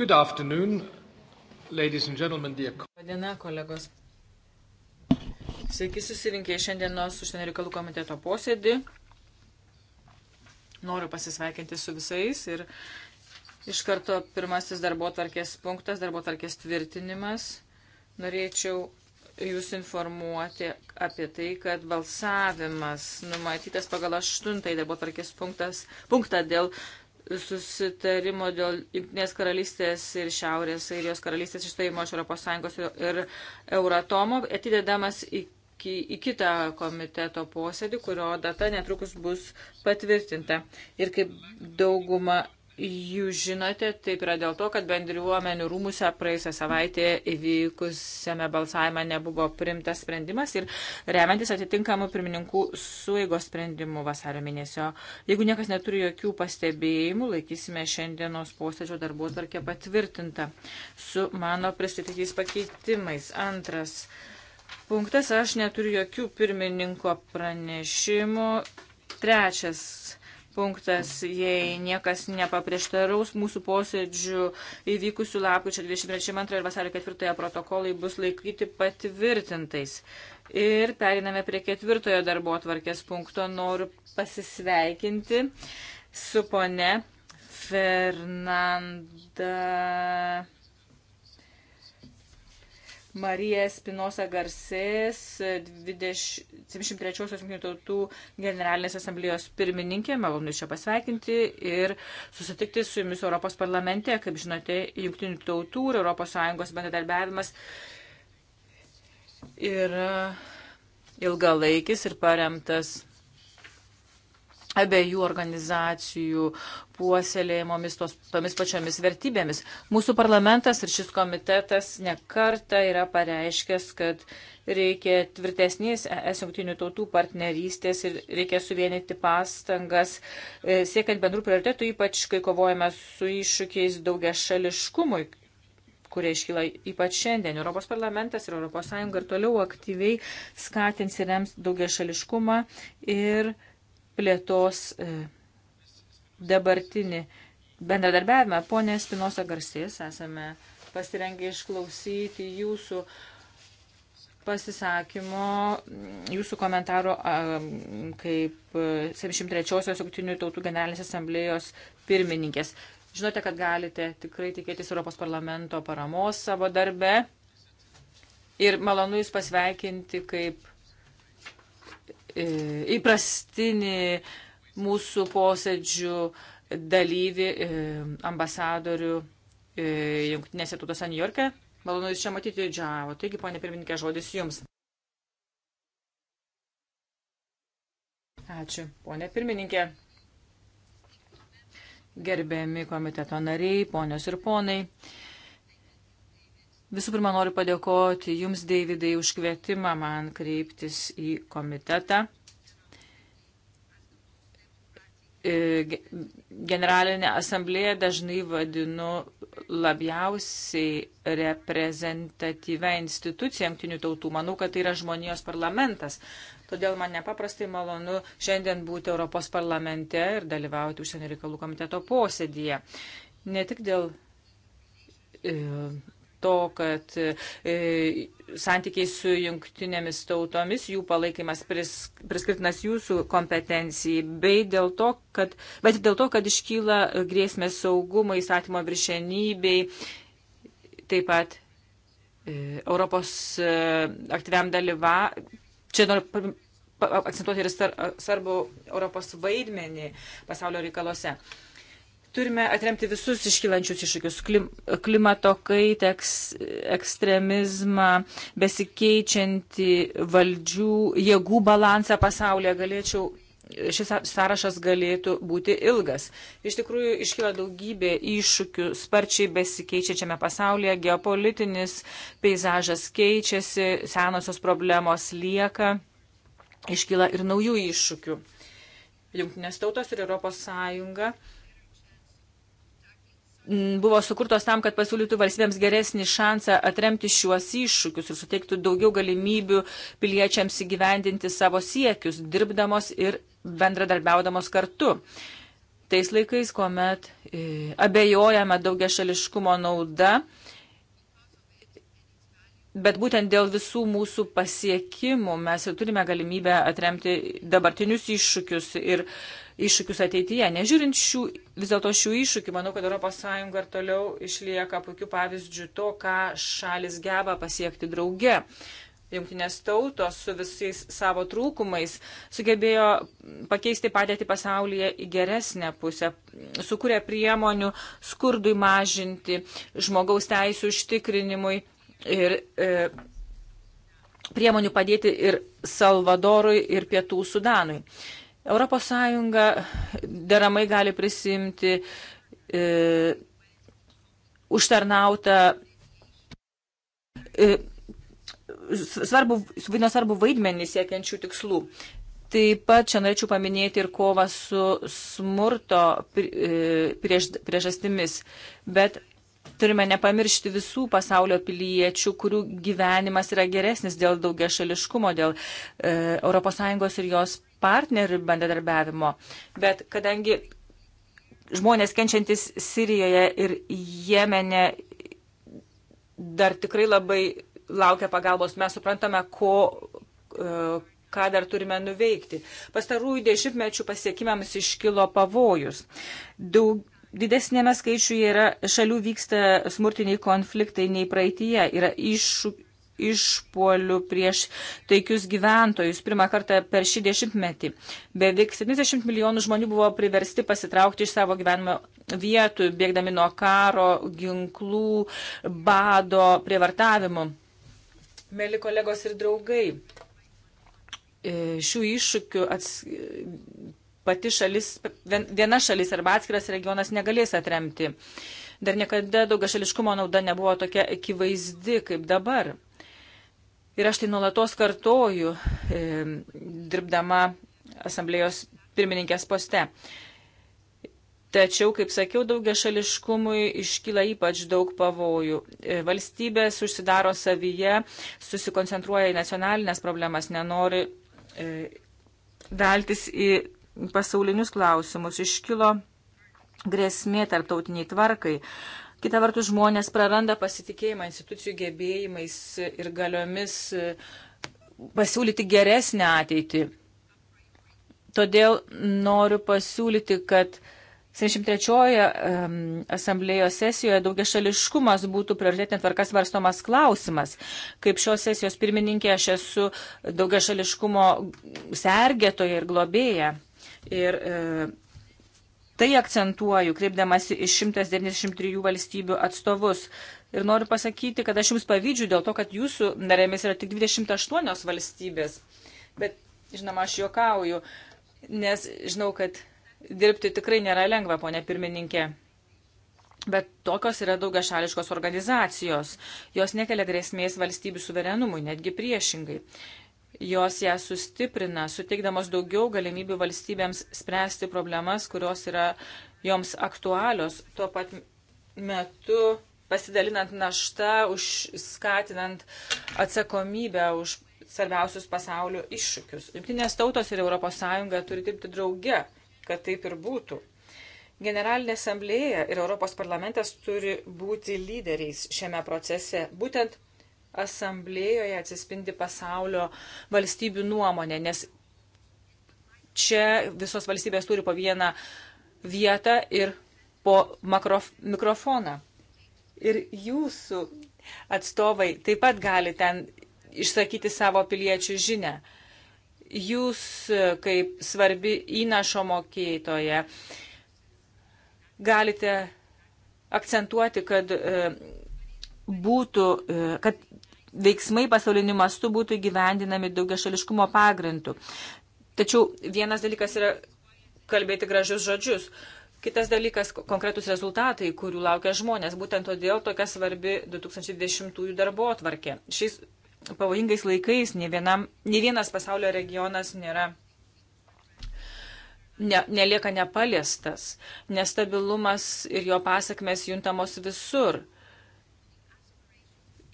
Good afternoon, ladies and gentlemen, dear. Diena, kolegos. Sveiki susirinkę į šiandienos užsienio reikalų komiteto posėdį. Noriu pasisveikinti su visais ir iš karto pirmasis darbo tarkės punktas, darbo tarkės tvirtinimas. Norėčiau Jūs informuoti apie tai, kad balsavimas numatytas pagal aštuntąjį darbo tvarkės punktas, punktą dėl susitarimo dėl Junktinės karalystės ir Šiaurės Airijos karalystės išstojimo iš ES ir Euratomo atidedamas iki, į kitą komiteto posėdį, kurio data netrukus bus patvirtinta. Ir kaip dauguma Jūs žinote, taip yra dėl to, kad bendriuomenių rūmuse praėjusią savaitę įvykusiame balsavime nebuvo primtas sprendimas ir remiantis atitinkamų pirmininkų suėgo sprendimų vasario mėnesio. Jeigu niekas neturi jokių pastebėjimų, laikysime šiandienos posėdžio darbo tvarkę patvirtintą su mano pristatytais pakeitimais. Antras punktas, aš neturiu jokių pirmininko pranešimų. Trečias punktas, jei niekas nepaprieštaraus, mūsų posėdžių įvykusių lapkričio 23 ir vasario 4 protokolai bus laikyti patvirtintais. Ir periname prie ketvirtojo darbo atvarkės punkto. Noriu pasisveikinti su pone Fernanda. Marija Spinoza Garsės, 73-osios Junktinių tautų generalinės asamblėjos pirmininkė, malonu čia pasveikinti ir susitikti su jumis Europos parlamente. Kaip žinote, Junktinių tautų ir ES bendradarbiavimas yra ilgalaikis ir paremtas abiejų organizacijų puoselėjimomis tos, tomis pačiomis vertybėmis. Mūsų parlamentas ir šis komitetas nekarta yra pareiškęs, kad reikia tvirtesnės es jungtinių tautų partnerystės ir reikia suvienyti pastangas, e, siekiant bendrų prioritetų, ypač kai kovojame su iššūkiais daugia šališkumui kurie iškyla ypač šiandien. Europos parlamentas ir ES ir toliau aktyviai skatins ir rems daugia šališkumą ir uh, plėtos e, dabartinį bendradarbiavimą. Pone Spinosa Garsės, esame pasirengę išklausyti jūsų pasisakymo, jūsų komentaro kaip 73-osios e, Junktinių tautų generalinės asamblėjos pirmininkės. Žinote, kad galite tikrai tikėtis Europos parlamento paramos savo darbe. Ir malonu Jūs pasveikinti kaip E, įprastinį mūsų posėdžių dalyvį, e, ambasadorių e, Junktinėse tautose New York'e. Malonu Jūs čia matyti, Džiavo. Taigi, ponė pirmininkė, žodis Jums. Ačiū, ponė pirmininkė. Gerbėmi komiteto nariai, ponios ir ponai. Visų pirma, noriu padėkoti Jums, Davidai, už kvietimą man kreiptis į komitetą. E, Generalinė asamblėja dažnai vadinu labiausiai reprezentatyvę instituciją jungtinių tautų. Manau, kad tai yra žmonijos parlamentas. Todėl man nepaprastai malonu šiandien būti Europos parlamente ir dalyvauti užsienio reikalų komiteto posėdėje. Ne tik dėl e, to, kad e, santykiai su jungtinėmis tautomis, jų palaikymas pris, priskirtinas jūsų kompetencijai, bei dėl to, kad, bet dėl to, kad iškyla grėsmė saugumo įstatymo viršenybei, taip pat e, Europos e, aktyviam dalyva. Čia noriu akcentuoti ir svarbu Europos vaidmenį pasaulio reikalose. E, Turime atremti visus iškilančius iššūkius klim, - klimato kaitą, eks, ekstremizmą, besikeičianti valdžių, jėgų balansą pasaulyje. Galėčiau, šis sąrašas galėtų būti ilgas. Iš tikrųjų, iškyla daugybė iššūkių sparčiai besikeičiančiame pasaulyje. Geopolitinis peizažas keičiasi, senosios problemos lieka. Iškyla ir naujų iššūkių. Junktinės tautos ir Europos Sąjunga buvo sukurtos tam, kad pasiūlytų valstybėms geresnį šansą atremti šiuos iššūkius ir suteiktų daugiau galimybių piliečiams įgyvendinti savo siekius, dirbdamos ir bendradarbiaudamos kartu. Tais laikais, kuomet e, abejojame daugia šališkumo nauda, bet būtent dėl visų mūsų pasiekimų mes ir turime galimybę atremti dabartinius iššūkius ir uh, iššūkius ateityje. Nežiūrint šių, vis dėlto šių iššūkių, manau, kad ES ir toliau išlieka puikių pavyzdžių to, ką šalis geba pasiekti drauge. Junktinės tautos su visais savo trūkumais sugebėjo pakeisti padėtį pasaulyje į geresnę pusę, sukūrė priemonių skurdui mažinti, žmogaus teisų užtikrinimui ir e, priemonių padėti ir Salvadorui, ir Pietų Sudanui. E, ES deramai gali prisimti e, užtarnautą e, svarbu, suvaidino svarbu vaidmenį siekiančių tikslų. Taip pat čia norėčiau paminėti ir kovą su smurto e, priež, priežastimis, bet turime nepamiršti visų pasaulio piliečių, kurių gyvenimas yra geresnis dėl daugia šališkumo, dėl e, ES ir jos partnerių bendradarbiavimo, bet kadangi žmonės kenčiantis Sirijoje ir Jemene dar tikrai labai laukia pagalbos, mes suprantame, ko, e, ką dar turime nuveikti. Pastarųjų dešimtmečių pasiekimams iškilo pavojus. Daug, didesnėme skaičiuje yra šalių vyksta smurtiniai konfliktai nei praeitie, yra iššūkiai išpuolių prieš taikius gyventojus pirmą kartą per šį dešimtmetį. Beveik 70 milijonų žmonių buvo priversti pasitraukti iš savo gyvenimo vietų, bėgdami nuo karo, ginklų, bado, prievartavimų. Mėly kolegos ir draugai, e, šių iššūkių ats, pati šalis, viena šalis arba atskiras regionas negalės atremti. Dar niekada daugia šališkumo nauda nebuvo tokia akivaizdi kaip dabar. Ir aš tai nuolatos kartoju, e, dirbdama asamblėjos pirmininkės poste. Tačiau, kaip sakiau, daugia šališkumui iškyla ypač daug pavojų. E, valstybės užsidaro savyje, susikoncentruoja į nacionalinės problemas, nenori e, daltis į pasaulinius klausimus. Iškilo grėsmė tarptautiniai tvarkai. E, Kita vertus, žmonės praranda pasitikėjimą institucijų gebėjimais ir galiomis e, pasiūlyti geresnę ateitį. Todėl noriu pasiūlyti, kad 73-oje um, asamblėjos sesijoje daugia šališkumas būtų prioritetinė tvarkas varstomas klausimas. Kaip šios sesijos pirmininkė, aš esu daugia šališkumo sergėtoja ir globėja. Ir e, Tai akcentuoju, kreipdamasi iš 193 valstybių atstovus. Ir noriu pasakyti, kad aš jums pavydžiu dėl to, kad jūsų narėmis yra tik 28 valstybės. Bet, žinoma, aš juokauju, nes žinau, kad dirbti tikrai nėra lengva, ponė pirmininkė. Bet tokios yra daugia šališkos organizacijos. Jos nekelia grėsmės valstybių suverenumui, netgi priešingai jos ją sustiprina, suteikdamos daugiau galimybių valstybėms spręsti problemas, kurios yra joms aktualios, tuo pat metu pasidalinant naštą, skatinant atsakomybę už svarbiausius pasaulio iššūkius. Junktinės tautos ir ES turi dirbti drauge, kad taip ir būtų. Generalinė asamblėja ir Europos parlamentas turi būti lyderiais šiame procese. Būtent asamblėjoje atsispindi pasaulio valstybių nuomonė, nes čia visos valstybės turi po vieną vietą ir po makrof, mikrofoną. Ir jūsų atstovai taip pat gali ten išsakyti savo piliečių žinę. Jūs kaip svarbi įnašo mokėtoje galite akcentuoti, kad e, būtų, e, kad veiksmai pasauliniu mastu būtų gyvendinami daugiašališkumo pagrindu. Tačiau vienas dalykas yra kalbėti gražius žodžius. Kitas dalykas - konkretus rezultatai, kurių laukia žmonės. Būtent todėl tokia svarbi 2010-ųjų darbo atvarkė. Šiais pavojingais laikais ne, vienam, ne vienas pasaulio regionas nėra. Ne, nelieka nepaliestas, nestabilumas ir jo pasakmes juntamos visur. Uh,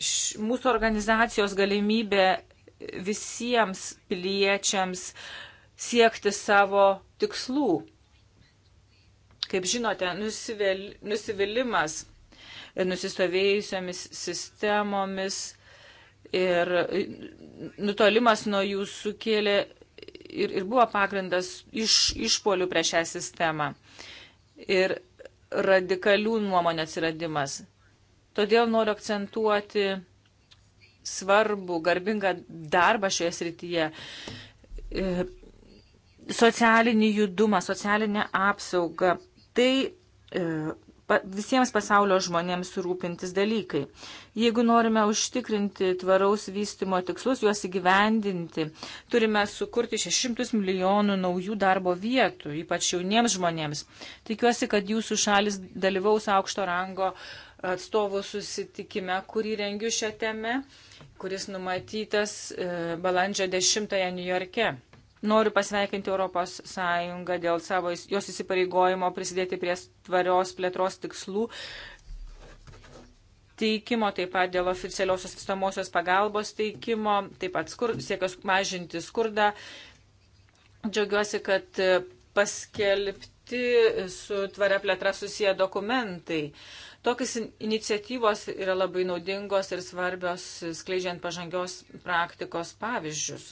š, mūsų organizacijos galimybė visiems piliečiams siekti savo tikslų. Kaip žinote, nusivėl, nusivylimas nusistovėjusiamis sistemomis ir nutolimas nuo jų sukėlė ir, ir buvo pagrindas iš, išpolių prieš šią sistemą ir radikalių nuomonė atsiradimas. Todėl noriu akcentuoti svarbu, garbingą darbą šioje srityje. E, socialinį judumą, socialinę apsaugą. Tai e, visiems pasaulio žmonėms rūpintis dalykai. Jeigu norime užtikrinti tvaraus vystimo tikslus, juos įgyvendinti, turime sukurti 600 milijonų naujų darbo vietų, ypač jauniems žmonėms. Tikiuosi, kad jūsų šalis dalyvaus aukšto rango uh, atstovų susitikime, kurį rengiu šią temę, kuris numatytas e, balandžio 10-ąją New York'e. Noriu pasveikinti ES dėl savo jos įsipareigojimo prisidėti prie tvarios plėtros tikslų teikimo, taip pat dėl oficialiosios visomosios pagalbos teikimo, taip pat skur, siekios mažinti skurdą. Džiaugiuosi, kad e, paskelbti e, su tvaria plėtra susiję dokumentai. Tokios iniciatyvos yra labai naudingos ir svarbios, skleidžiant pažangios praktikos pavyzdžius.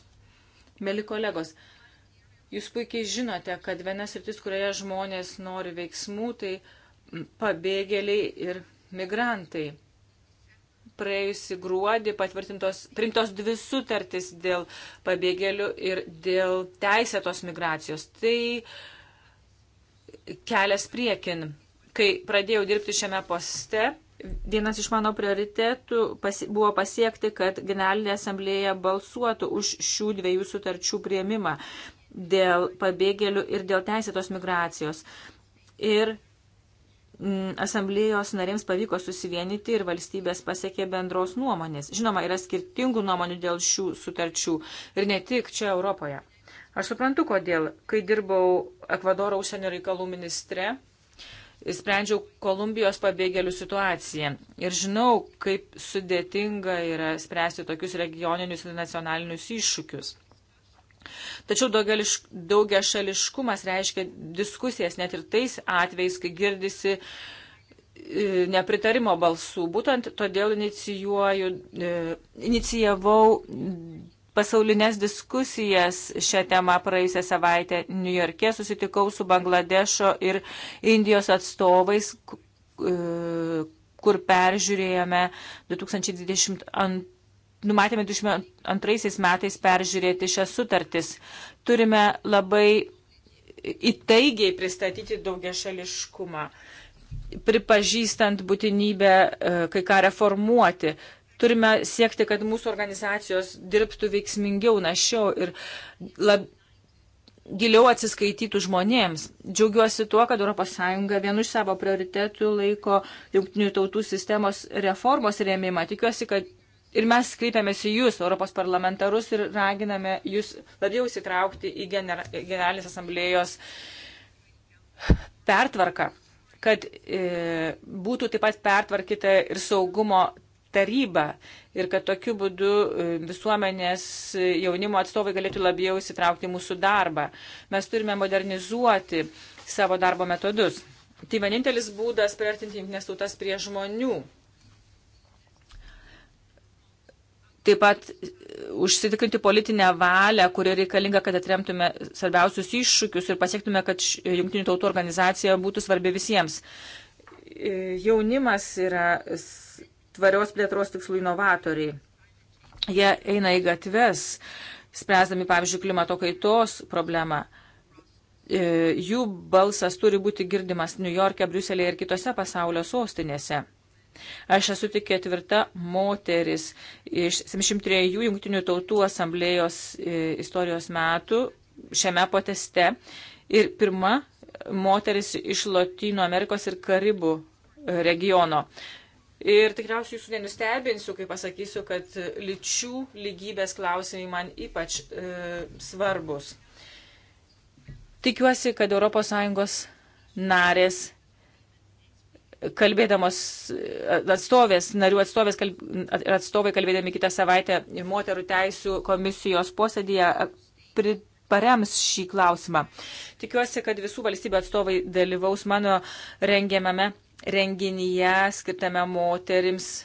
Mėly kolegos, jūs puikiai žinote, kad vienas rytis, kurioje žmonės nori veiksmų, tai pabėgėliai ir migrantai. Praėjusi gruodį patvirtintos, primtos dvi sutartys dėl pabėgėlių ir dėl teisėtos migracijos. Tai kelias priekin Kai pradėjau dirbti šiame poste, vienas iš mano prioritetų pasi buvo pasiekti, kad Generalinė asamblėja balsuotų už šių dviejų sutarčių prieimimą dėl pabėgėlių ir dėl teisėtos migracijos. Ir mm, asamblėjos narėms pavyko susivienyti ir valstybės pasiekė bendros nuomonės. Žinoma, yra skirtingų nuomonių dėl šių sutarčių ir ne tik čia Europoje. Aš suprantu, kodėl, kai dirbau Ekvadoro užsienio reikalų ministre, sprendžiau Kolumbijos pabėgėlių situaciją ir žinau, kaip sudėtinga yra spręsti tokius regioninius ir nacionalinius iššūkius. Tačiau daugia šališkumas reiškia diskusijas net ir tais atvejais, kai girdisi e, nepritarimo balsų. Būtent todėl inicijuoju, e, inicijavau pasaulinės diskusijas šią temą praėjusią savaitę New York'e susitikau su Bangladešo ir Indijos atstovais, e, kur peržiūrėjome 2022 numatėme 22 metais peržiūrėti šias sutartis. Turime labai įtaigiai pristatyti daugia šališkumą, pripažįstant būtinybę e, kai ką reformuoti turime siekti, kad mūsų organizacijos dirbtų veiksmingiau, našiau ir lab, giliau atsiskaitytų žmonėms. Džiaugiuosi tuo, kad ES vienu iš savo prioritetų laiko jungtinių tautų sistemos reformos rėmimą. Tikiuosi, kad ir mes kreipiamės į Jūs, Europos parlamentarus, ir raginame Jūs labiau įsitraukti į gener Generalinės asamblėjos pertvarką kad e, būtų taip pat pertvarkyta ir saugumo taryba ir kad tokiu būdu e, visuomenės e, jaunimo atstovai galėtų labiau įsitraukti mūsų darbą. Mes turime modernizuoti savo darbo metodus. Tai vienintelis būdas priartinti jungtinės tautas prie žmonių. Taip pat e, užsitikrinti politinę valią, kuri reikalinga, kad atremtume svarbiausius iššūkius ir pasiektume, kad jungtinių tautų organizacija būtų svarbi visiems. Jaunimas yra tvarios plėtros tikslų inovatoriai. Jie eina į gatves, spręsdami, pavyzdžiui, klimato kaitos problemą. E, jų balsas turi būti girdimas New York'e, Briuselėje ir kitose pasaulio sostinėse. Aš esu tik ketvirta moteris iš 703 Junktinių tautų asamblėjos e, istorijos metų šiame poteste ir pirma moteris iš Latino Amerikos ir Karibų regiono. Ir tikriausiai jūsų nenustebinsiu, kai pasakysiu, kad lyčių lygybės klausimai man ypač e, svarbus. Tikiuosi, kad ES narės, kalbėdamos atstovės, narių atstovės kalb, atstovai kalbėdami kitą savaitę moterų teisų komisijos posėdėje pri, parems šį klausimą. Tikiuosi, kad visų valstybių atstovai dalyvaus mano rengiamame renginyje skirtame moterims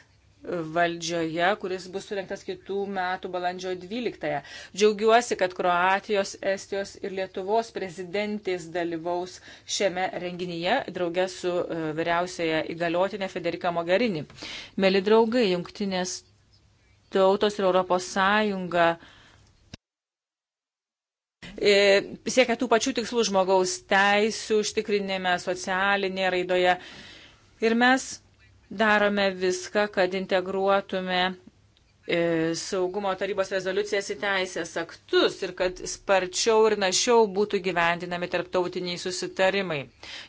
valdžioje, kuris bus surinktas kitų metų balandžio 12-ąją. Džiaugiuosi, kad Kroatijos, Estijos ir Lietuvos prezidentės dalyvaus šiame renginyje draugė su e, vyriausiaja įgaliotinė Federika Mogherini. Mėly draugai, jungtinės tautos ir Europos Sąjunga e, siekia tų pačių tikslų žmogaus teisų, užtikrinėme socialinėje raidoje Ir mes darome viską, kad integruotume e, saugumo tarybos rezoliucijas į teisės aktus ir kad sparčiau ir našiau būtų gyvendinami tarptautiniai susitarimai.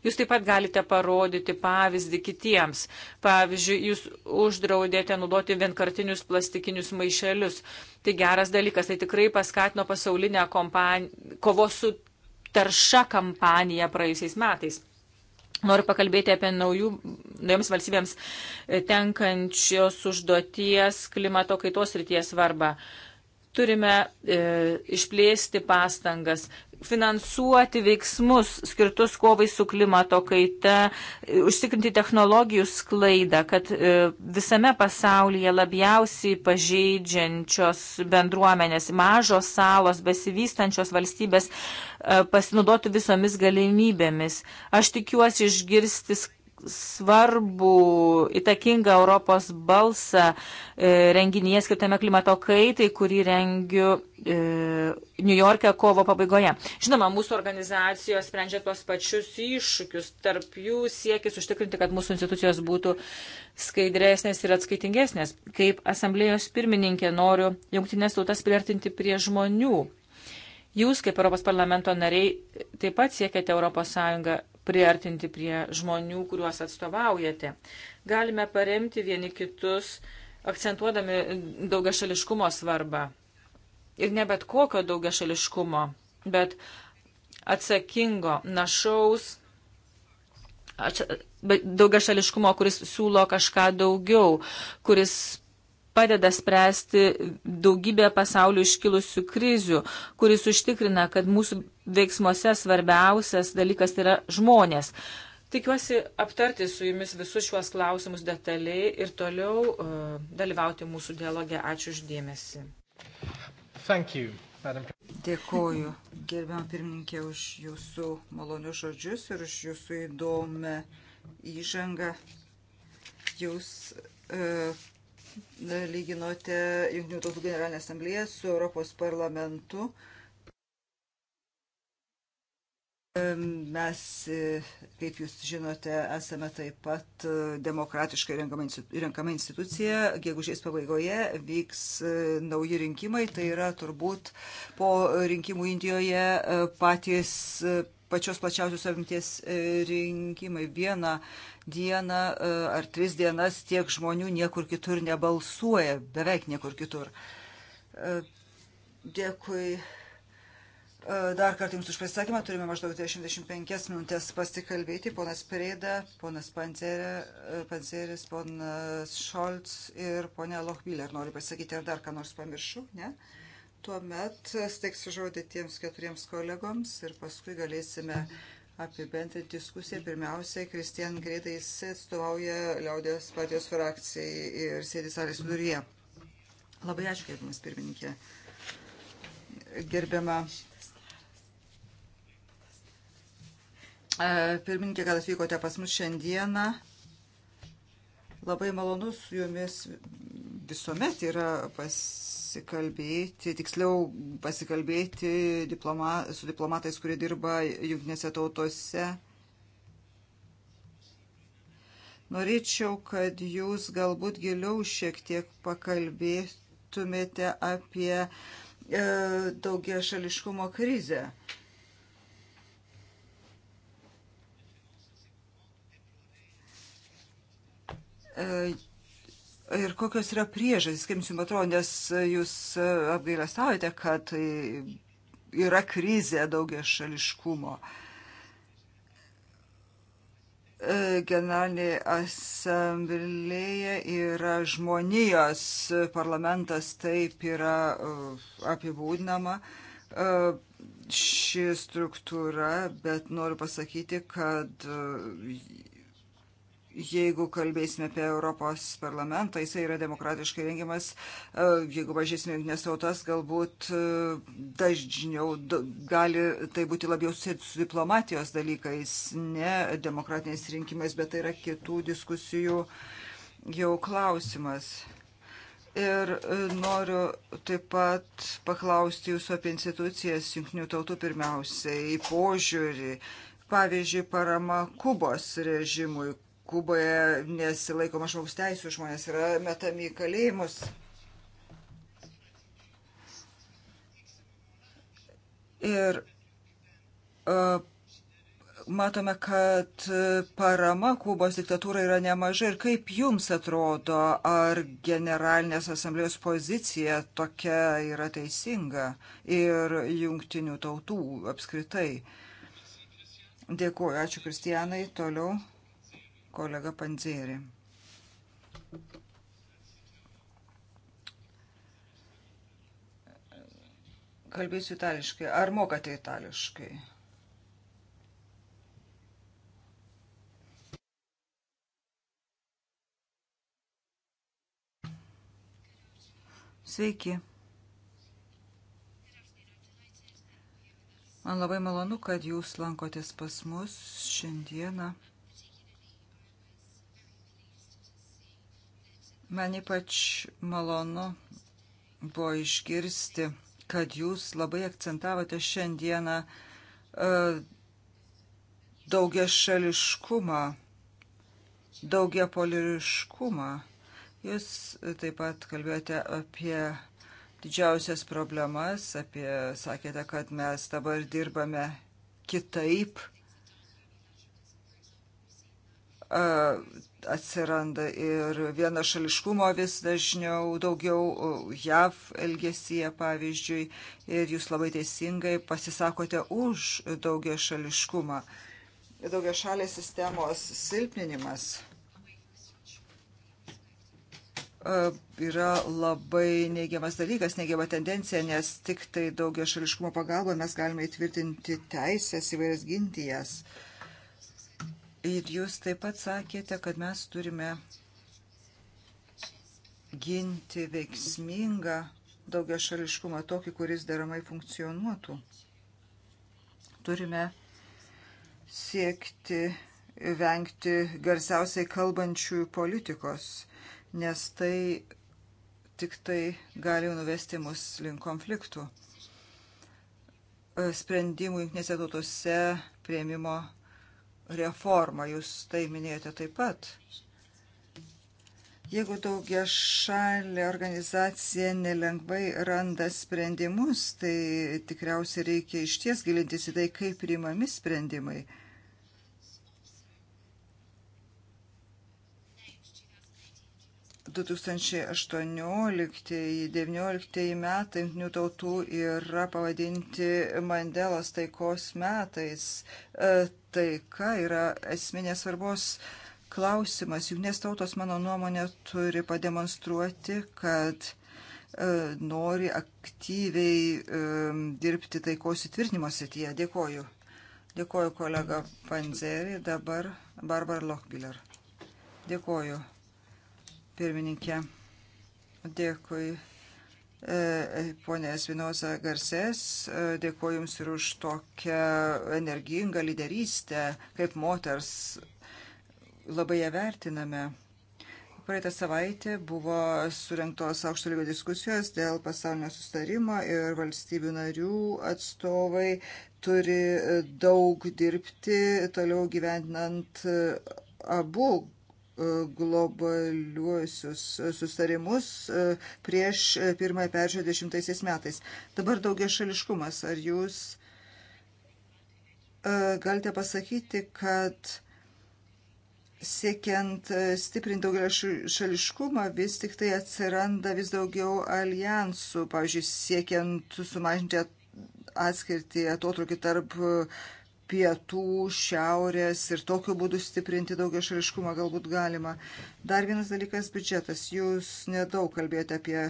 Jūs taip pat galite parodyti pavyzdį kitiems. Pavyzdžiui, jūs uždraudėte naudoti vienkartinius plastikinius maišelius. Tai geras dalykas, tai tikrai paskatino pasaulinę kompaniją, kovos su tarša kampaniją praėjusiais metais. Noriu pakalbėti apie naujų, naujoms valstybėms e, tenkančios užduoties klimato kaitos ryties svarbą. Turime e, išplėsti pastangas, finansuoti veiksmus skirtus kovai su klimato kaita, užtikrinti technologijų sklaidą, kad e, visame pasaulyje labiausiai pažeidžiančios bendruomenės, mažos salos, besivystančios valstybės e, pasinaudotų visomis galimybėmis. Aš tikiuosi išgirsti svarbu, įtakingą Europos balsą e, renginyje skirtame klimato kaitai, kurį rengiu e, New York'e kovo pabaigoje. Žinoma, mūsų organizacijos sprendžia tuos pačius iššūkius, tarp jų siekis užtikrinti, kad mūsų institucijos būtų skaidresnės ir atskaitingesnės. Kaip asamblėjos pirmininkė noriu jungtinės tautas priartinti prie žmonių. Jūs, kaip Europos parlamento nariai, taip pat siekiate Europos Sąjungą priartinti prie žmonių, kuriuos atstovaujate. Galime paremti vieni kitus, akcentuodami daugiašališkumo svarbą. Ir ne bet kokio daugiašališkumo, bet atsakingo, našaus, daugiašališkumo, kuris siūlo kažką daugiau, kuris padeda spręsti daugybę pasaulio iškilusių krizių, kuris užtikrina, kad mūsų veiksmuose svarbiausias dalykas tai yra žmonės. Tikiuosi aptarti su jumis visus šiuos klausimus detaliai ir toliau uh, dalyvauti mūsų dialogė. Ačiū uždėmesi. Dėkoju, gerbiam pirmininkė, už jūsų malonius žodžius ir už jūsų įdomią įžangą. Jūs uh, lyginote Junktinių tautų generalinę asamblėją su Europos parlamentu. Mes, e, kaip jūs žinote, esame taip pat e, demokratiškai renkama institucija. Gegužės pabaigoje vyks e, nauji rinkimai. Tai yra turbūt po rinkimų Indijoje patys pačios plačiausios apimties e, rinkimai. Vieną dieną e, ar tris dienas tiek žmonių niekur kitur nebalsuoja, beveik niekur kitur. E, dėkui. Dar kartą Jums už pasisakymą turime maždaug 25 minutės pasikalbėti. Ponas Pereida, ponas Panzeris, ponas Šolts ir ponia Lochbiller nori pasakyti, ar dar ką nors pamiršau, ne? Uh, Tuomet steiksiu žodį tiems keturiems kolegoms ir paskui galėsime apibendrinti diskusiją. Pirmiausiai, Kristian greitai jis atstovauja Liaudės partijos frakcijai ir sėdi salės viduryje. Labai ačiū, gerbiamas pirmininkė. Gerbiama e, Pirmininkė, kad atvykote pas mus šiandieną. Labai malonu su jumis visuomet yra pas pasikalbėti, tiksliau pasikalbėti diploma, su diplomatais, kurie dirba jungtinėse tautose. Norėčiau, kad jūs galbūt giliau šiek tiek pakalbėtumėte apie e, daugia šališkumo krizę. E, Ir kokios yra priežastys, kaip jums atrodo, nes jūs apgailestaujate, kad yra krizė daugia šališkumo. Generalinė asamblėje yra žmonijos parlamentas, taip yra uh, apibūdinama uh, ši struktūra, bet noriu pasakyti, kad uh, jeigu kalbėsime apie Europos parlamentą, jisai yra demokratiškai rengiamas, e, jeigu važiuosime jungtinės tautas, galbūt e, dažniau gali tai būti labiau susijęti su diplomatijos dalykais, ne demokratiniais rinkimais, bet tai yra kitų diskusijų jau klausimas. Ir e, noriu taip pat paklausti jūsų apie institucijas, jungtinių tautų pirmiausiai, požiūrį, pavyzdžiui, parama Kubos režimui, Kuboje nesilaikoma žmogus teisų, žmonės yra metami į kalėjimus. Ir uh, matome, kad parama Kubos diktatūrai yra nemaža ir kaip jums atrodo, ar generalinės asamblėjos pozicija tokia yra teisinga ir jungtinių tautų apskritai. Dėkuoju, ačiū Kristijanai, toliau kolega Pandzėri. Kalbėsiu itališkai. Ar mokate itališkai? Sveiki. Man labai malonu, kad jūs lankotės pas mus šiandieną. Man ypač malonu buvo išgirsti, kad jūs labai akcentavote šiandieną e, daugia šališkumą, daugia poliriškumą. Jūs taip pat kalbėjote apie didžiausias problemas, apie, sakėte, kad mes dabar dirbame kitaip atsiranda ir vienašališkumo vis dažniau, daugiau JAV elgesyje, pavyzdžiui, ir jūs labai teisingai pasisakote už daugia šališkumą. Daugia šalės sistemos silpninimas yra labai neigiamas dalykas, neigiama tendencija, nes tik tai daugia šališkumo pagalba mes galime įtvirtinti teisės įvairias gintijas. jas Ir jūs taip pat sakėte, kad mes turime ginti veiksmingą daugia šališkumą, tokį, kuris deramai funkcionuotų. Turime siekti vengti garsiausiai kalbančių politikos, nes tai tik tai gali nuvesti mus link konfliktų. Sprendimų jungtinėse tautose prieimimo reformą, jūs tai minėjote taip pat. Jeigu daugia šalė organizacija nelengvai randa sprendimus, tai tikriausiai reikia išties gilintis į tai, kaip priimami sprendimai. 2018-2019 metai jungtinių tautų yra pavadinti Mandelos taikos metais. E, taika yra esminės svarbos klausimas. Jungtinės tautos, mano nuomonė, turi pademonstruoti, kad e, nori aktyviai e, dirbti taikos įtvirtinimo srityje. Dėkoju. Dėkoju kolega Panzerį, dabar Barbara Lochbiller. Dėkoju pirmininkė. Dėkui. E, Pone Svinoza Garses, e, dėkuoju Jums ir už tokią energingą lyderystę kaip moters. Labai ją vertiname. Praeitą savaitę buvo surinktos aukšto lygio diskusijos dėl pasaulinio sustarimo ir valstybių narių atstovai turi daug dirbti toliau gyvendinant abu globaliuosius sustarimus e, prieš pirmąją peržiūrą dešimtaisiais metais. Dabar daugia šališkumas. Ar jūs e, galite pasakyti, kad siekiant stiprinti daugelį šališkumą, vis tik tai atsiranda vis daugiau alijansų, pavyzdžiui, siekiant sumažinti atskirti atotrukį tarp pietų, šiaurės ir tokiu būdu stiprinti daugia šariškumą galbūt galima. Dar vienas dalykas - biudžetas. Jūs nedaug kalbėjote apie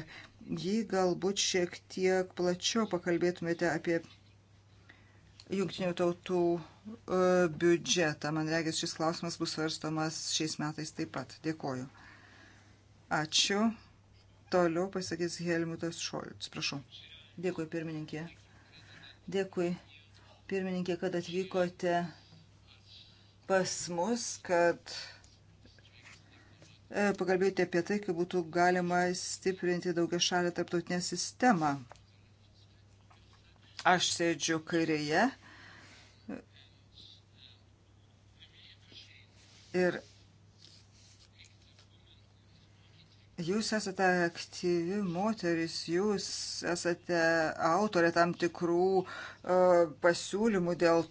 jį, galbūt šiek tiek plačiau pakalbėtumėte apie jungtinių tautų e, biudžetą. Man regis, šis klausimas bus svarstomas šiais metais taip pat. Dėkoju. Ačiū. Toliau pasakys Helmutas Šolts. Prašau. Dėkui, pirmininkė. Dėkui pirmininkė, kad atvykote pas mus, kad e, pakalbėjote apie tai, kaip būtų galima stiprinti daugia šalį tarptautinę sistemą. Aš sėdžiu kairėje ir Jūs esate aktyvi moteris, jūs esate autorė tam tikrų uh, pasiūlymų dėl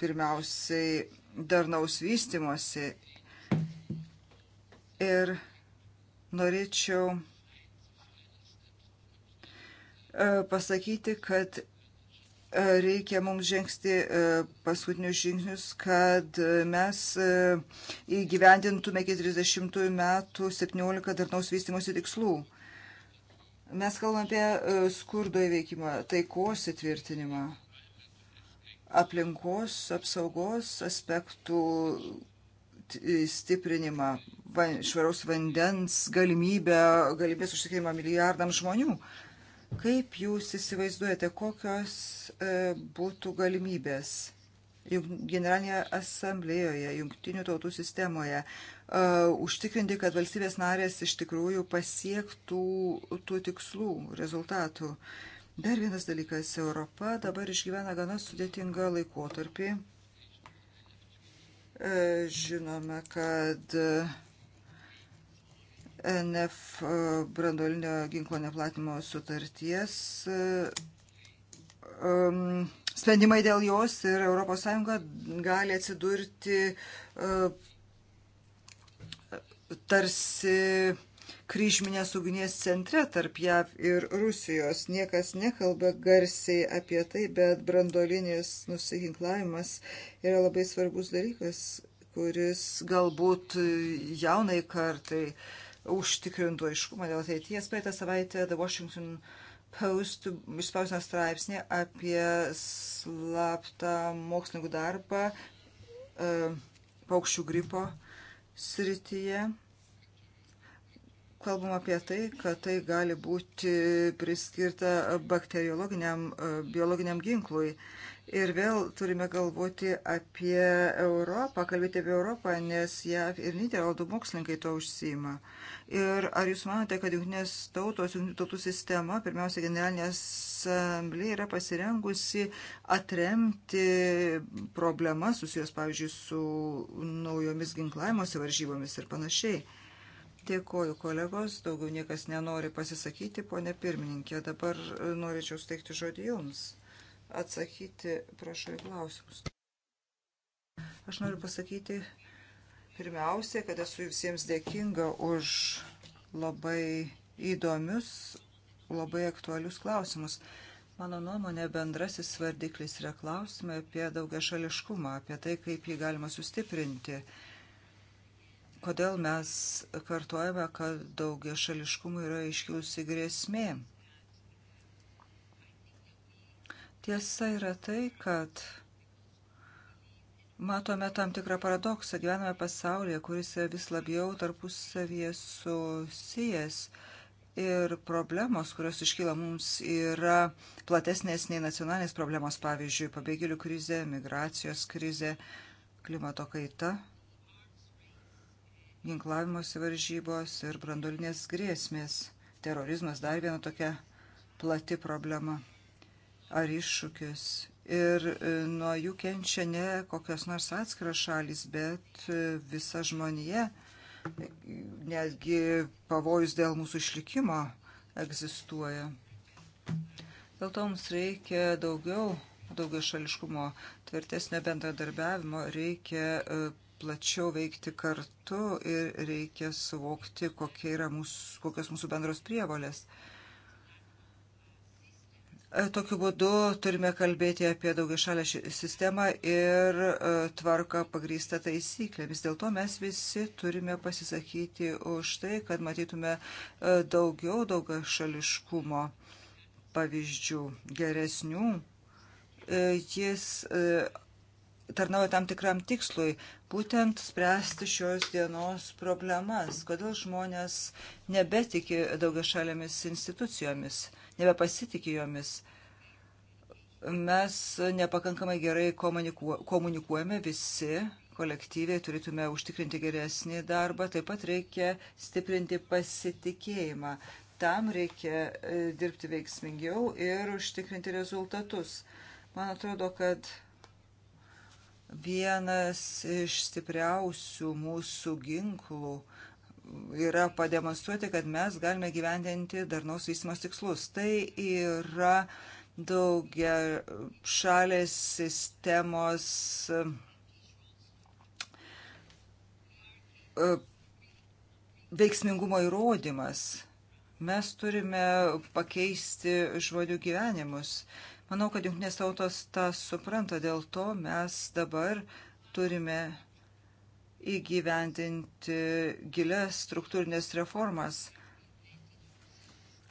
pirmiausiai darnaus vystimosi. Ir norėčiau uh, pasakyti, kad E, reikia mums žengsti e, paskutinius žingsnius, kad e, mes įgyvendintume iki 30 metų 17 darnaus vystimosi tikslų. Mes kalbame apie skurdo įveikimą, taikos įtvirtinimą, aplinkos apsaugos aspektų stiprinimą, švaraus vandens galimybę, galimybės užtikrinimą milijardams žmonių. Kaip jūs įsivaizduojate, kokios e, būtų galimybės Generalinėje asamblėjoje, jungtinių tautų sistemoje, e, užtikrinti, kad valstybės narės iš tikrųjų pasiektų tų tikslų, rezultatų? Dar vienas dalykas - Europa dabar išgyvena gana sudėtingą laikotarpį. E, žinome, kad e, NF e, brandolinio ginklo neplatimo sutarties um, sprendimai dėl jos ir ES gali atsidurti uh, tarsi kryžminės ugnies centre tarp JAV ir Rusijos. Niekas nekalba garsiai apie tai, bet brandolinis nusiginklavimas yra labai svarbus dalykas, kuris galbūt jaunai kartai uh, užtikrintų aiškumą dėl ateities. Praeitą savaitę The Washington Post išspausino straipsnį apie slaptą mokslininkų darbą e, paukščių gripo srityje. Kalbam apie tai, kad tai gali būti priskirta bakteriologiniam, e, biologiniam ginklui. Ir vėl turime galvoti apie Europą, kalbėti apie Europą, nes JAV ir Niderlandų mokslininkai to užsima. Ir ar jūs manote, kad jungtinės tautos, jungtinių tautų sistema, pirmiausia, generalinė asamblė yra pasirengusi atremti problemas susijęs, pavyzdžiui, su naujomis ginklavimuose varžybomis ir panašiai? Dėkoju kolegos, daugiau niekas nenori pasisakyti, ponė pirmininkė, dabar norėčiau steigti žodį jums atsakyti, prašau, į klausimus. Aš noriu pasakyti pirmiausia, kad esu visiems dėkinga už labai įdomius, labai aktualius klausimus. Mano nuomonė bendrasis vardiklis yra klausimai apie daugia šališkumą, apie tai, kaip jį galima sustiprinti. Kodėl mes kartuojame, kad daugia šališkumui yra iškilusi grėsmė. Tiesa yra tai, kad matome tam tikrą paradoksą. Gyvename pasaulyje, kuris yra vis labiau tarpusavyje susijęs ir problemos, kurios iškyla mums, yra platesnės nei nacionalinės problemos, pavyzdžiui, pabėgėlių krizė, migracijos krizė, klimato kaita, ginklavimosi varžybos ir brandolinės grėsmės. Terorizmas dar viena tokia plati problema ar iššūkius. Ir e, nuo jų kenčia ne kokios nors atskiros šalis, bet e, visa žmonija, netgi pavojus dėl mūsų išlikimo egzistuoja. Dėl to mums reikia daugiau, daugiau šališkumo, tvirtesnio bendradarbiavimo, reikia e, plačiau veikti kartu ir reikia suvokti, mūsų, kokios mūsų bendros prievolės. Uh, E, tokiu būdu turime kalbėti apie daugiašalę sistemą ir e, tvarką pagrįstą taisyklėmis. Dėl to mes visi turime pasisakyti už tai, kad matytume e, daugiau daugiašališkumo pavyzdžių geresnių. Jis tarnauja tam tikram tikslui, būtent spręsti šios dienos problemas, kodėl žmonės nebetiki daugiašalėmis institucijomis nebepasitikė jomis. Mes nepakankamai gerai komunikuo, komunikuojame visi, kolektyviai turėtume užtikrinti geresnį darbą, taip pat reikia stiprinti pasitikėjimą. Tam reikia e, dirbti veiksmingiau ir užtikrinti rezultatus. Man atrodo, kad vienas iš stipriausių mūsų ginklų yra pademonstruoti, kad mes galime gyvendinti darnaus vystimos tikslus. Tai yra daugia šalės sistemos e, veiksmingumo įrodymas. Mes turime pakeisti žmonių gyvenimus. Manau, kad jungtinės tautos tą supranta, dėl to mes dabar turime įgyvendinti gilias struktūrinės reformas.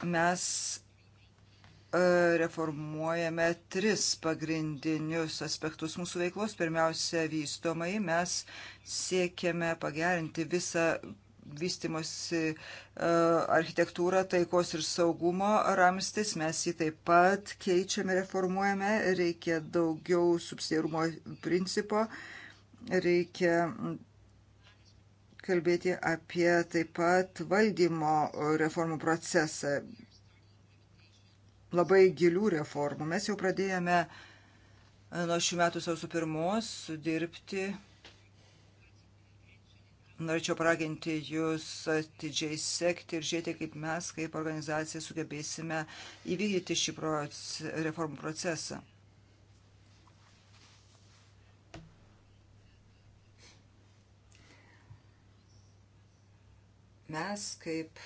Mes e, reformuojame tris pagrindinius aspektus mūsų veiklos. Pirmiausia, vystomai mes siekiame pagerinti visą vystimosi e, architektūrą, taikos ir saugumo ramstis. Mes jį taip pat keičiame, reformuojame, reikia daugiau subsidiarumo principo, reikia kalbėti apie taip pat valdymo reformų procesą. Labai gilių reformų. Mes jau pradėjome e, nuo šių metų sausio pirmos dirbti. Norėčiau paraginti jūs atidžiai sekti ir žiūrėti, kaip mes, kaip organizacija, sugebėsime įvykdyti šį proces, reformų procesą. Mes kaip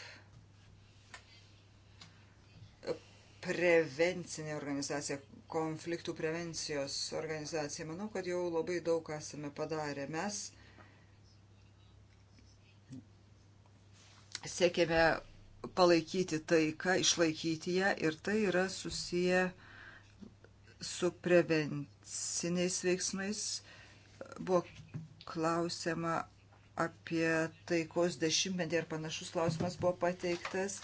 prevencinė organizacija, konfliktų prevencijos organizacija, manau, kad jau labai daug esame padarę. Mes siekėme palaikyti taiką, išlaikyti ją ir tai yra susiję su prevenciniais veiksmais. Buvo klausima, apie taikos dešimtmetį ar panašus klausimas buvo pateiktas.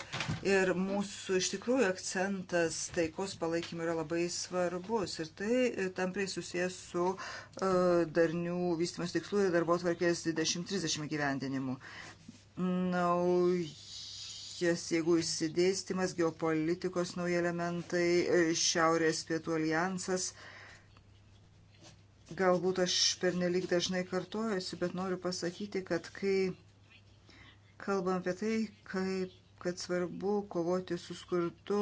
Ir mūsų iš tikrųjų akcentas taikos palaikymui yra labai svarbus. Ir tai tampriai susijęs su uh, darnių vystimas tikslų ir darbo tvarkės 2030 gyvendinimu. Naujas, jeigu įsidėstymas, geopolitikos nauji elementai, e, šiaurės pietų alijansas. Uh, Galbūt aš pernelyg dažnai kartojuosi, bet noriu pasakyti, kad kai kalbam apie tai, kaip, kad svarbu kovoti su skurdu,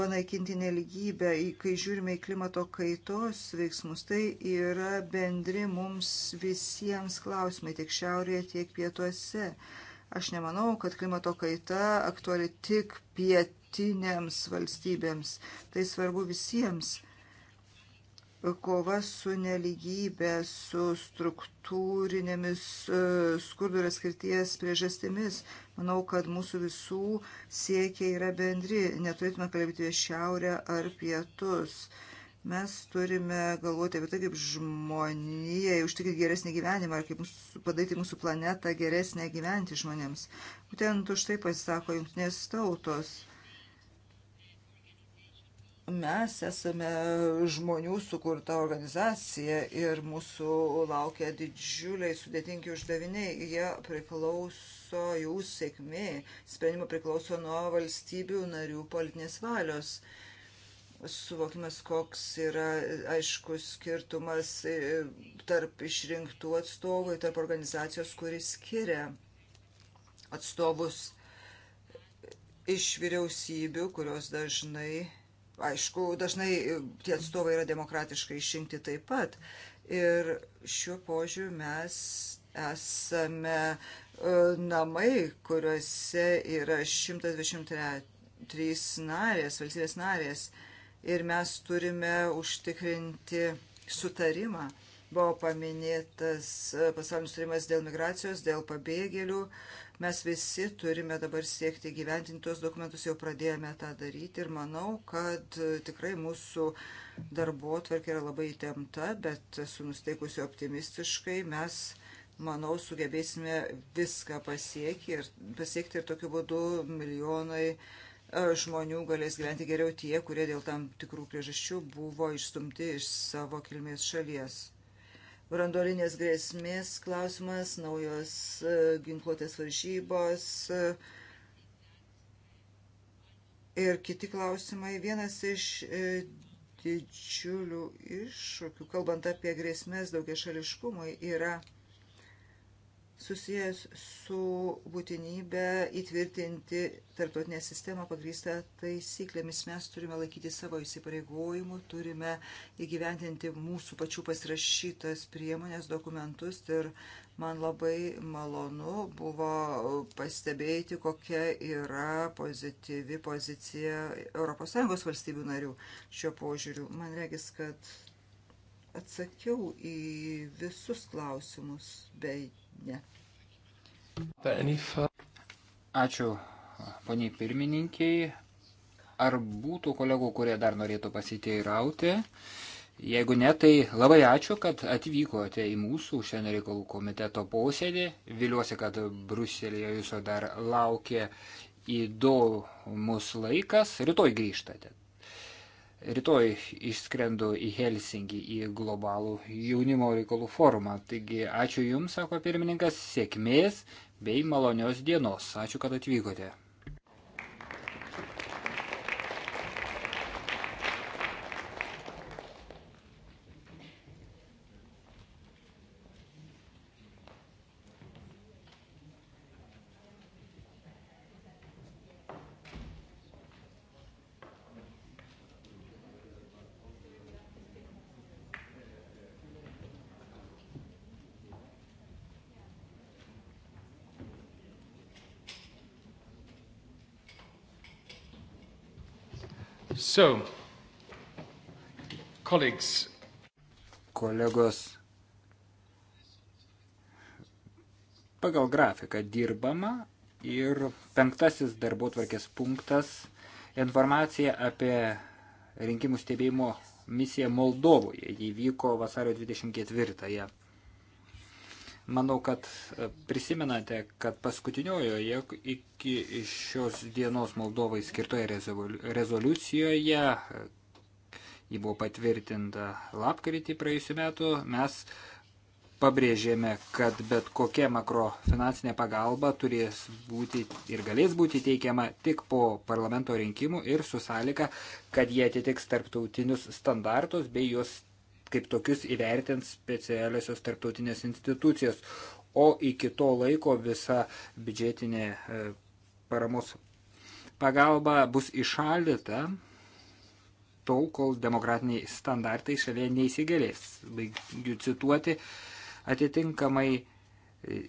panaikinti neligybę, kai žiūrime į klimato kaitos veiksmus, tai yra bendri mums visiems klausimai tiek šiaurėje, tiek pietuose. Aš nemanau, kad klimato kaita aktuali tik pietinėms valstybėms, tai svarbu visiems kova su neligybė, su struktūrinėmis e, skurdo ir atskirties priežastimis. Manau, kad mūsų visų siekiai yra bendri. Neturėtume kalbėti apie šiaurę ar pietus. Mes turime galvoti apie tai, kaip žmonijai užtikrinti geresnį gyvenimą ir kaip mūsų, padaryti mūsų planetą geresnę gyventi žmonėms. Būtent už tai pasisako jungtinės tautos Mes esame žmonių sukurta organizacija ir mūsų laukia didžiuliai sudėtingi uždaviniai. Jie priklauso, jų sėkmė, sprendimo priklauso nuo valstybių narių politinės valios. Suvokimas, koks yra aiškus skirtumas e, tarp išrinktų atstovų ir tarp organizacijos, kuris skiria atstovus iš vyriausybių, kurios dažnai aišku, dažnai e, tie atstovai yra demokratiškai išrinkti taip pat. Ir šiuo požiūriu mes esame e, namai, kuriuose yra 123 narės, valstybės narės. Ir mes turime užtikrinti sutarimą. Buvo paminėtas e, pasaulinis sutarimas dėl migracijos, dėl pabėgėlių. Uh, Mes visi turime dabar siekti gyventinti tuos dokumentus, jau pradėjome tą daryti ir manau, kad tikrai mūsų darbo tvarkė yra labai įtempta, bet esu nusteikusi optimistiškai. Mes manau, sugebėsime viską pasiekti ir, pasiekti ir tokiu būdu milijonai e, žmonių galės gyventi geriau tie, kurie dėl tam tikrų priežasčių buvo išstumti iš savo kilmės šalies brandolinės grėsmės klausimas, naujos e, ginkluotės varžybos e, ir kiti klausimai. Vienas iš e, didžiulių iššūkių, kalbant apie grėsmės daugia šališkumui, yra susijęs su būtinybė įtvirtinti tarptautinę sistemą pagrįstą taisyklėmis. Mes turime laikyti savo įsipareigojimų, turime įgyventinti mūsų pačių pasirašytas priemonės, dokumentus ir man labai malonu buvo pastebėti, kokia yra pozityvi pozicija ES valstybių narių šiuo požiūriu. Man regis, kad atsakiau į visus klausimus, bet Ne. Ačiū, poniai pirmininkiai. Ar būtų kolegų, kurie dar norėtų pasiteirauti? Jeigu ne, tai labai ačiū, kad atvykote į mūsų užsienio reikalų komiteto posėdį. Viliuosi, kad Bruselėje jūsų dar laukia įdomus laikas. Rytoj grįžtate. Rytoj išskrendu į Helsingį į globalų jaunimo reikalų forumą. Taigi ačiū Jums, sako pirmininkas, sėkmės bei malonios dienos. Ačiū, kad atvykote. So, colleagues. Kolegos, pagal grafiką dirbama ir penktasis darbo tvarkės punktas - informacija apie rinkimų stebėjimo misiją Moldovoje. Ji vyko vasario 24-ąją. Manau, kad e, prisimenate, kad paskutiniojoje iki šios dienos Moldovai skirtoje rezoliucijoje, e, ji buvo patvirtinta lapkritį praėjusiu metu, mes pabrėžėme, kad bet kokia makrofinansinė pagalba turės būti ir galės būti teikiama tik po parlamento rinkimų ir su sąlyga, kad jie atitiks tarptautinius standartus bei juos kaip tokius įvertins specialiosios tarptautinės institucijos, o iki to laiko visa biudžetinė e, paramos pagalba bus išaldyta tol, kol demokratiniai standartai šalia neįsigalės. Baigiu cituoti, atitinkamai e,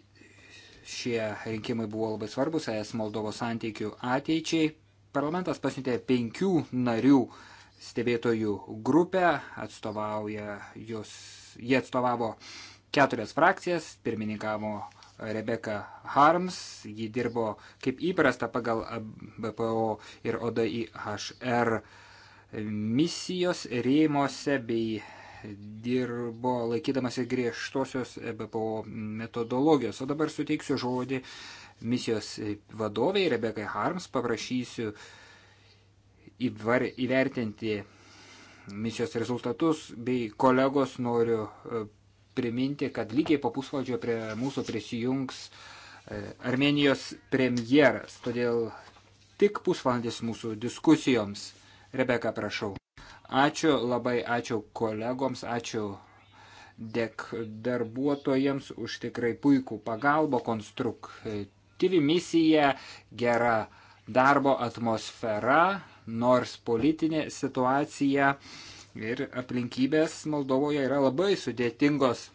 šie rinkimai buvo labai svarbus ES Moldovos santykių ateičiai. Parlamentas pasiuntė penkių narių uh, stebėtojų grupę, atstovauja jūs, jie atstovavo keturias frakcijas, pirmininkavo Rebeka Harms, ji dirbo kaip įprasta pagal BPO ir ODIHR misijos rėmose bei dirbo laikydamasi griežtosios BPO metodologijos. O dabar suteiksiu žodį misijos vadoviai Rebekai Harms, paprašysiu uh, įvar, įvertinti misijos rezultatus, bei kolegos noriu e, priminti, kad lygiai po pusvaldžio prie mūsų prisijungs e, Armenijos premjeras, todėl tik pusvalandis mūsų diskusijoms. Rebeka, prašau. Ačiū, labai ačiū kolegoms, ačiū dek darbuotojams už tikrai puikų pagalbą, konstruktyvi misija, gera darbo atmosfera nors politinė situacija ir aplinkybės Moldovoje yra labai sudėtingos.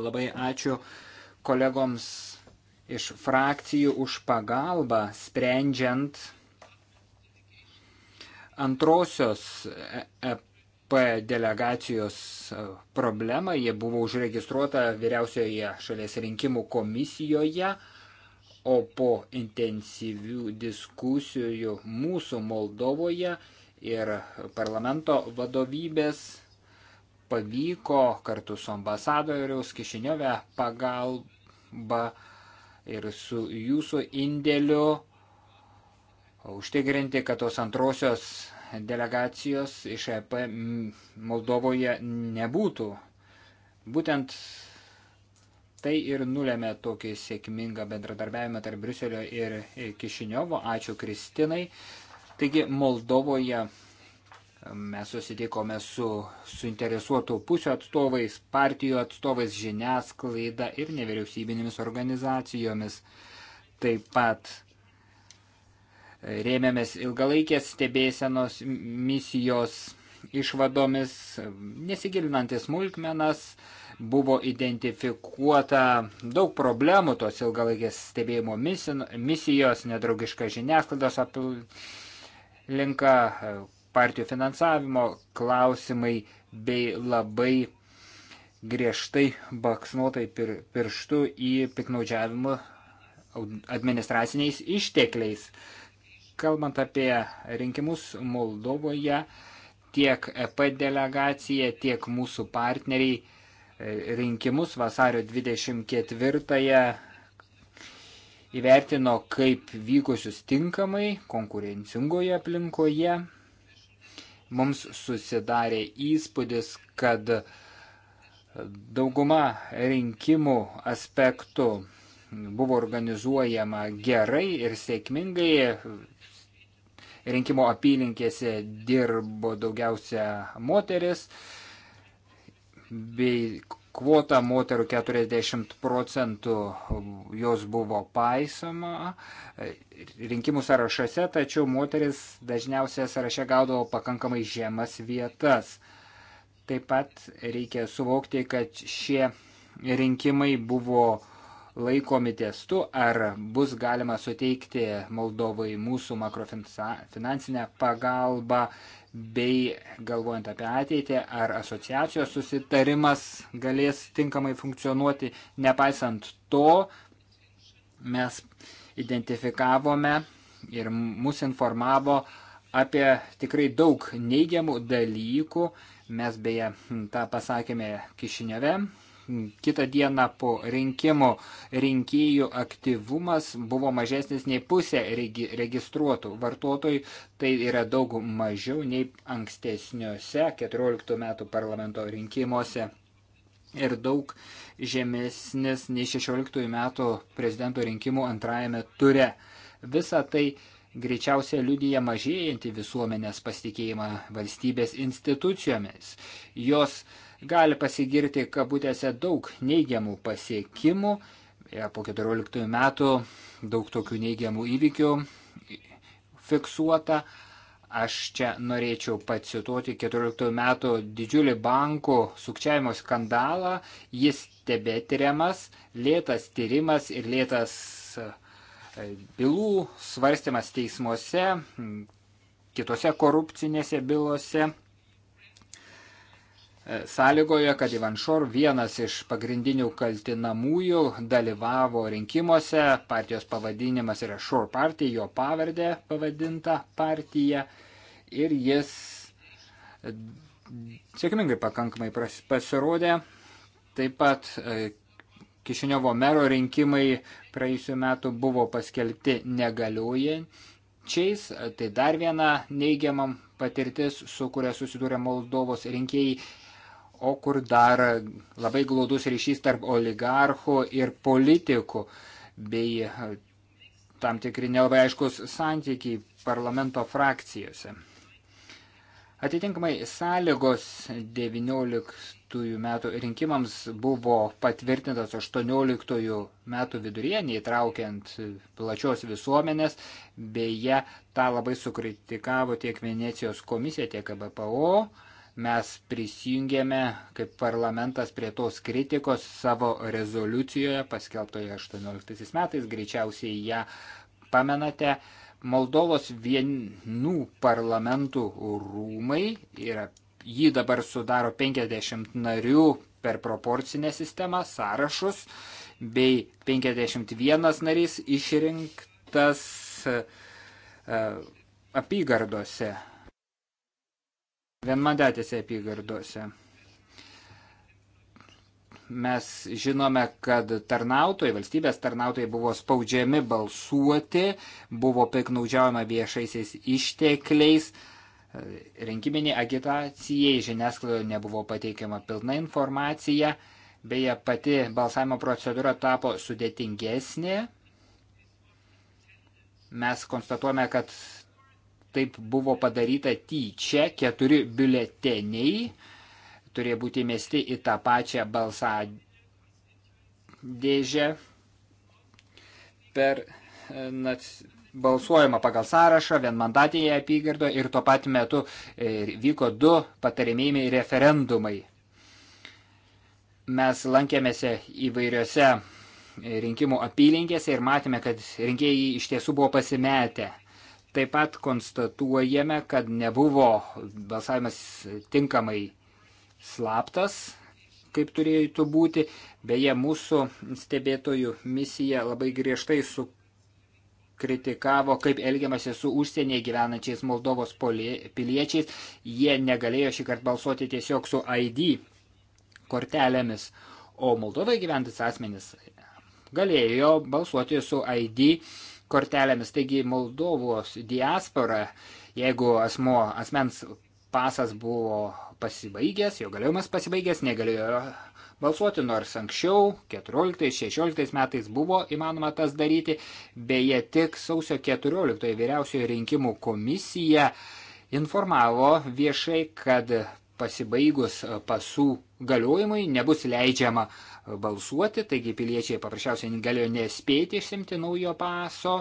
Labai ačiū kolegoms iš frakcijų už pagalbą sprendžiant antrosios EP delegacijos problemą. Jie buvo užregistruota vyriausioje šalies rinkimų komisijoje O po intensyvių diskusijų mūsų Moldovoje ir parlamento vadovybės pavyko kartu su ambasadoriaus Kišiniove pagalba ir su jūsų indėliu užtikrinti, kad tos antrosios delegacijos iš EP Moldovoje nebūtų. Būtent Tai ir nulėmė tokį sėkmingą bendradarbiavimą tarp Briuselio ir e, Kišiniovo. Ačiū Kristinai. Taigi Moldovoje e, mes susitikome su suinteresuotų pusių atstovais, partijų atstovais, žiniasklaida ir nevyriausybinėmis organizacijomis. Taip pat e, rėmėmės ilgalaikės stebėsenos misijos išvadomis, nesigilinantis smulkmenas, buvo identifikuota daug problemų tos ilgalaikės stebėjimo misijos, nedraugiška žiniasklaidos aplinka, partijų finansavimo klausimai bei labai griežtai baksnuotai pir, pirštų į piknaudžiavimą administraciniais ištekliais. Kalbant apie rinkimus Moldovoje, tiek EP delegacija, tiek mūsų partneriai rinkimus vasario 24-ąją įvertino kaip vykusius tinkamai konkurencingoje aplinkoje. Mums susidarė įspūdis, kad dauguma rinkimų aspektų buvo organizuojama gerai ir sėkmingai. Rinkimo apylinkėse dirbo daugiausia moteris, bei kvota moterų 40 procentų jos buvo paisoma e, rinkimų sąrašuose, tačiau moteris dažniausiai sąraše gaudavo pakankamai žemas vietas. Taip pat reikia suvokti, kad šie rinkimai buvo laikomi testu, ar bus galima suteikti Moldovai mūsų makrofinansinę pagalbą, bei galvojant apie ateitį, ar asociacijos susitarimas galės tinkamai funkcionuoti. Nepaisant to, mes identifikavome ir mus informavo apie tikrai daug neigiamų dalykų. Mes beje tą pasakėme Kišineve kitą dieną po rinkimų rinkėjų aktyvumas buvo mažesnis nei pusė regi, registruotų vartotojų, tai yra daug mažiau nei ankstesniuose 14 metų parlamento rinkimuose ir daug žemesnis nei 16 metų prezidento rinkimų antrajame ture. Visa tai greičiausiai liudyja mažėjantį visuomenės pasitikėjimą valstybės institucijomis. Jos uh, gali pasigirti kabutėse daug neigiamų pasiekimų. E, po 14 metų daug tokių neigiamų įvykių fiksuota. Aš čia norėčiau pacituoti 14 metų didžiulį bankų sukčiavimo skandalą. Jis tebe tyriamas, lėtas tyrimas ir lėtas e, bylų svarstymas teismuose, kitose korupcinėse bylose. E, sąlygoje, kad Ivanšor vienas iš pagrindinių kaltinamųjų dalyvavo rinkimuose, partijos pavadinimas yra Shore Party, jo pavardė pavadinta partija ir jis e, sėkmingai pakankamai pasirodė. Taip pat e, Kišiniovo mero rinkimai praėjusiu metu buvo paskelbti negaliojančiais, tai dar viena neigiamam patirtis, su kuria susidūrė Moldovos rinkėjai o kur dar labai glaudus ryšys tarp oligarchų ir politikų bei e, tam tikri nelabai aiškus santykiai parlamento frakcijose. Atitinkamai sąlygos 19 metų rinkimams buvo patvirtintas 18 metų viduryje, neįtraukiant plačios visuomenės, beje, tą labai sukritikavo tiek Venecijos komisija, tiek BPO. Mes prisijungėme kaip parlamentas prie tos kritikos savo rezoliucijoje paskelbtoje 18 metais, greičiausiai ją pamenate. Moldovos vienų parlamentų rūmai yra, jį dabar sudaro 50 narių per proporcinę sistemą sąrašus, bei 51 narys išrinktas e, apygardose vienmandatėse apygardose. Mes žinome, kad tarnautojai, valstybės tarnautojai buvo spaudžiami balsuoti, buvo piknaudžiaujama viešaisiais ištekliais, rinkiminiai agitacijai, žiniasklaidoje nebuvo pateikiama pilna informacija, beje, pati balsavimo procedūra tapo sudėtingesnė. Mes konstatuojame, kad taip buvo padaryta tyčia, keturi biuleteniai turėjo būti mesti į tą pačią balsą dėžę per e, nac... balsuojama pagal sąrašą vienmandatėje apygardoje ir tuo pat metu e, vyko du patarėmėjai referendumai. Mes lankėmėse įvairiose rinkimų apylinkėse ir matėme, kad rinkėjai iš tiesų buvo pasimetę. Taip pat konstatuojame, kad nebuvo balsavimas tinkamai slaptas, kaip turėtų būti. Beje, mūsų stebėtojų misija labai griežtai sukritikavo, kaip elgiamasi su užsienyje gyvenančiais Moldovos piliečiais. Jie negalėjo šį kartą balsuoti tiesiog su ID kortelėmis, o Moldovoje gyventis asmenys galėjo balsuoti su ID kortelėmis kortelėmis. Taigi Moldovos diaspora, jeigu asmo, asmens pasas buvo pasibaigęs, jo galiojimas pasibaigęs, negalėjo balsuoti, nors anksčiau, 14-16 metais buvo įmanoma tas daryti, beje tik sausio 14 vyriausiojo rinkimų komisija informavo viešai, kad pasibaigus pasų galiojimui nebus leidžiama balsuoti, taigi piliečiai paprasčiausiai galėjo nespėti išsimti naujo paso.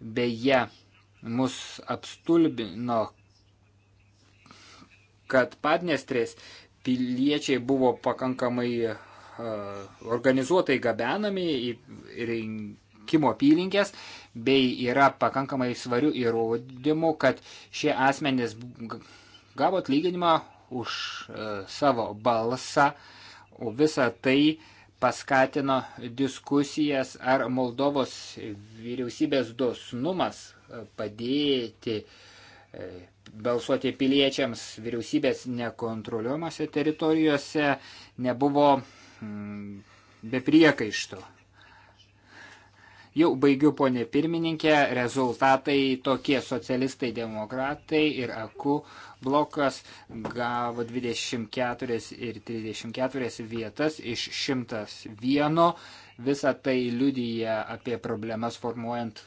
Beje, mus apstulbino, kad Padnestrės piliečiai buvo pakankamai uh, organizuotai gabenami į rinkimo apylinkės, bei yra pakankamai svarių įrodymų, kad šie asmenys gavo atlyginimą už uh, savo balsą. Uh, O visa tai paskatino diskusijas, ar Moldovos vyriausybės dosnumas padėti e, balsuoti piliečiams vyriausybės nekontroliuojamose teritorijose nebuvo mm, be priekaišto. Jau baigiu, ponė pirmininkė, rezultatai tokie socialistai, demokratai ir aku blokas gavo 24 ir 34 vietas iš 101. Visa tai liudyja apie problemas formuojant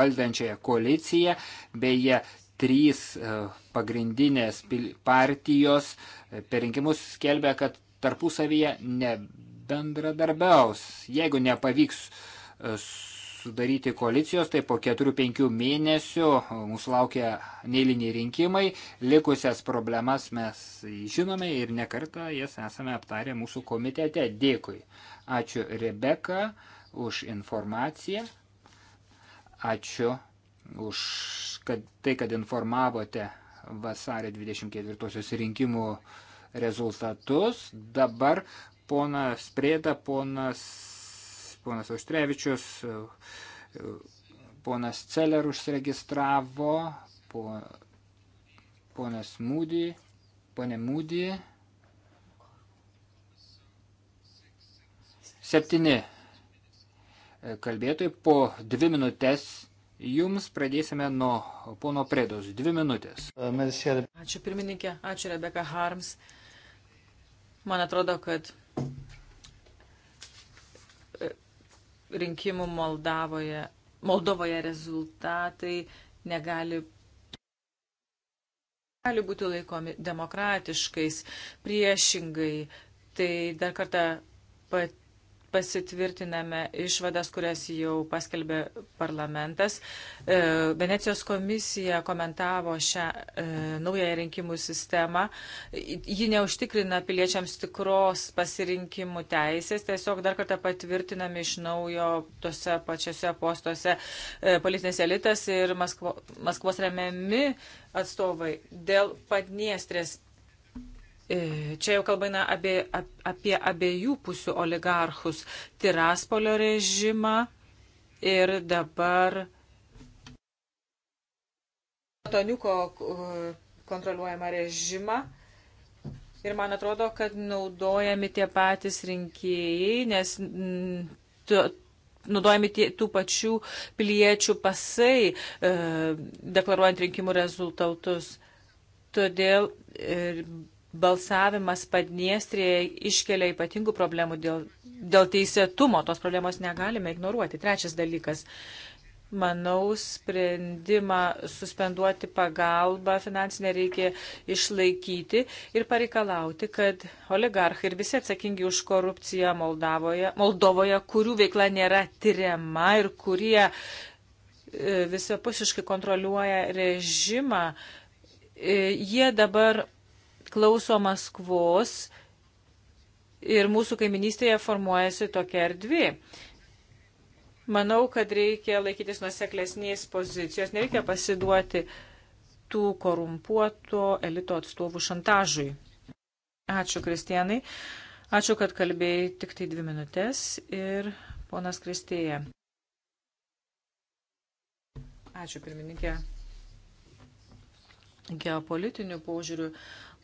valdančiąją koaliciją. Beje, trys e, pagrindinės partijos e, per rinkimus skelbia, kad tarpusavyje nebendradarbiaus. Jeigu nepavyks uh, sudaryti koalicijos, tai po 4-5 mėnesių mūsų laukia neiliniai rinkimai, likusias problemas mes žinome ir nekartą jas esame aptarę mūsų komitete. Dėkui. Ačiū Rebeka už informaciją. Ačiū už kad, tai, kad informavote vasario 24 rinkimų rezultatus. Dabar ponas Prėda, ponas ponas Austrevičius, ponas Celer užsiregistravo, po, ponas Mūdy, ponė Mūdy. Septyni kalbėtojai po dvi minutės Jums pradėsime nuo pono Predos. Dvi minutės. Ačiū pirmininkė, ačiū Rebeka Harms. Man atrodo, kad rinkimų Moldavoje, Moldovoje rezultatai negali, negali būti laikomi demokratiškais. Priešingai, tai dar kartą pat pasitvirtiname išvadas, kurias jau paskelbė parlamentas. E, Venecijos komisija komentavo šią e, naująją rinkimų sistemą. Ji neužtikrina piliečiams tikros pasirinkimų teisės, tiesiog dar kartą patvirtinami iš naujo tose pačiose postuose e, politinės elitas ir Maskvo, Maskvos remiami atstovai dėl Padniestrės E, čia jau kalbame apie, apie abiejų pusių oligarchus - Tiraspolio režimą ir dabar Toniuko e, kontroliuojamą režimą. Ir man atrodo, kad naudojami tie patys rinkėjai, nes tu, naudojami tie, tų pačių piliečių pasai, e, deklaruojant rinkimų rezultatus. Todėl e, balsavimas Padniestrėje iškelia ypatingų problemų dėl, dėl teisėtumo. Tos problemos negalime ignoruoti. Trečias dalykas. Manau, sprendimą suspenduoti pagalbą finansinę reikia išlaikyti ir pareikalauti, kad oligarchai ir visi atsakingi už korupciją Moldavoje, Moldovoje, kurių veikla nėra tyriama ir kurie e, visapusiškai kontroliuoja režimą, e, jie dabar klauso Maskvos ir mūsų kaiminystėje formuojasi tokia erdvė. Manau, kad reikia laikytis nuseklesnės pozicijos, nereikia pasiduoti tų korumpuoto elito atstovų šantažui. Ačiū, Kristijanai. Ačiū, kad kalbėjai tik tai dvi minutės ir ponas Kristėja. Ačiū, pirmininkė. Geopolitinių požiūrių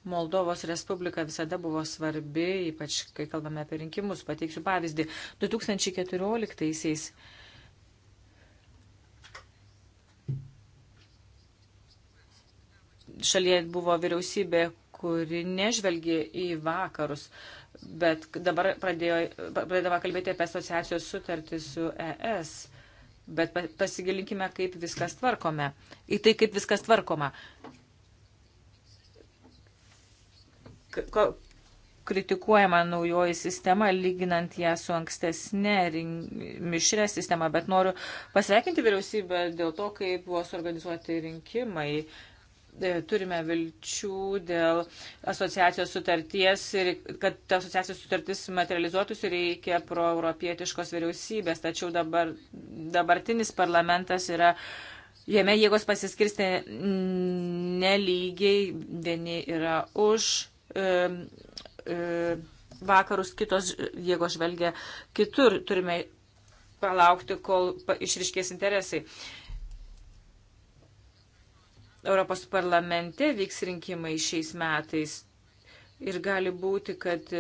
Moldovos Respublika visada buvo svarbi, ypač kai kalbame apie rinkimus. Pateiksiu pavyzdį. 2014-aisiais šalyje buvo vyriausybė, kuri nežvelgė į vakarus, bet dabar pradėjo, pradėjo kalbėti apie asociacijos sutartį su ES. Bet pasigilinkime, kaip viskas tvarkome. Į tai, kaip viskas tvarkoma. kritikuojama naujoji sistema, lyginant ją su ankstesnė mišrė sistema, bet noriu pasveikinti vyriausybę dėl to, kaip buvo suorganizuoti rinkimai. E, turime vilčių dėl asociacijos sutarties ir kad ta asociacijos sutartis materializuotųsi reikia proeuropietiškos vyriausybės, tačiau dabar, dabartinis parlamentas yra Jame jėgos pasiskirsti nelygiai, vieni yra už E, vakarus, kitos jėgos žvelgia kitur. Turime palaukti, kol išriškės interesai. Europos parlamente vyks rinkimai šiais metais ir gali būti, kad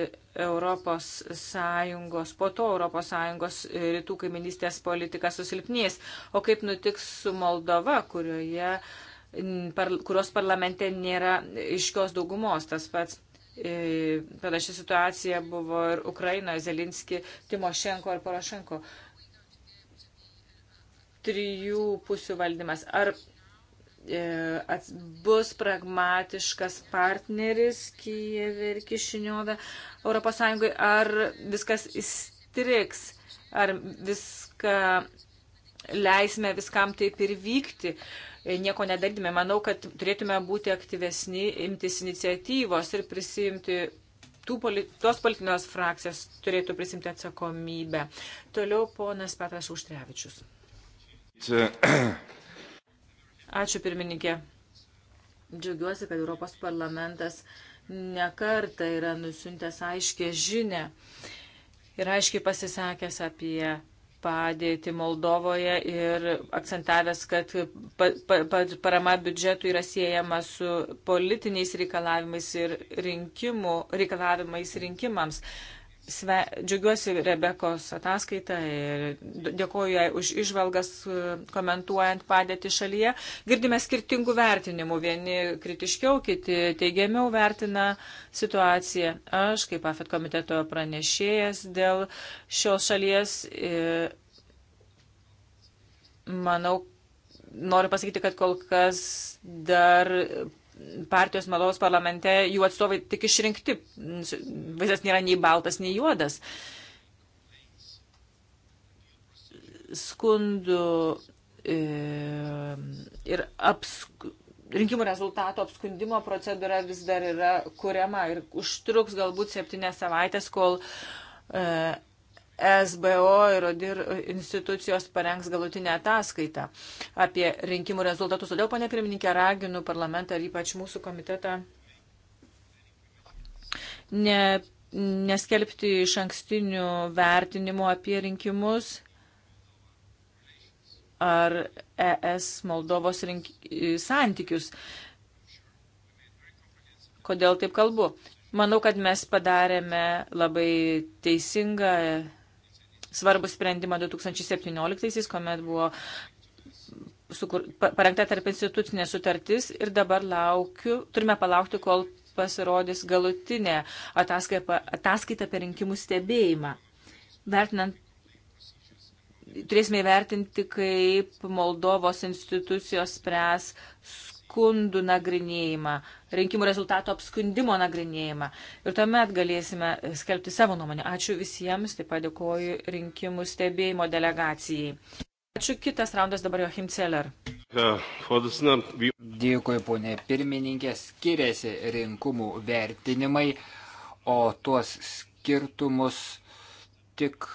Europos Sąjungos, po to Europos Sąjungos rytų kaiminystės politika susilpnės. O kaip nutiks su Moldova, kurioje, par, kurios parlamente nėra iškios daugumos tas pats E, panaši situacija buvo ir Ukrainoje, Zelinski, Timošenko ir Porošenko. Trijų pusių valdymas. Ar e, bus pragmatiškas partneris Kijevė ir Kišiniovė ES, ar viskas įstriks, ar viską leisime viskam taip ir vykti. Uh, nieko nedarydami. Manau, kad turėtume būti aktyvesni, imtis iniciatyvos ir prisimti. Poli tos politinės frakcijas turėtų prisimti atsakomybę. Toliau ponas Petras Užtrevičius. Ačiū pirmininkė. Džiaugiuosi, kad Europos parlamentas nekarta yra nusintęs aiškę žinę ir aiškiai pasisakęs apie padėti Moldovoje ir akcentavęs, kad pa, pa, pa, parama biudžetui yra siejama su politiniais reikalavimais ir rinkimų, reikalavimais rinkimams. Uh, Sve, džiugiuosi Rebekos ataskaitą ir dėkoju jai už išvalgas e, komentuojant padėtį šalyje. Girdime skirtingų vertinimų. Vieni kritiškiau, kiti teigiamiau vertina situaciją. Aš, kaip AFET komiteto pranešėjas dėl šios šalies, e, manau, noriu pasakyti, kad kol kas dar partijos malos parlamente jų atstovai tik išrinkti. Vaizdas nėra nei baltas, nei juodas. Skundų e, ir apsk... rinkimų rezultato apskundimo procedūra vis dar yra kuriama ir užtruks galbūt septynės savaitės, kol e, SBO ir ODIR institucijos parengs galutinę ataskaitą apie rinkimų rezultatus. Todėl, ponė pirmininkė, raginu parlamentą ir ypač mūsų komitetą ne, neskelbti iš ankstinių vertinimų apie rinkimus ar ES Moldovos rink, santykius. Kodėl taip kalbu? Manau, kad mes padarėme labai teisingą svarbų sprendimą 2017-aisiais, kuomet buvo sukur, parengta tarp institucinė sutartis ir dabar laukiu, turime palaukti, kol pasirodys galutinė ataskaita, ataskaita per rinkimų stebėjimą. Vertinant turėsime įvertinti, kaip Moldovos institucijos spręs skundų nagrinėjimą, rinkimų rezultato apskundimo nagrinėjimą. Ir tuomet galėsime skelbti savo nuomonę. Ačiū visiems, taip pat dėkoju rinkimų stebėjimo delegacijai. Ačiū kitas raundas dabar Joachim Celler. Dėkui, ponė pirmininkė, skiriasi rinkimų vertinimai, o tuos skirtumus tik e,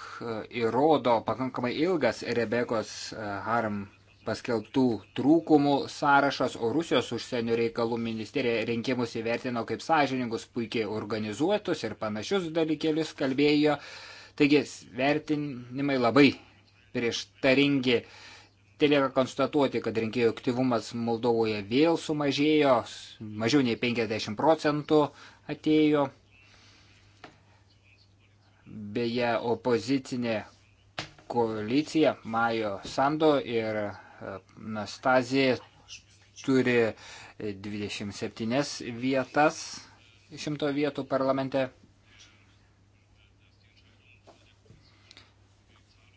įrodo pakankamai ilgas Rebekos e, Harm paskelbtų trūkumų sąrašas, o Rusijos užsienio reikalų ministerija rinkimus įvertino kaip sąžiningus, puikiai organizuotus ir panašius dalykėlius kalbėjo. Taigi vertinimai labai prieštaringi. Telieka konstatuoti, kad rinkėjų aktyvumas Moldovoje vėl sumažėjo, mažiau nei 50 procentų atėjo. Beje, opozicinė koalicija Majo Sando ir Nastazija turi 27 vietas šimto vietų parlamente.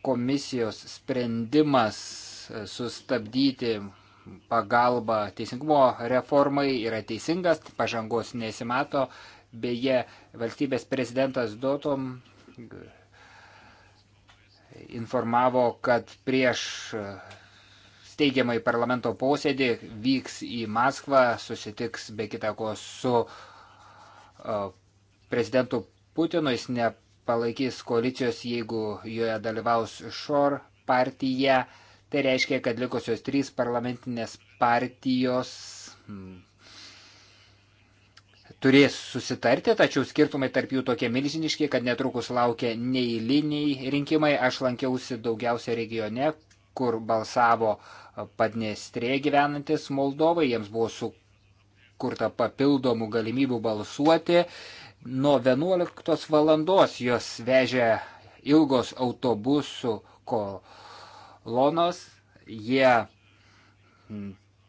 Komisijos sprendimas sustabdyti pagalbą teisingumo reformai yra teisingas, pažangos nesimato. Beje, valstybės prezidentas Dotom informavo, kad prieš steigiamai parlamento posėdį vyks į Maskvą, susitiks be kitako su uh, prezidentu Putinu, jis nepalaikys koalicijos, jeigu joje dalyvaus Šor partija. Tai reiškia, kad likusios trys parlamentinės partijos hmm, turės susitarti, tačiau skirtumai tarp jų tokie milžiniški, kad netrukus laukia neįliniai rinkimai. Aš lankiausi daugiausia regione, kur balsavo Padniestrėje gyvenantis Moldovai, jiems buvo sukurta papildomų galimybių balsuoti. Nuo 11 valandos jos vežė ilgos autobusų kolonos, jie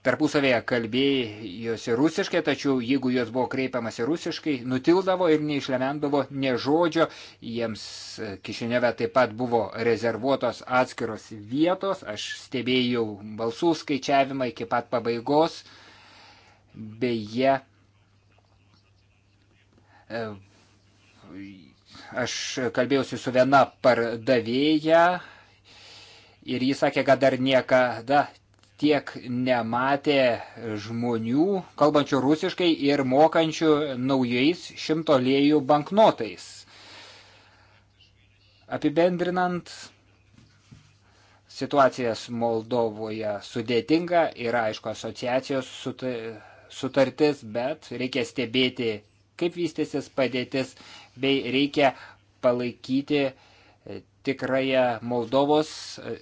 tarpusavėje kalbėjosi rusiškai, tačiau jeigu jos buvo kreipiamasi rusiškai, nutildavo ir neišlemendavo ne žodžio, jiems Kišineve taip pat buvo rezervuotos atskiros vietos, aš stebėjau balsų skaičiavimą iki pat pabaigos, beje, e, aš kalbėjausi su viena pardavėja, ir jis sakė, kad dar niekada tiek nematė žmonių, kalbančių rusiškai ir mokančių naujais šimtolėjų banknotais. Apibendrinant, situacijas Moldovoje sudėtinga, yra aišku asociacijos sutartis, bet reikia stebėti, kaip vystysis padėtis, bei reikia palaikyti e, tikrąją Moldovos e,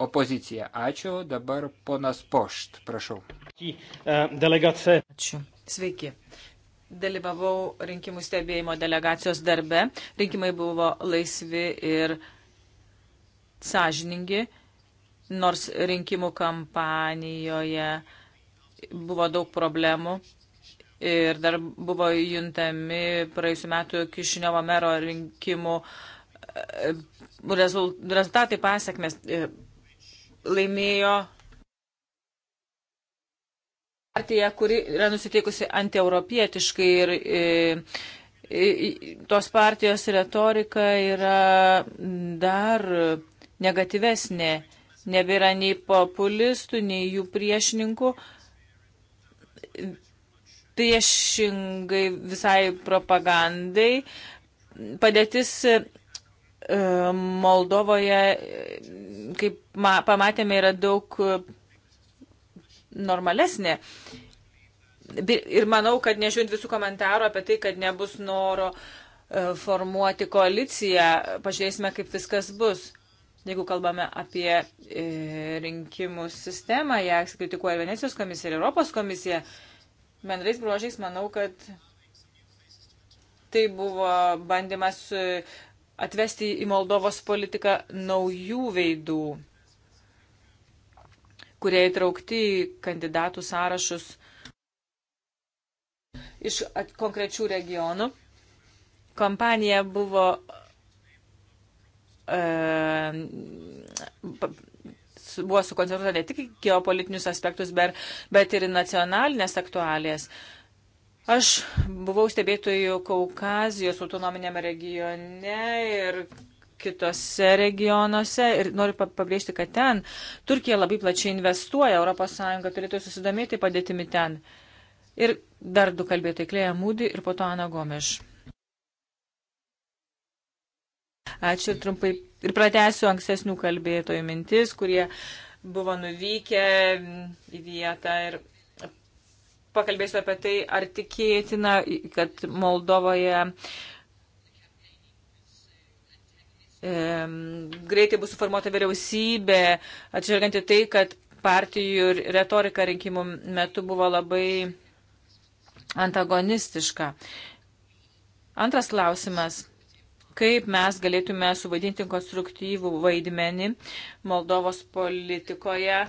opoziciją. Ačiū, dabar ponas Pošt, prašau. E, delegacija. Ačiū. Sveiki. Dalyvavau rinkimų stebėjimo delegacijos darbe. Rinkimai buvo laisvi ir sąžiningi, nors rinkimų kampanijoje buvo daug problemų ir dar buvo juntami praėjusiu metu Kišiniovo mero rinkimų e, rezultatai pasiekmes e, laimėjo partija, kuri yra nusiteikusi antieuropietiškai ir e, e, e, tos partijos retorika yra dar negatyvesnė. Nebėra nei populistų, nei jų priešininkų. Priešingai visai propagandai padėtis E, Moldovoje, e, kaip pamatėme, yra daug e, normalesnė. Ir manau, kad nežiūrint visų komentarų apie tai, kad nebus noro formuoti koaliciją, pažiūrėsime, kaip viskas bus. Jeigu kalbame apie rinkimų sistemą, ją kritikuoja Venecijos komisija ir Europos komisija, bendrais bruožiais manau, kad tai buvo bandymas atvesti į Moldovos politiką naujų veidų, kurie įtraukti į kandidatų sąrašus iš konkrečių regionų. Kompanija buvo e, buvo sukoncentruota ne tik geopolitinius aspektus, bet ir nacionalinės aktualijas. Aš buvau stebėtojų Kaukazijos autonominėme regione ir kitose regionuose ir noriu pabrėžti, kad ten Turkija labai plačiai investuoja, ES turėtų susidomėti padėtimi ten. Ir dar du kalbėtai, Klėja Mūdi ir po to Ana Gomeš. Ačiū ir trumpai. Ir pratęsiu ankstesnių kalbėtojų mintis, kurie buvo nuvykę į vietą ir pakalbėsiu apie tai, ar tikėtina, kad Moldovoje e, greitai bus suformuota vyriausybė, atžvelgiant į tai, kad partijų retorika rinkimų metu buvo labai antagonistiška. Antras klausimas. Kaip mes galėtume suvaidinti konstruktyvų vaidmenį Moldovos politikoje,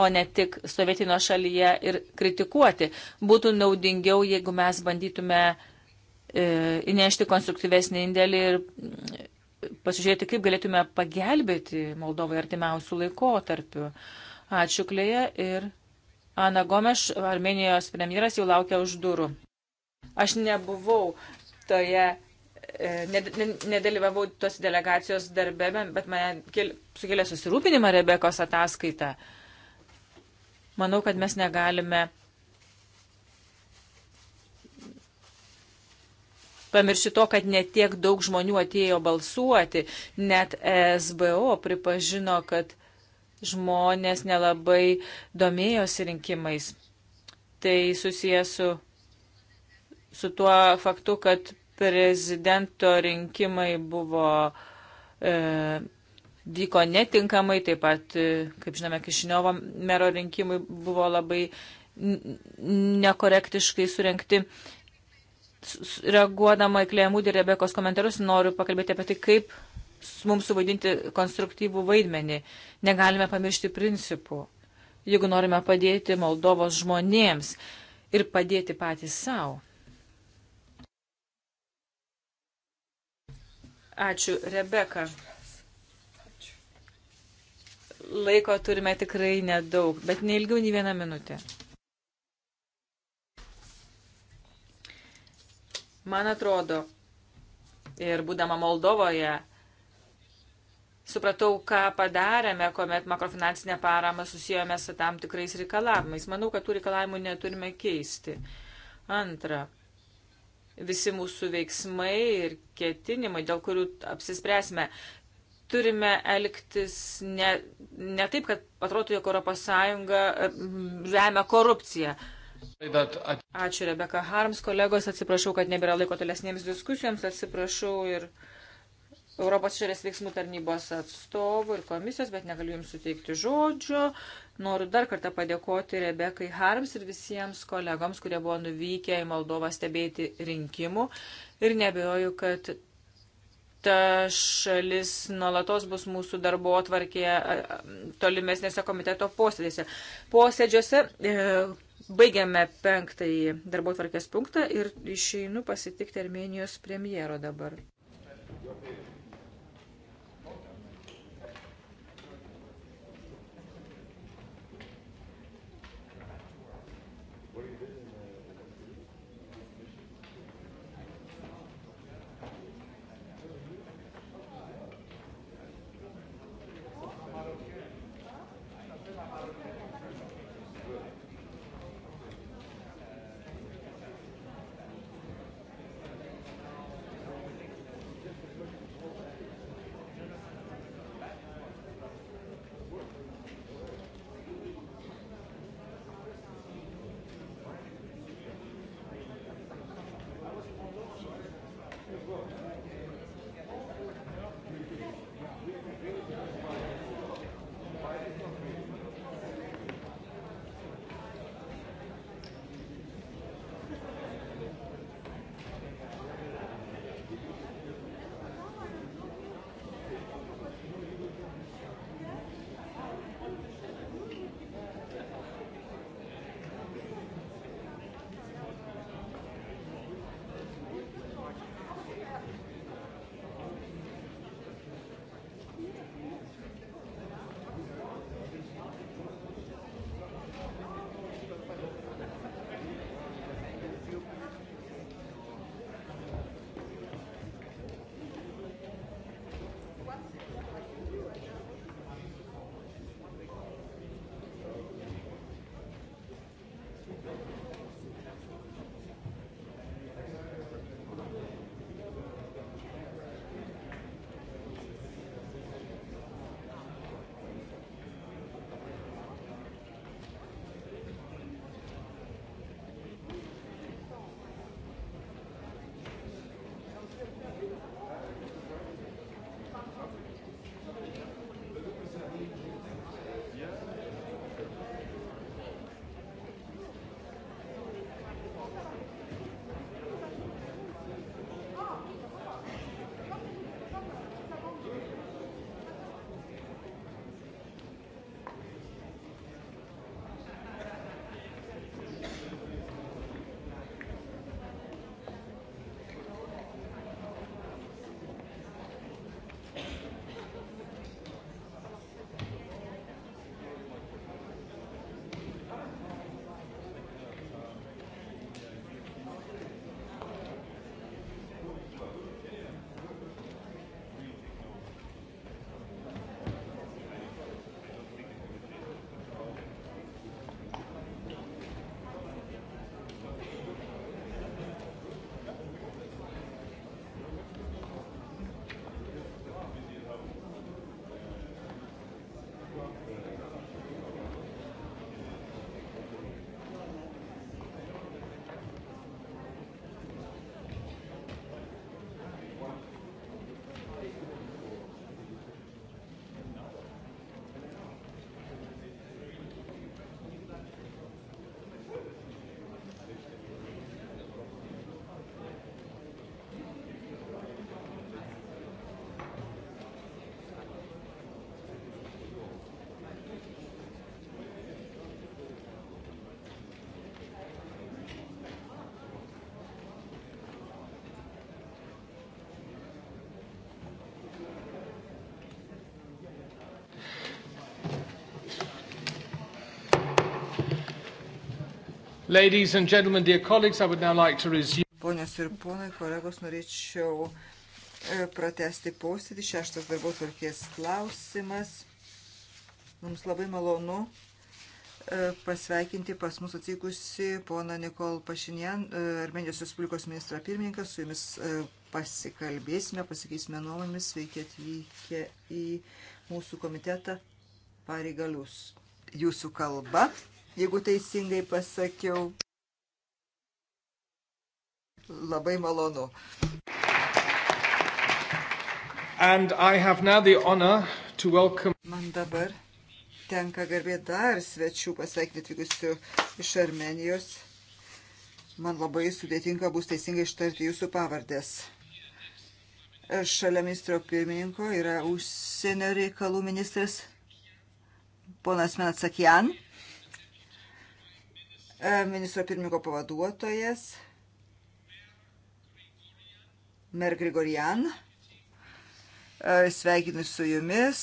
o ne tik sovietinio šalyje ir kritikuoti. Būtų naudingiau, jeigu mes bandytume e, įnešti konstruktyvesnį indėlį ir mm, pasižiūrėti, kaip galėtume pagelbėti Moldovai artimiausių laikotarpių. Ačiū Klėje ir Ana Gomeš, Armenijos premjeras, jau laukia už durų. Aš nebuvau toje e, nedalyvavau tos delegacijos darbe, bet mane sukėlė susirūpinimą Rebekos ataskaita. Manau, kad mes negalime pamiršti to, kad netiek daug žmonių atėjo balsuoti. Net SBO pripažino, kad žmonės nelabai domėjosi rinkimais. Tai susijęs su, su tuo faktu, kad prezidento rinkimai buvo e, vyko netinkamai, taip pat, e, kaip žinome, Kišiniovo mero rinkimai buvo labai nekorektiškai surenkti. Reaguodama į Klejamudį ir Rebekos komentarus, noriu pakalbėti apie tai, kaip mums suvaidinti konstruktyvų vaidmenį. Negalime pamiršti principų, jeigu norime padėti Moldovos žmonėms ir padėti patys savo. Ačiū, Rebeka laiko turime tikrai nedaug, bet neilgiau nei vieną minutę. Man atrodo, ir būdama Moldovoje, supratau, ką padarėme, kuomet makrofinansinę paramą susijome su tam tikrais reikalavimais. Manau, kad tų reikalavimų neturime keisti. Antra, visi mūsų veiksmai ir ketinimai, dėl kurių apsispręsime, turime elgtis ne, ne taip, kad atrodo, jog ES mm, remia korupciją. Ačiū Rebeka Harms, kolegos, atsiprašau, kad nebėra laiko tolesnėms diskusijoms, atsiprašau ir Europos šalies veiksmų tarnybos atstovų ir komisijos, bet negaliu jums suteikti žodžio. Noriu dar kartą padėkoti Rebekai Harms ir visiems kolegoms, kurie buvo nuvykę į Moldovą stebėti rinkimų ir nebejoju, kad ta šalis nuolatos bus mūsų darbo atvarkėje tolimesnėse komiteto posėdėse. Posėdžiuose e, baigiame penktąjį darbo atvarkės punktą ir išeinu pasitikti Armenijos premjero dabar. Ladies and gentlemen, dear colleagues, I would now like to resume. Ponios ir ponai, kolegos, norėčiau e, pratesti posėdį. Šeštas darbo tvarkės klausimas. Mums labai malonu e, pasveikinti pas mus atvykusi pona Nikol Pašinien, e, Armenijos Respublikos ministra pirmininkas, su jumis pasikalbėsime, pasikeisime nuomomis, sveiki atvykę į mūsų komitetą pareigalius. Jūsų kalba jeigu teisingai pasakiau. Labai malonu. And I have now the honor to welcome. Man dabar tenka garbė dar svečių pasveikinti atvykusių iš Armenijos. Man labai sudėtinga bus teisingai ištarti jūsų pavardės. Šalia ministro pirmininko yra užsienio reikalų ministras ponas Menatsakian. E, ministro pirmininko pavaduotojas Mer Grigorian. E, sveikinu su jumis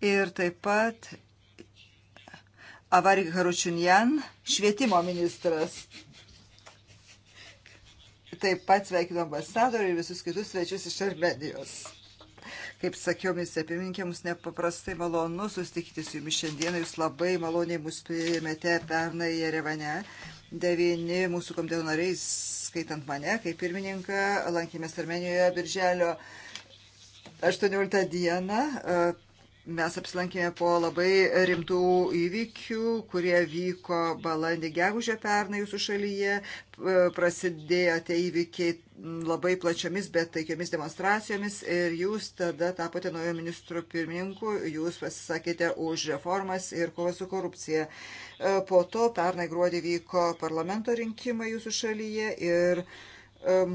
ir taip pat Avarik Haručunjan, švietimo ministras. Taip pat sveikinu ambasadorių ir visus kitus svečius iš Armenijos. Kaip sakiau, misija pirmininkė, mums nepaprastai malonu susitikti su jumis šiandieną. Jūs labai maloniai mus priėmėte pernai Jerevane. Devini mūsų komiteto nariai, skaitant mane kaip pirmininką, lankėmės Armenijoje birželio 18 dieną. Mes apsilankėme po labai rimtų įvykių, kurie vyko balandį gegužę pernai jūsų šalyje. Prasidėjo tie įvykiai labai plačiomis, bet taikiomis demonstracijomis ir jūs tada tapote naujo ministro pirmininku, jūs pasisakėte už reformas ir kovą su korupcija. E, po to pernai gruodį vyko parlamento rinkimai jūsų šalyje ir e,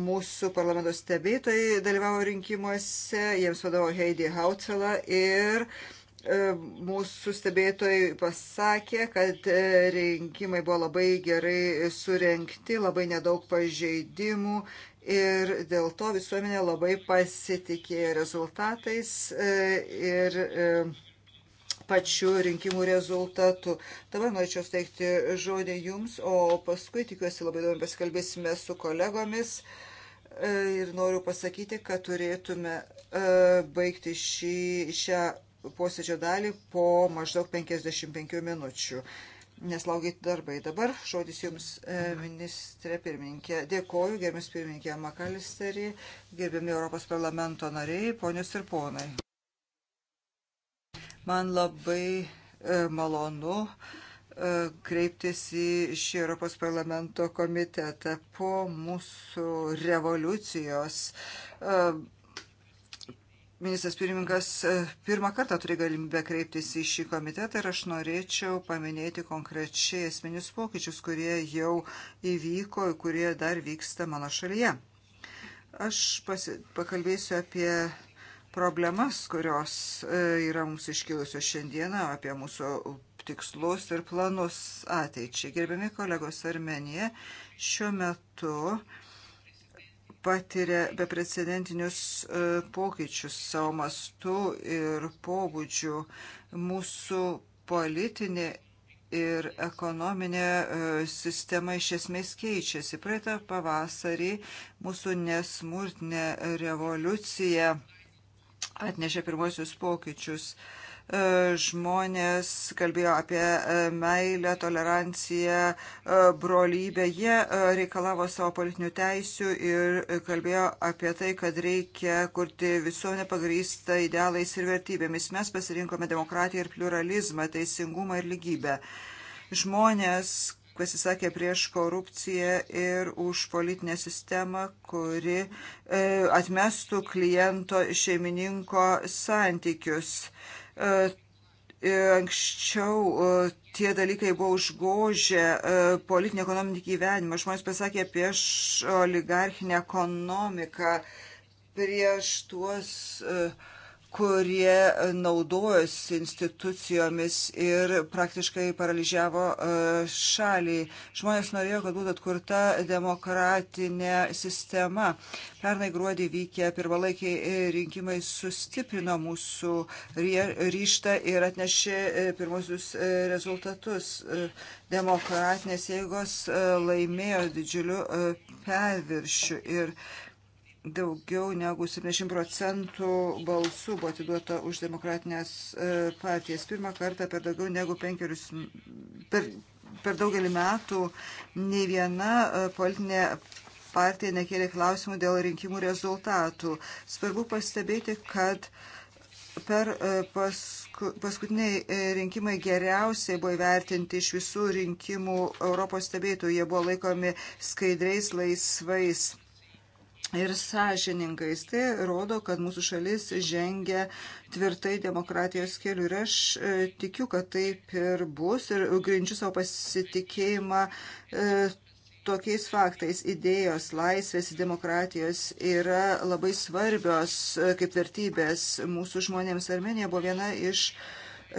mūsų parlamento stebėtojai dalyvavo rinkimuose, jiems vadovavo Heidi Hautela ir e, mūsų stebėtojai pasakė, kad rinkimai buvo labai gerai surenkti, labai nedaug pažeidimų ir dėl to visuomenė labai pasitikėjo rezultatais e, ir e, pačių rinkimų rezultatų. Dabar norėčiau steigti žodį jums, o paskui tikiuosi labai įdomi pasikalbėsime su kolegomis e, ir noriu pasakyti, kad turėtume baigti šį, šią posėdžio dalį po maždaug 55 minučių nes laukia darbai. Dabar žodis Jums, e, ministrė pirmininkė. Dėkoju, gerbiamas pirmininkė Makalisterį, gerbiami Europos parlamento nariai, ponios ir ponai. Man labai e, malonu e, kreiptis į šį Europos parlamento komitetą po mūsų revoliucijos ministras pirmininkas e, pirmą kartą turi galimybę kreiptis į šį komitetą ir aš norėčiau paminėti konkrečiai esminius pokyčius, kurie jau įvyko ir kurie dar vyksta mano šalyje. Aš pasi, pakalbėsiu apie problemas, kurios e, yra mums iškilusios šiandieną, apie mūsų tikslus ir planus ateičiai. Gerbiami kolegos Armenija, šiuo metu uh, patiria beprecedentinius e, pokyčius savo mastu ir pobūdžiu. Mūsų politinė ir ekonominė e, sistema iš esmės keičiasi. Praeitą pavasarį mūsų nesmurtinė revoliucija atnešė pirmosius pokyčius. E, žmonės kalbėjo apie e, meilę, toleranciją, e, brolybę. Jie reikalavo savo politinių teisių ir kalbėjo apie tai, kad reikia kurti visuomenę pagrįstą idealais ir vertybėmis. Mes pasirinkome demokratiją ir pluralizmą, teisingumą ir lygybę. Žmonės pasisakė prieš korupciją ir už politinę sistemą, kuri e, atmestų kliento šeimininko santykius. E, E, e, anksčiau e, tie dalykai buvo užgožę politinį ekonominį gyvenimą. Žmonės pasakė apie oligarchinę ekonomiką prieš tuos uh, kurie naudojosi institucijomis ir praktiškai paralyžiavo e, šalį. Žmonės norėjo, kad būtų atkurta demokratinė sistema. Pernai gruodį vykę pirmalaikiai rinkimai sustiprino mūsų ryštą ir atnešė e, pirmosius e, rezultatus. Demokratinės jėgos laimėjo didžiuliu perviršiu ir daugiau negu 70 procentų balsų buvo atiduota už demokratinės e, partijas. Pirmą kartą per daugiau negu penkerius, per, per daugelį metų nei viena e, politinė partija nekėlė klausimų dėl rinkimų rezultatų. Svarbu pastebėti, kad per e, pasku, paskutiniai rinkimai geriausiai buvo įvertinti iš visų rinkimų Europos stebėtojų. Jie buvo laikomi skaidriais, laisvais ir sąžiningais. Tai rodo, kad mūsų šalis žengia tvirtai demokratijos keliu. Ir aš e, tikiu, kad taip ir bus ir grindžiu savo pasitikėjimą. E, Tokiais faktais idėjos, laisvės, demokratijos yra labai svarbios e, kaip vertybės mūsų žmonėms. Armenija buvo viena iš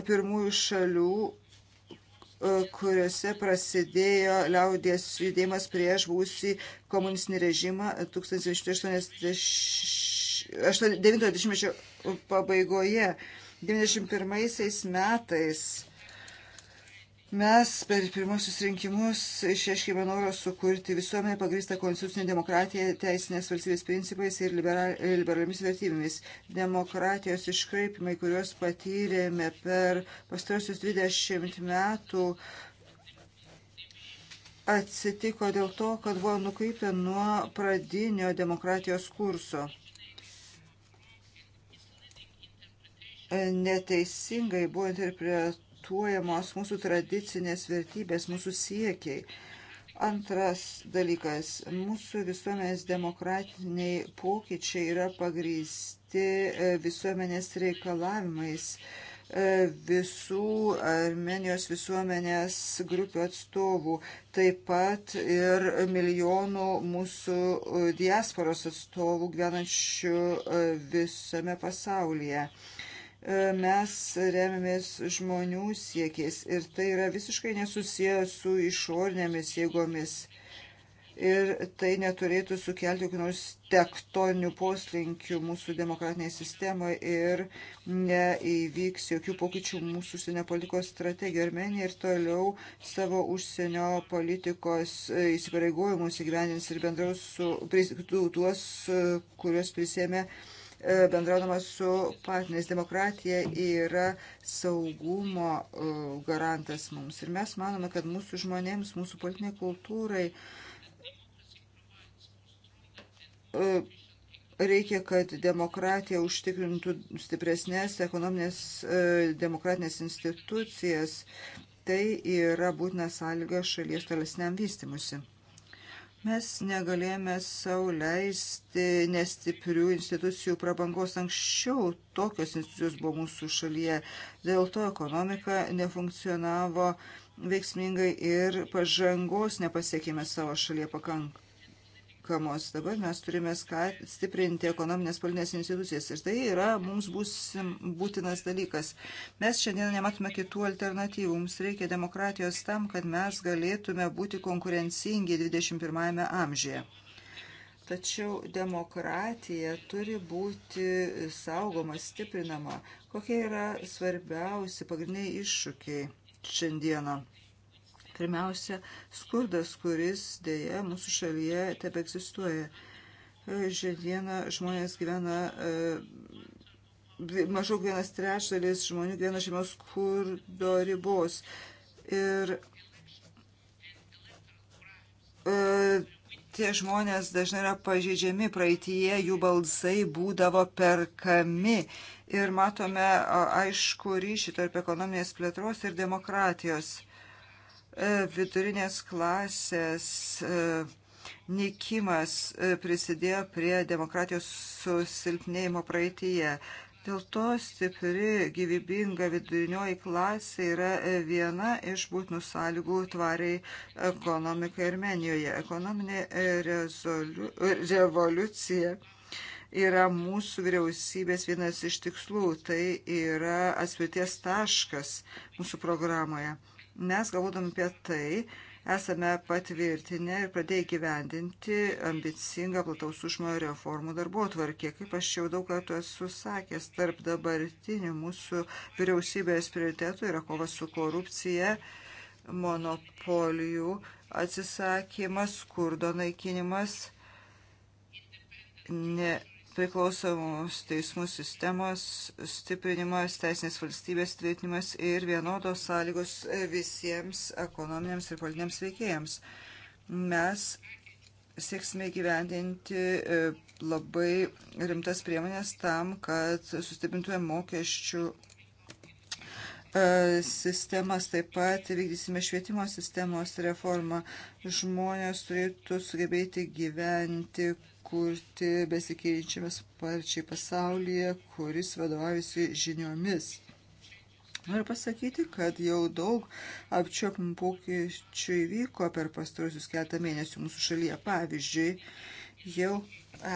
pirmųjų šalių E, kuriuose prasidėjo liaudies judėjimas prieš būsį komunistinį režimą 1989 pabaigoje. 91 metais Mes per pirmusius rinkimus išreiškėme norą sukurti visuomenę pagrįstą konstitucinę demokratiją, teisinės valstybės principais ir liberaliomis vertybėmis. Demokratijos iškraipimai, kuriuos patyrėme per pastarosius 20 metų, atsitiko dėl to, kad buvo nukreipta nuo pradinio demokratijos kurso. Neteisingai buvo interpretuojama respektuojamos mūsų tradicinės vertybės, mūsų siekiai. Antras dalykas - mūsų visuomenės demokratiniai pokyčiai yra pagrysti e, visuomenės reikalavimais. E, visų Armenijos visuomenės grupių atstovų, taip pat ir milijonų mūsų e, diasporos atstovų gyvenančių visame pasaulyje mes remiamės žmonių siekiais ir tai yra visiškai nesusiję su išornėmis jėgomis. Ir tai neturėtų sukelti kokių nors tektoninių poslinkių mūsų demokratinėje sistemoje ir neįvyks jokių pokyčių mūsų užsienio politikos strategijoje. Armenija ir toliau savo užsienio politikos įsipareigojimus įgyvendins ir bendraus su tuos, kuriuos prisėmė uh, E, bendraudama su partneriais. Demokratija yra saugumo e, garantas mums. Ir mes manome, kad mūsų žmonėms, mūsų politiniai kultūrai e, reikia, kad demokratija užtikrintų stipresnės ekonominės demokratinės institucijas. Tai yra būtina sąlyga šalies tolesniam vystimusi. Mes negalėjome sauliaisti nestiprių institucijų prabangos. Anksčiau tokios institucijos buvo mūsų šalyje. Dėl to ekonomika nefunkcionavo veiksmingai ir pažangos nepasiekėme savo šalyje pakankamai pakankamos. Dabar mes turime stiprinti ekonominės politinės institucijas ir tai yra mums bus būtinas dalykas. Mes šiandien nematome kitų alternatyvų. Mums reikia demokratijos tam, kad mes galėtume būti konkurencingi 21 amžiuje. Tačiau demokratija turi būti saugoma, stiprinama. Kokie yra svarbiausi pagrindiniai iššūkiai šiandieną? Pirmiausia, skurdas, kuris dėja mūsų šalyje tebe egzistuoja. E, šiandieną žmonės gyvena, e, maždaug vienas trečdalis žmonių gyvena žemiau skurdo ribos. Ir e, tie žmonės dažnai yra pažeidžiami, praeitie jų balsai būdavo perkami. Ir matome aišku ryšį tarp ekonominės plėtros ir demokratijos. E, vidurinės klasės e, nikimas e, prisidėjo prie demokratijos susilpnėjimo praeitįje. Dėl to stipri, gyvybinga vidurinioji klasė yra viena iš būtinų sąlygų tvariai ekonomikai Armenijoje. Ekonominė rezoliu, revoliucija yra mūsų vyriausybės vienas iš tikslų, tai yra atspirties taškas mūsų programoje. Mes galvodami apie tai, esame patvirtinę ir pradėję gyvendinti ambicingą plataus užmojo reformų darbo tvarkė. Kaip aš jau daug kartų esu sakęs, tarp dabartinių mūsų vyriausybės prioritetų yra kova su korupcija, monopolijų atsisakymas, skurdo naikinimas, ne priklausomos teismų sistemos stiprinimas, teisinės valstybės tvirtinimas ir vienodos sąlygos visiems ekonominiams ir politiniams veikėjams. Mes sieksime gyvendinti e, labai rimtas priemonės tam, kad sustiprintume mokesčių e, sistemas, taip pat vykdysime švietimo sistemos reformą. Žmonės turėtų sugebėti gyventi kurti besikeičiame sparčiai pasaulyje, kuris vadovaujasi žiniomis. Noriu pasakyti, kad jau daug apčiopimų pokyčių įvyko per pastarosius keletą mėnesių mūsų šalyje. Pavyzdžiui, jau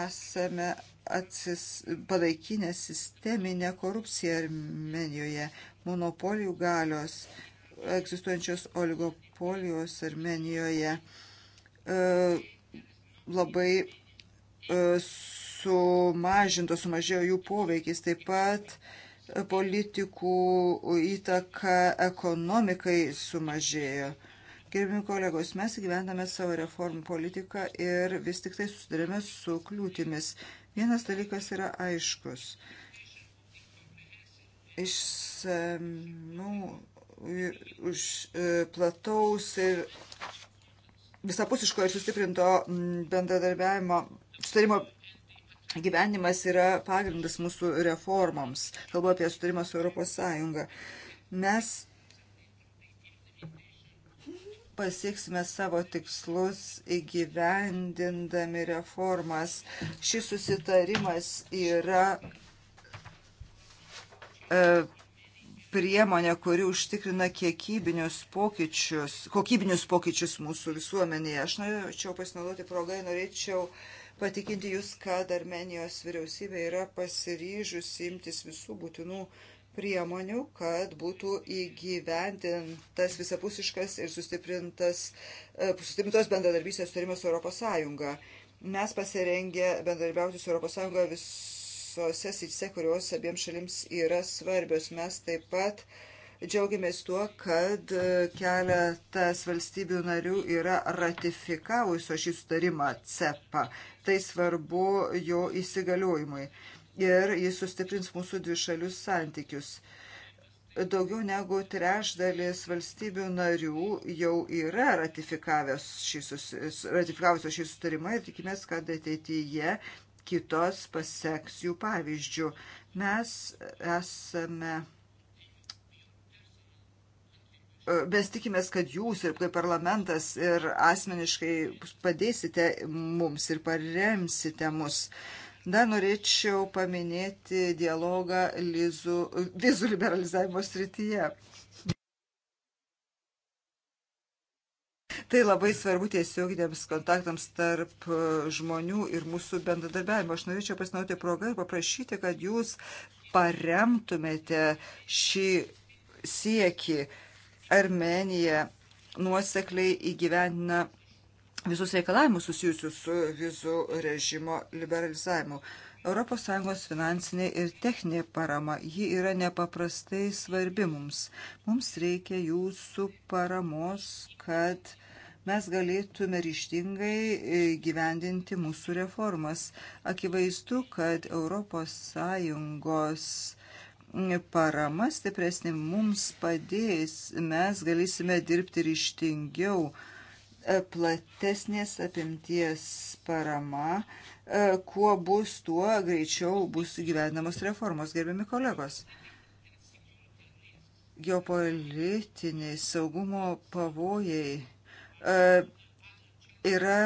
esame atsis, panaikinę sisteminę korupciją Armenijoje, monopolijų galios, egzistuojančios oligopolijos Armenijoje. E, labai sumažinto, sumažėjo jų poveikis. Taip pat politikų įtaka ekonomikai sumažėjo. Gerbimi kolegos, mes gyvendame savo reformų politiką ir vis tik tai susidurėme su kliūtimis. Vienas dalykas yra aiškus. Išsamių, nu, už e, plataus ir visapusiško ir sustiprinto bendradarbiavimo sustarimo gyvenimas yra pagrindas mūsų reformoms. Kalbu apie sustarimą su Europos Sąjunga. Mes pasieksime savo tikslus įgyvendindami reformas. Šis susitarimas yra e, priemonė, kuri užtikrina kiekybinius pokyčius, kokybinius pokyčius mūsų visuomenėje. Aš norėčiau pasinaudoti progai, norėčiau e, patikinti Jūs, kad Armenijos vyriausybė yra pasiryžusi imtis visų būtinų priemonių, kad būtų įgyventintas visapusiškas ir sustiprintas e, bendradarbysės turimas su Europos Sąjunga. Mes pasirengę bendradarbiauti su Europos Sąjunga visose srityse, kurios abiems šalims yra svarbios. Mes taip pat uh, Džiaugiamės tuo, kad e, keletas valstybių narių yra ratifikavusio šį sutarimą CEPA. Tai svarbu jo įsigaliojimui ir jis sustiprins mūsų dvišalius santykius. Daugiau negu trešdalis valstybių narių jau yra šį sus, ratifikavusios šį sutarimą ir tikimės, kad ateityje kitos paseks jų pavyzdžių. Mes esame mes tikimės, kad jūs ir kaip parlamentas ir asmeniškai padėsite mums ir paremsite mus. Dar norėčiau paminėti dialogą lizų, vizų liberalizavimo srityje. Tai labai svarbu tiesioginiams kontaktams tarp žmonių ir mūsų bendradarbiavimo. Aš norėčiau pasinauti progą ir paprašyti, kad jūs paremtumėte šį siekį Armenija nuosekliai įgyvendina visus reikalavimus susijusius su vizų režimo liberalizavimu. ES finansinė ir techninė parama, ji yra nepaprastai svarbi mums. Mums reikia jūsų paramos, kad mes galėtume ryštingai gyvendinti mūsų reformas. Akivaizdu, kad ES parama stipresnė mums padės, mes galėsime dirbti ryštingiau. E, platesnės apimties parama, e, kuo bus, tuo greičiau bus gyvenamos reformos, gerbiami kolegos. Geopolitiniai saugumo pavojai e, yra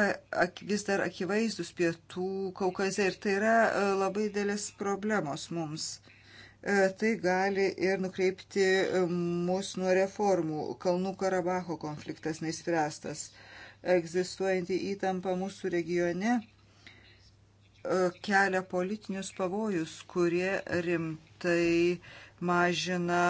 vis dar akivaizdus pietų Kaukaze ir tai yra labai dėlės problemos mums. E, tai gali ir nukreipti e, mus nuo reformų. Kalnų Karabaho konfliktas neįspręstas. Egzistuojanti įtampa mūsų regione e, kelia politinius pavojus, kurie rimtai mažina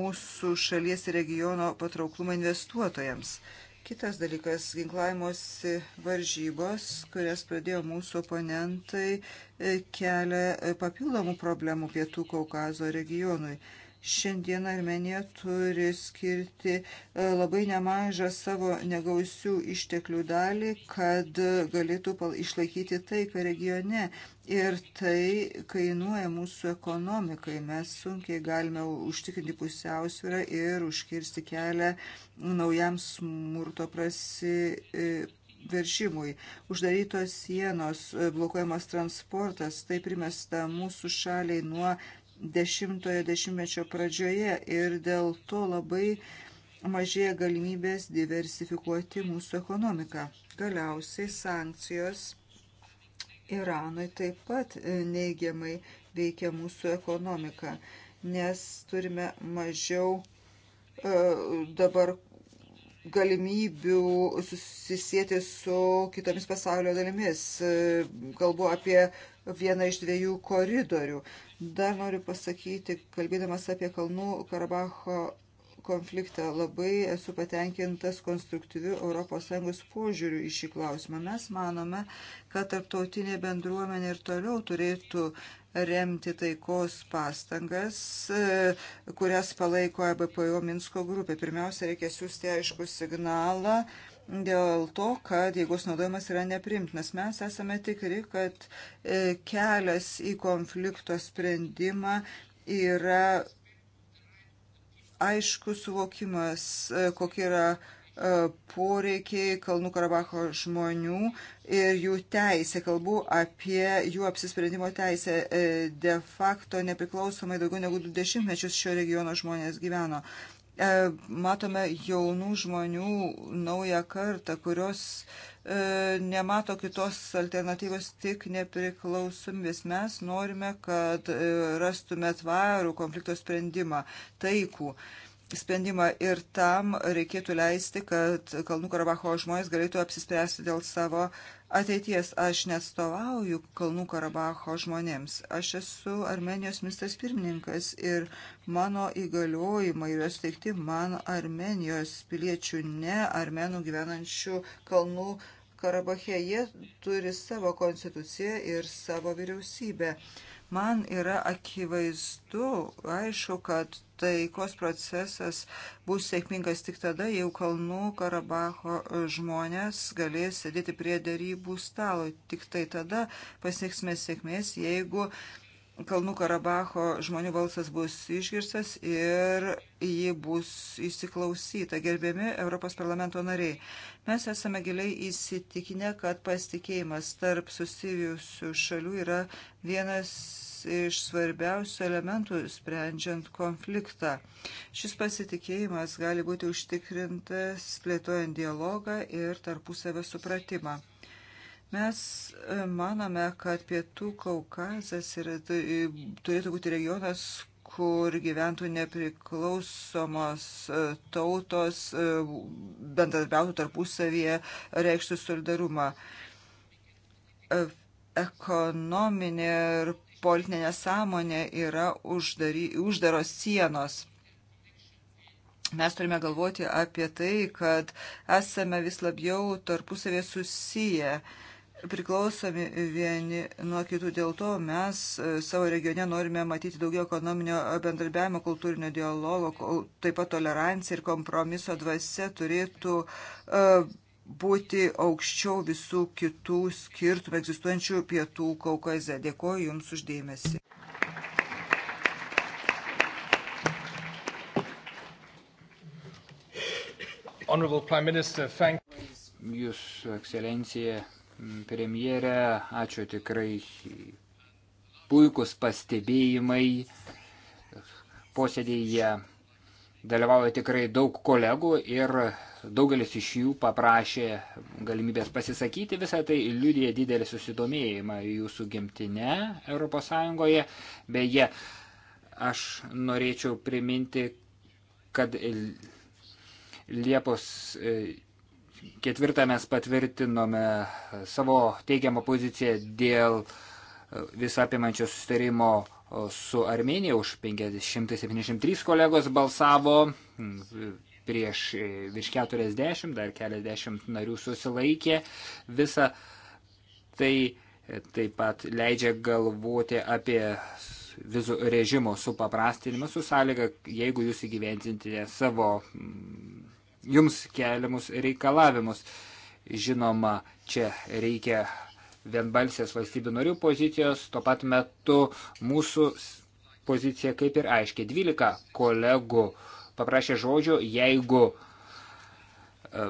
mūsų šalies regiono patrauklumą investuotojams. Kitas dalykas - ginklavimuose varžybos, kurias pradėjo mūsų oponentai, e, kelia e, papildomų problemų pietų Kaukazo regionui. Šiandien Armenija turi skirti e, labai nemažą savo negausių išteklių dalį, kad galėtų išlaikyti taiką regione. Ir tai kainuoja mūsų ekonomikai. Mes sunkiai galime užtikrinti pusiausvyrą ir užkirsti kelią naujam smurto prasiveržimui. E, Uždarytos sienos, e, blokuojamas transportas, tai primesta mūsų šaliai nuo dešimtojo dešimtmečio pradžioje ir dėl to labai mažėja galimybės diversifikuoti mūsų ekonomiką. Galiausiai sankcijos Iranui taip pat e, neigiamai veikia mūsų ekonomiką, nes turime mažiau e, dabar galimybių susisieti su kitomis pasaulio dalimis. E, kalbu apie vieną iš dviejų koridorių. Dar noriu pasakyti, kalbėdamas apie Kalnų Karabacho konfliktą. Labai esu patenkintas konstruktyviu ES požiūriu į šį klausimą. Mes manome, kad tarptautinė bendruomenė ir toliau turėtų remti taikos pastangas, e, kurias palaiko EBPO Minsko grupė. Pirmiausia, reikia siūsti aišku signalą dėl to, kad jėgos naudojimas yra neprimtinas. Mes esame tikri, kad e, kelias į konflikto sprendimą yra aiškus suvokimas, e, kokie yra e, poreikiai Kalnų Karabacho žmonių ir jų teisė. Kalbu apie jų apsisprendimo teisę. E, de facto nepriklausomai daugiau negu 20 mečius šio regiono žmonės gyveno. Matome jaunų žmonių naują kartą, kurios E, nemato kitos alternatyvos tik nepriklausomybės. Mes norime, kad e, rastume tvarų konflikto sprendimą, taikų. E, sprendimą ir tam reikėtų leisti, kad Kalnų Karabacho žmonės galėtų apsispręsti dėl savo ateities. Aš nestovauju Kalnų Karabacho žmonėms. Aš esu Armenijos ministras pirmininkas ir mano įgaliojimai yra steigti man Armenijos piliečių, ne armenų gyvenančių Kalnų Karabache. Jie turi savo konstituciją ir savo vyriausybę. Uh, Man yra akivaizdu, aišku, kad taikos procesas bus sėkmingas tik tada, jeigu Kalnų Karabaho žmonės galės sėdėti prie darybų stalo. Tik tai tada pasieksime sėkmės, jeigu uh, Kalnų Karabacho žmonių balsas bus išgirstas ir jį bus įsiklausyta. Gerbiami Europos parlamento nariai, mes esame giliai įsitikinę, kad pasitikėjimas tarp susijusių šalių yra vienas iš svarbiausių elementų sprendžiant konfliktą. Šis pasitikėjimas gali būti užtikrintas plėtojant dialogą ir tarpusavio supratimą. Mes e, manome, kad Pietų Kaukazas yra, tai, e, turėtų būti regionas, kur gyventų nepriklausomos e, tautos, bendradarbiautų tarpusavyje, reikštų solidarumą. Ekonominė ir politinė nesąmonė yra uždary, uždaros sienos mes turime galvoti apie tai, kad esame vis labiau tarpusavė susiję. Uh, priklausomi vieni nuo kitų. Dėl to mes e, savo regione norime matyti daugiau ekonominio bendradarbiavimo, kultūrinio dialogo, taip pat tolerancija ir kompromiso dvasia turėtų e, būti aukščiau visų kitų skirtumų egzistuojančių pietų Kaukaze. Dėkuoju Jums uždėmesi. Honorable Prime Minister, thank you. Jūs, ekscelencija, premjerė, ačiū tikrai puikus pastebėjimai. Posėdėje dalyvauja tikrai daug kolegų ir daugelis iš jų paprašė galimybės pasisakyti. Visą tai liudija didelį susidomėjimą jūsų gimtine ES. Beje, aš norėčiau priminti, kad Liepos e, Ketvirtą mes patvirtinome savo teigiamą poziciją dėl e, visapimančio sustarimo su Armenija. Už 573 kolegos balsavo prieš e, virš 40, dar keliasdešimt narių susilaikė. Visa tai e, taip pat leidžia galvoti apie vizų režimo supaprastinimą su sąlyga, jeigu jūs įgyventinti savo jums keliamus reikalavimus. Žinoma, čia reikia vienbalsės valstybių narių pozicijos, tuo pat metu mūsų pozicija kaip ir aiškiai. 12 kolegų paprašė žodžio, jeigu e,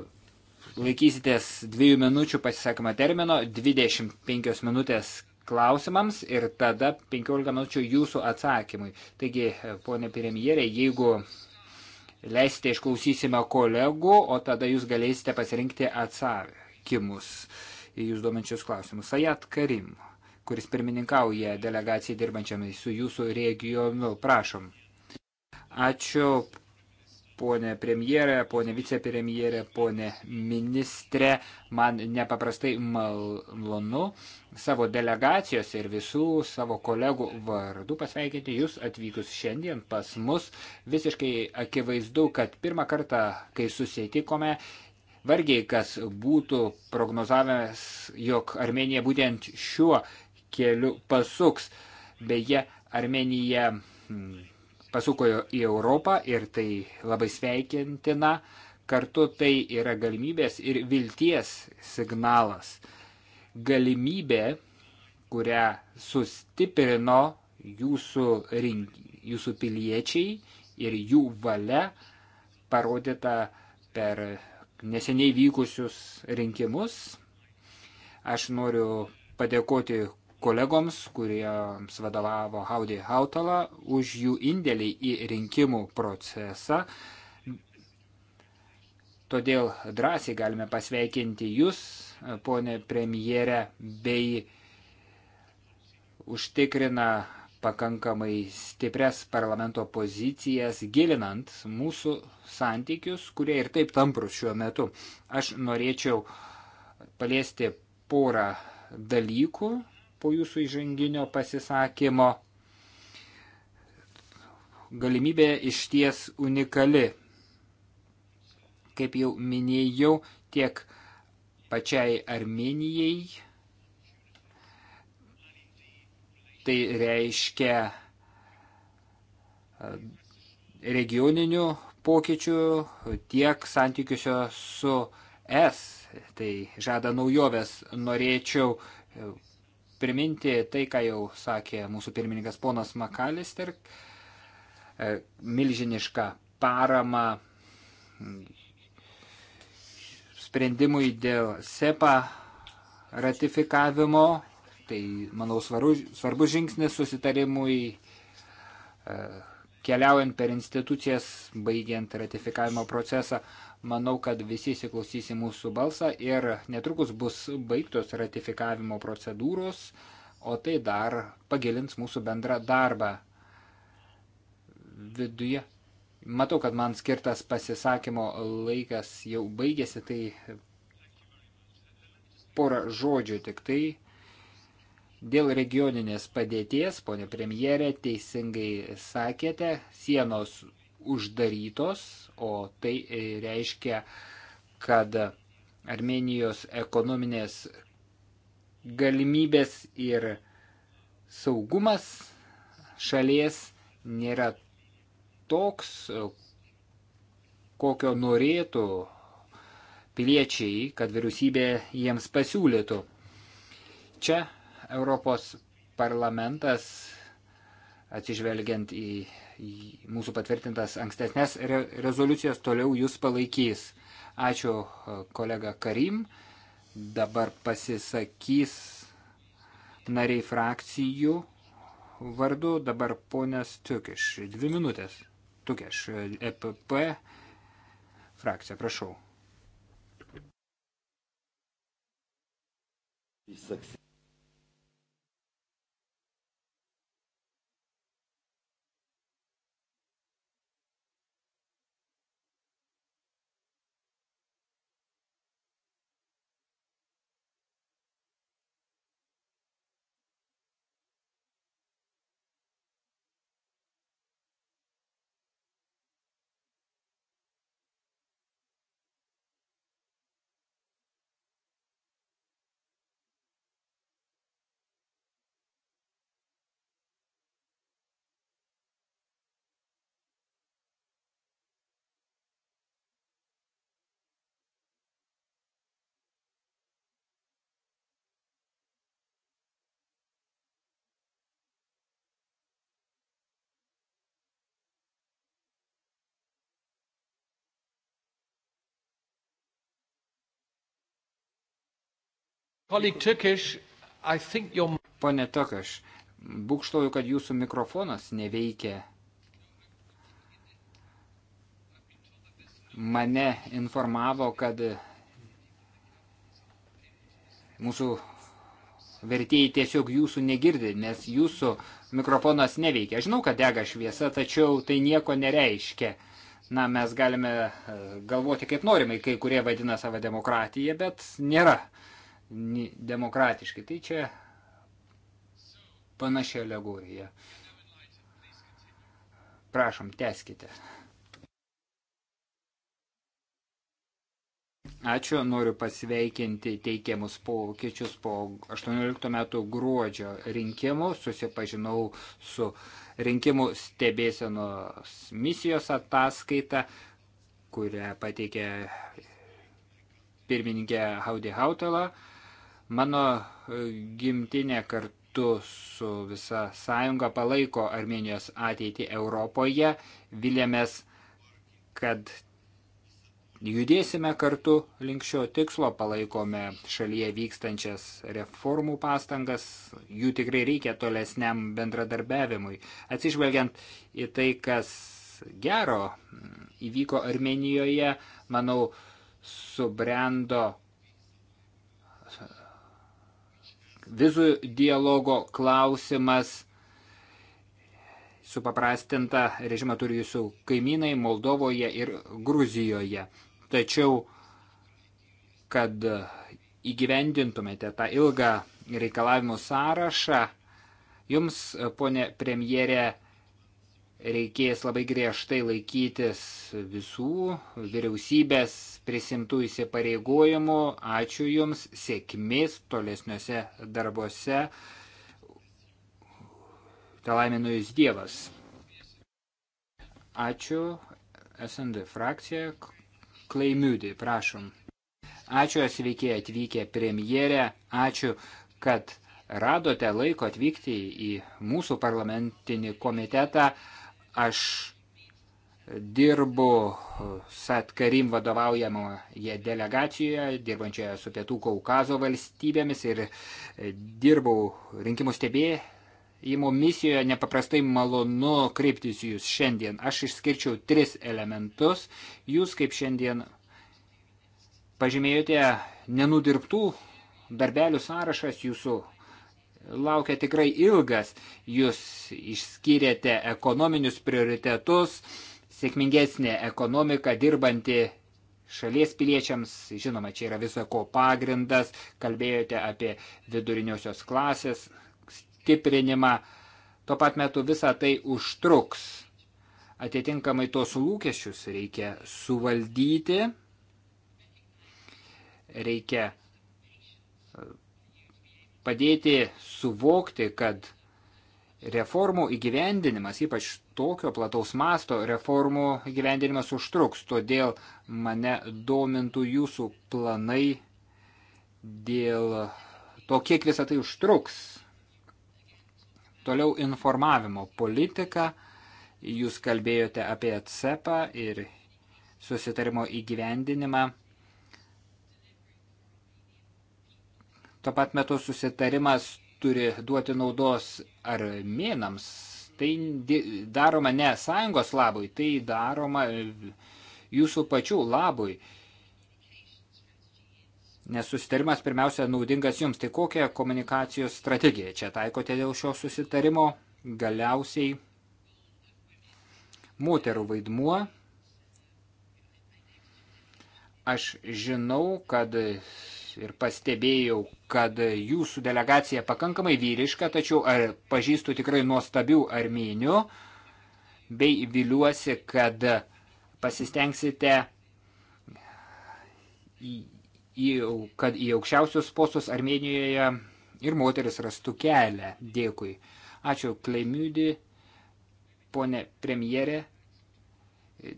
laikysitės dviejų minučių pasisakymo termino, 25 minutės klausimams ir tada 15 minučių jūsų atsakymui. Taigi, e, ponė premjerė, jeigu leisite išklausysime kolegų, o tada jūs galėsite pasirinkti atsakymus į jūs duomenčius klausimus. Sajat Karim, kuris pirmininkauja delegacijai dirbančiam su jūsų regionu, prašom. Ačiū, ponė premjerė, ponė vicepremjerė, ponė ministrė. Man nepaprastai malonu savo delegacijos ir visų savo kolegų vardu pasveikinti jūs atvykus šiandien pas mus. Visiškai akivaizdu, kad pirmą kartą, kai susitikome, vargiai kas būtų prognozavęs, jog Armenija būtent šiuo keliu pasuks. Beje, Armenija. Hmm, pasukojo į Europą ir tai labai sveikintina. Kartu tai yra galimybės ir vilties signalas. Galimybė, kurią sustiprino jūsų, rink, jūsų piliečiai ir jų valia parodyta per neseniai vykusius rinkimus. Aš noriu padėkoti kolegoms, kuriems vadovavo Haudi Hautala, už jų indėlį į rinkimų procesą. Todėl drąsiai galime pasveikinti Jūs, ponė premjerė, bei užtikrina pakankamai stipres parlamento pozicijas, gilinant mūsų santykius, kurie ir taip tamprus šiuo metu. Aš norėčiau paliesti porą dalykų, po jūsų įžanginio pasisakymo. Galimybė išties unikali. Kaip jau minėjau, tiek pačiai Armenijai tai reiškia e, regioninių pokyčių tiek santykiusio su S. Tai žada naujoves. Norėčiau e, priminti tai, ką jau sakė mūsų pirmininkas ponas Makalister, e, milžinišką paramą sprendimui dėl SEPA ratifikavimo, tai manau svarus, svarbus žingsnis susitarimui e, keliaujant per institucijas, baigiant ratifikavimo procesą. Manau, kad visi įsiklausys į mūsų balsą ir netrukus bus baigtos ratifikavimo procedūros, o tai dar pagilins mūsų bendrą darbą. Viduje. Matau, kad man skirtas pasisakymo laikas jau baigėsi, tai porą žodžių tik tai. Dėl regioninės padėties, ponė premjerė, teisingai sakėte, sienos uždarytos, o tai e, reiškia, kad Armenijos ekonominės galimybės ir saugumas šalies nėra toks, kokio norėtų piliečiai, kad vyriausybė jiems pasiūlytų. Čia Europos parlamentas, atsižvelgiant į mūsų patvirtintas ankstesnės re rezoliucijas toliau jūs palaikys. Ačiū kolega Karim. Dabar pasisakys nariai frakcijų vardu. Dabar ponės Tukiš. Dvi minutės. Tukiš. EPP frakcija. Prašau. Įsaksi. Pone Tokaš, būkštoju, kad jūsų mikrofonas neveikia. Mane informavo, kad mūsų vertėjai tiesiog jūsų negirdi, nes jūsų mikrofonas neveikia. Aš žinau, kad dega šviesa, tačiau tai nieko nereiškia. Na, mes galime e, galvoti kaip norime, kai kurie vadina save demokratiją, bet nėra demokratiški. Tai čia panašia alegorija. Prašom, teskite. Ačiū, noriu pasveikinti teikiamus pokyčius po 18 metų gruodžio rinkimų. Susipažinau su rinkimų stebėsenos misijos ataskaita, kurią pateikė pirmininkė Haudi Hautala. Mano e, gimtinė kartu su visa sąjunga palaiko Armenijos ateitį Europoje. Vilėmės, kad judėsime kartu link šio tikslo, palaikome šalyje vykstančias reformų pastangas, jų tikrai reikia tolesniam bendradarbiavimui. Atsižvelgiant į tai, kas gero įvyko Armenijoje, manau, subrendo vizų dialogo klausimas, supaprastinta režimą turi jūsų kaimynai Moldovoje ir Gruzijoje. Tačiau, kad įgyvendintumėte tą ilgą reikalavimų sąrašą, jums, ponė premjerė, reikės labai griežtai laikytis visų vyriausybės prisimtų įsipareigojimų. Ačiū Jums, sėkmės tolesniuose darbuose. Talaiminu Jūs Dievas. Ačiū SND frakcija. Klaimiūdį, prašom. Ačiū, sveiki atvykę premjerė. Ačiū, kad radote laiko atvykti į mūsų parlamentinį komitetą. Aš dirbu Sat Karim vadovaujamoje delegacijoje, dirbančioje su Pietų Kaukazo valstybėmis ir dirbau rinkimų stebėjimo misijoje. Nepaprastai malonu kreiptis jūs šiandien. Aš išskirčiau tris elementus. Jūs kaip šiandien pažymėjote nenudirbtų darbelių sąrašas jūsų laukia tikrai ilgas. Jūs išskyrėte ekonominius prioritetus, sėkmingesnė ekonomika dirbanti šalies piliečiams, žinoma, čia yra visako pagrindas, kalbėjote apie viduriniosios klasės stiprinimą, tuo pat metu visa tai užtruks. Atitinkamai tos lūkesčius reikia suvaldyti, reikia padėti suvokti, kad reformų įgyvendinimas, ypač tokio plataus masto reformų įgyvendinimas užtruks. Todėl mane domintų jūsų planai dėl to, kiek visą tai užtruks. Toliau informavimo politika. Jūs kalbėjote apie CEPA ir susitarimo įgyvendinimą. Tuo pat metu susitarimas turi duoti naudos armėnams. Tai daroma ne sąjungos labui, tai daroma e, jūsų pačių labui. Nes susitarimas pirmiausia naudingas jums. Tai kokią komunikacijos strategiją čia taikote dėl šio susitarimo? Galiausiai moterų vaidmuo. Aš žinau, kad ir pastebėjau, kad jūsų delegacija pakankamai vyriška, tačiau ar, pažįstu tikrai nuostabių armynių, bei viliuosi, kad pasistengsite, į, į, kad į aukščiausius postus Armenijoje ir moteris rastų kelią. Dėkui. Ačiū, Kleimiudį, ponė premjerė.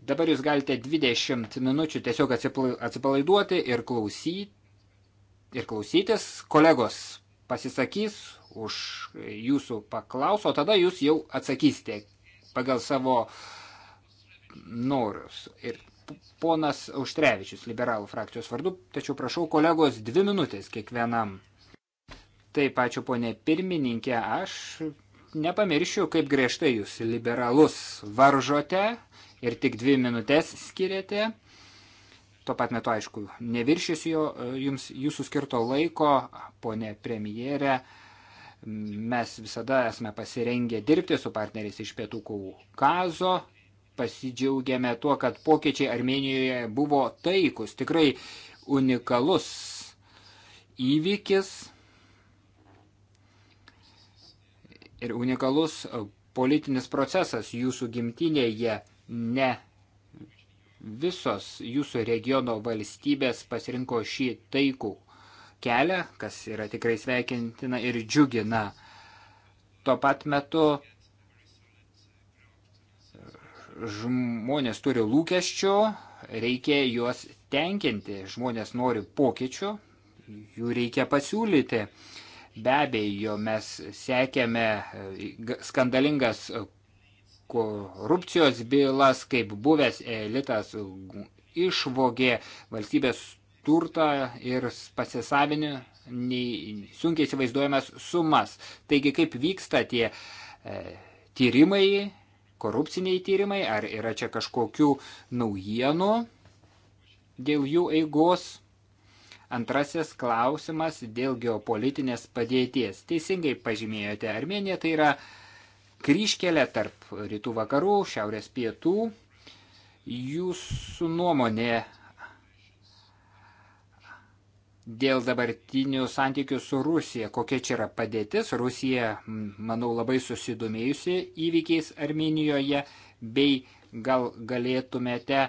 Dabar jūs galite 20 minučių tiesiog atsipalaiduoti ir klausyti ir klausytis. Kolegos pasisakys, už jūsų paklaus, o tada jūs jau atsakysite pagal savo norus. Ir ponas Auštrevičius, liberalų frakcijos vardu, tačiau prašau kolegos dvi minutės kiekvienam. Taip, ačiū ponė pirmininkė, aš nepamiršiu, kaip griežtai jūs liberalus varžote ir tik dvi minutės skiriate. Tuo pat metu, aišku, neviršysiu jo, e, jums jūsų skirto laiko, ponė premjerė. Mes visada esame pasirengę dirbti su partneriais iš Pietų Kaukazo. Pasidžiaugiame tuo, kad pokyčiai Armenijoje buvo taikus, tikrai unikalus įvykis ir unikalus politinis procesas jūsų gimtinėje ne visos jūsų regiono valstybės pasirinko šį taikų kelią, kas yra tikrai sveikintina ir džiugina. Tuo pat metu e, žmonės turi lūkesčių, reikia juos tenkinti. Žmonės nori pokyčių, jų reikia pasiūlyti. Be abejo, mes sekėme e, skandalingas korupcijos bylas, kaip buvęs elitas išvogė valstybės turtą ir pasisavinį sunkiai įsivaizduojamas sumas. Taigi, kaip vyksta tie e, tyrimai, korupciniai tyrimai, ar yra čia kažkokių naujienų dėl jų eigos? Antrasis klausimas dėl geopolitinės padėties. Teisingai pažymėjote, Armenija tai yra e, kryškelę tarp rytų vakarų, šiaurės pietų. Jūsų nuomonė dėl dabartinių santykių su Rusija, kokia čia yra padėtis. Rusija, manau, labai susidomėjusi įvykiais Armenijoje, bei gal galėtumėte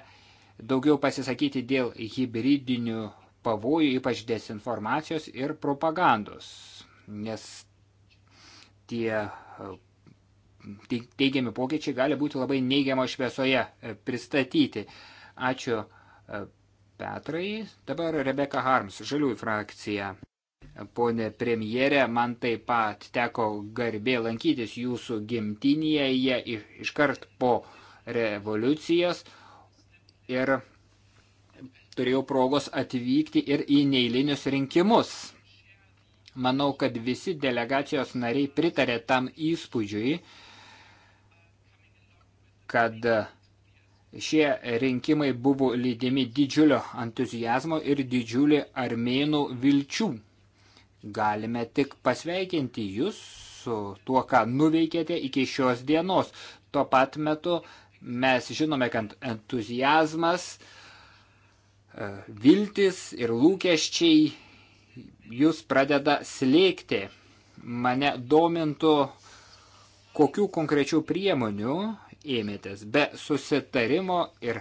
daugiau pasisakyti dėl hybridinių pavojų, ypač desinformacijos ir propagandos, nes tie teigiami pokyčiai gali būti labai neigiamo šviesoje e, pristatyti. Ačiū e, Petrai. Dabar Rebeka Harms, Žaliųjų frakcija. Pone premjerė, man taip pat teko garbė lankytis jūsų gimtinėje iškart po revoliucijos ir turėjau progos atvykti ir į neįlinius rinkimus. Manau, kad visi delegacijos nariai pritarė tam įspūdžiui, kad šie rinkimai buvo lydimi didžiulio entuzijazmo ir didžiulį armėnų vilčių. Galime tik pasveikinti jūs su tuo, ką nuveikėte iki šios dienos. Tuo pat metu mes žinome, kad entuzijazmas, e, viltis ir lūkesčiai jūs pradeda slėgti. Mane domintų, kokių konkrečių priemonių ėmėtės? Be susitarimo ir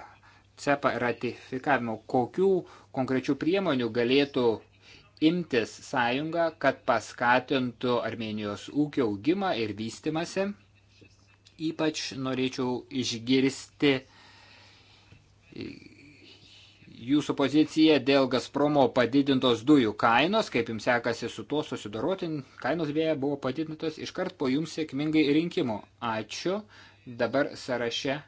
CEPA ratifikavimo, kokių konkrečių priemonių galėtų imtis sąjunga, kad paskatintų Armenijos ūkio augimą ir vystimasi? Ypač norėčiau išgirsti jūsų poziciją dėl Gazpromo padidintos dujų kainos, kaip jums sekasi su tuo susidoroti, kainos vėja buvo padidintos iškart po jums sėkmingai rinkimų. Ačiū. Dabar sąraše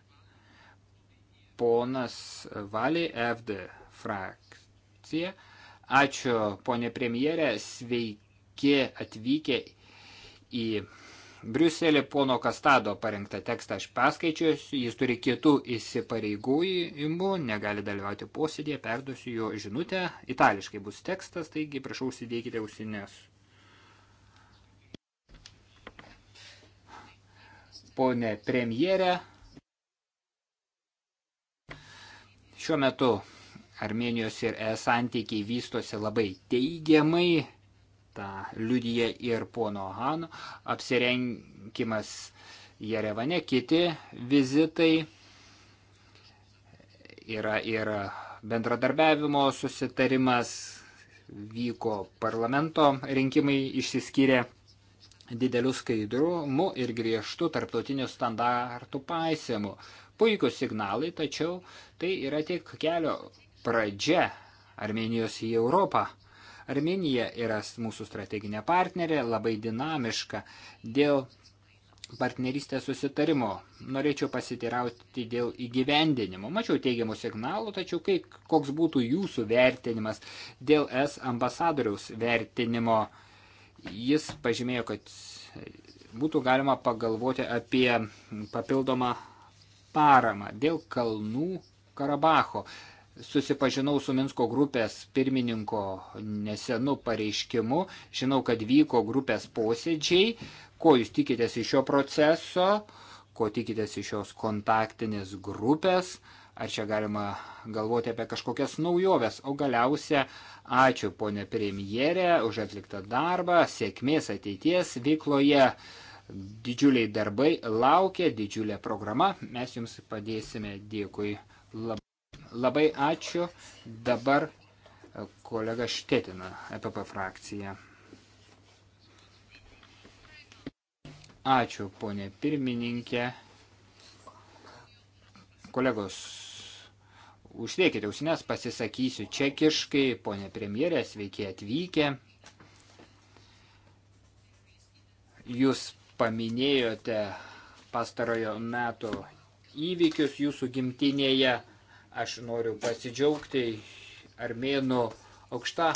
ponas Valiai FD frakcija. Ačiū, ponė premjerė, sveiki atvykę į Briuselį pono Kastado parengtą tekstą aš perskaičiuosiu, jis turi kitų įsipareigojimų, negali dalyvauti posėdėje, perduosiu jo žinutę, itališkai bus tekstas, taigi prašau užsidėkite ausinės. ponė premjerė. Šiuo metu Armenijos ir ES santykiai vystosi labai teigiamai, tą liudyje ir pono Hano apsirenkimas Jerevane, kiti vizitai yra ir bendradarbiavimo susitarimas, vyko parlamento rinkimai išsiskyrė dideliu skaidrumu ir griežtu tarptautiniu standartų paisimu. Puikus signalai, tačiau tai yra tik kelio pradžia Armenijos į Europą. Armenija yra mūsų strateginė partnerė, labai dinamiška. Dėl partnerystės susitarimo norėčiau pasitirauti dėl įgyvendinimo. Mačiau teigiamų signalų, tačiau kaip, koks būtų jūsų vertinimas dėl S ambasadoriaus vertinimo? Jis pažymėjo, kad būtų galima pagalvoti apie papildomą paramą dėl kalnų Karabacho. Susipažinau su Minsko grupės pirmininko nesenu pareiškimu, žinau, kad vyko grupės posėdžiai, ko jūs tikitės iš šio proceso, ko tikitės iš šios kontaktinės grupės, ar čia galima galvoti apie kažkokias naujoves. O galiausia, ačiū ponė premjerė už atliktą darbą, sėkmės ateities veikloje, didžiuliai darbai laukia, didžiulė programa, mes jums padėsime, dėkui. Labai, labai ačiū. Dabar e, kolega Štetina, EPP frakcija. Ačiū, ponė pirmininkė. Kolegos, užsiekite ausinės, pasisakysiu čekiškai, ponė premjerė, sveiki atvykę. Jūs paminėjote pastarojo metų įvykius jūsų gimtinėje. Aš noriu pasidžiaugti armėnų aukšta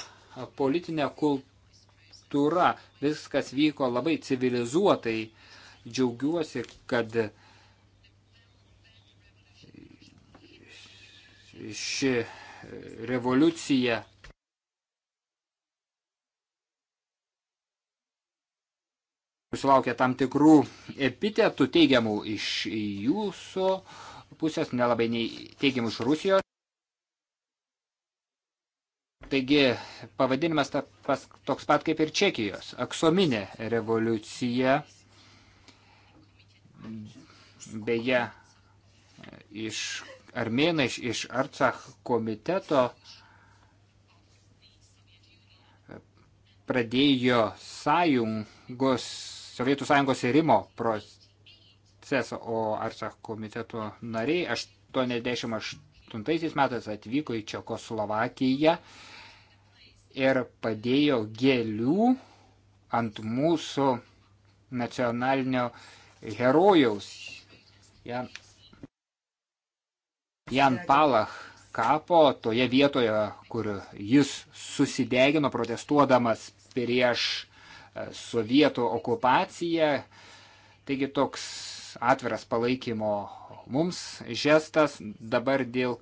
politinė kultūra. Viskas vyko labai civilizuotai. Džiaugiuosi, kad ši revoliucija sulaukė tam tikrų epitetų teigiamų iš jūsų pusės, nelabai teigiamų iš Rusijos. Taigi pavadinimas ta, pas, toks pat kaip ir Čekijos – aksominė revoliucija. Beje, iš armėnai iš Arcach komiteto pradėjo sąjungos, Sovietų sąjungos įrimo procesą, o Arcach komiteto nariai 88 metais atvyko į Čekoslovakiją ir padėjo gėlių ant mūsų nacionalinio herojaus, jam Jan Palach kapo toje vietoje, kur jis susidegino protestuodamas prieš e, sovietų okupaciją. Taigi toks atviras palaikymo mums žestas dabar dėl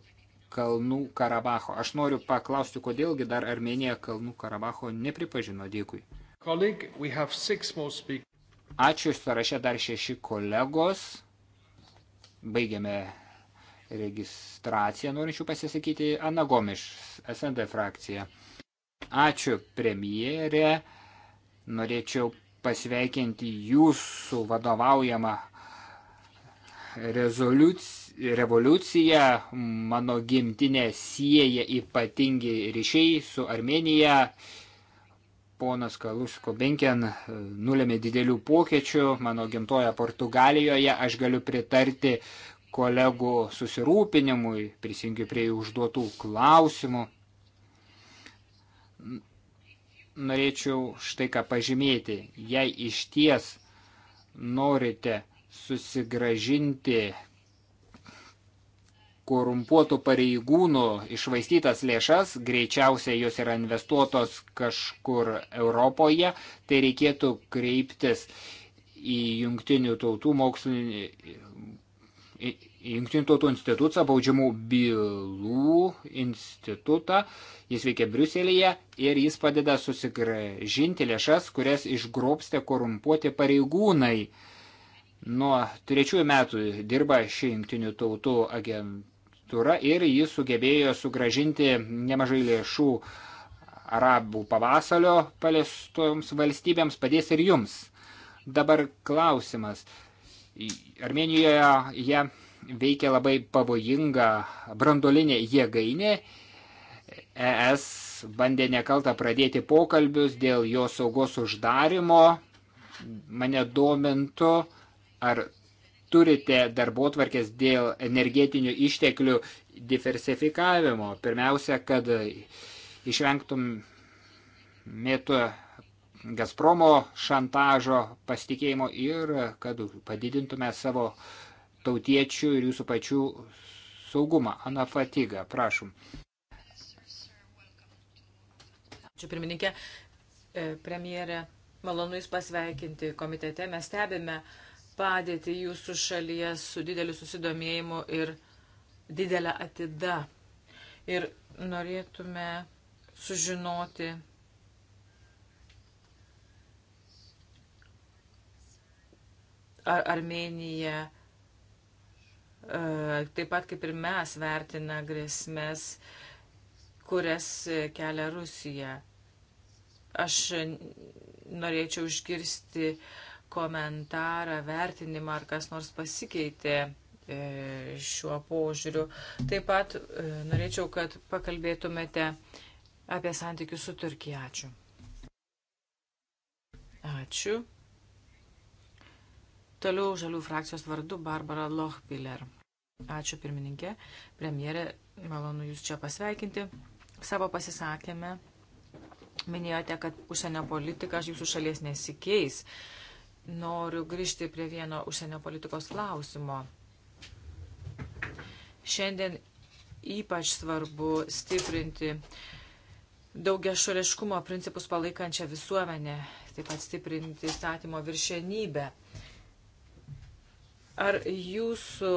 Kalnų Karabacho. Aš noriu paklausti, kodėlgi dar Armenija Kalnų Karabacho nepripažino. Dėkui. Ačiū, sąraše dar šeši kolegos. Baigiame registraciją norinčių pasisakyti Ana Gomiš, SND frakcija. Ačiū premjerė, norėčiau pasveikinti jūsų vadovaujamą revoliuciją. Mano gimtinė sieja ypatingi ryšiai su Armenija. Ponas Kalusko Benken nulėmė didelių pokyčių. Mano gimtoje Portugalijoje aš galiu pritarti kolegų susirūpinimui, prisijungiu prie jų užduotų klausimų. Norėčiau štai ką pažymėti. Jei iš ties norite susigražinti korumpuotų pareigūnų išvaistytas lėšas, greičiausiai jos yra investuotos kažkur Europoje, tai reikėtų kreiptis į jungtinių tautų mokslinį Junktinių tautų institutą, baudžiamų bylų institutą. Jis veikia Briuselėje ir jis padeda susigražinti lėšas, kurias išgrobstė korumpuoti pareigūnai. Nuo trečiųjų metų dirba ši Junktinių tautų agentūra ir jis sugebėjo sugražinti nemažai lėšų arabų pavasario paliestoms valstybėms, padės ir jums. Dabar klausimas. Armenijoje jie veikia labai pavojinga brandolinė jėgainė. ES bandė nekaltą pradėti pokalbius dėl jo saugos uždarimo. Mane domintų, ar turite darbo tvarkės dėl energetinių išteklių diversifikavimo. Pirmiausia, kad išvengtum mėtų Gazpromo šantažo pasitikėjimo ir kad padidintume savo tautiečių ir jūsų pačių saugumą. Ana Fatiga, prašom. Ačiū pirmininkė, e, premjerė, malonu Jūs pasveikinti komitete. Mes stebime padėti Jūsų šalyje su dideliu susidomėjimu ir didelę atidą. Ir norėtume sužinoti ar Armenija e, taip pat kaip ir mes vertina grėsmės, kurias kelia Rusija. Aš norėčiau išgirsti komentarą, vertinimą, ar kas nors pasikeitė e, šiuo požiūriu. Taip pat e, norėčiau, kad pakalbėtumėte apie santykius su Turkija. Ačiū. Ačiū. Toliau žalių frakcijos vardu Barbara Lochbiller. Ačiū pirmininkė. Premjerė, malonu Jūs čia pasveikinti. Savo pasisakėme. Minėjote, kad užsienio politika jūsų šalies nesikeis. Noriu grįžti prie vieno užsienio politikos klausimo. Šiandien ypač svarbu stiprinti daugia šališkumo principus palaikančią visuomenę, taip pat stiprinti statymo viršenybę. Ar jūsų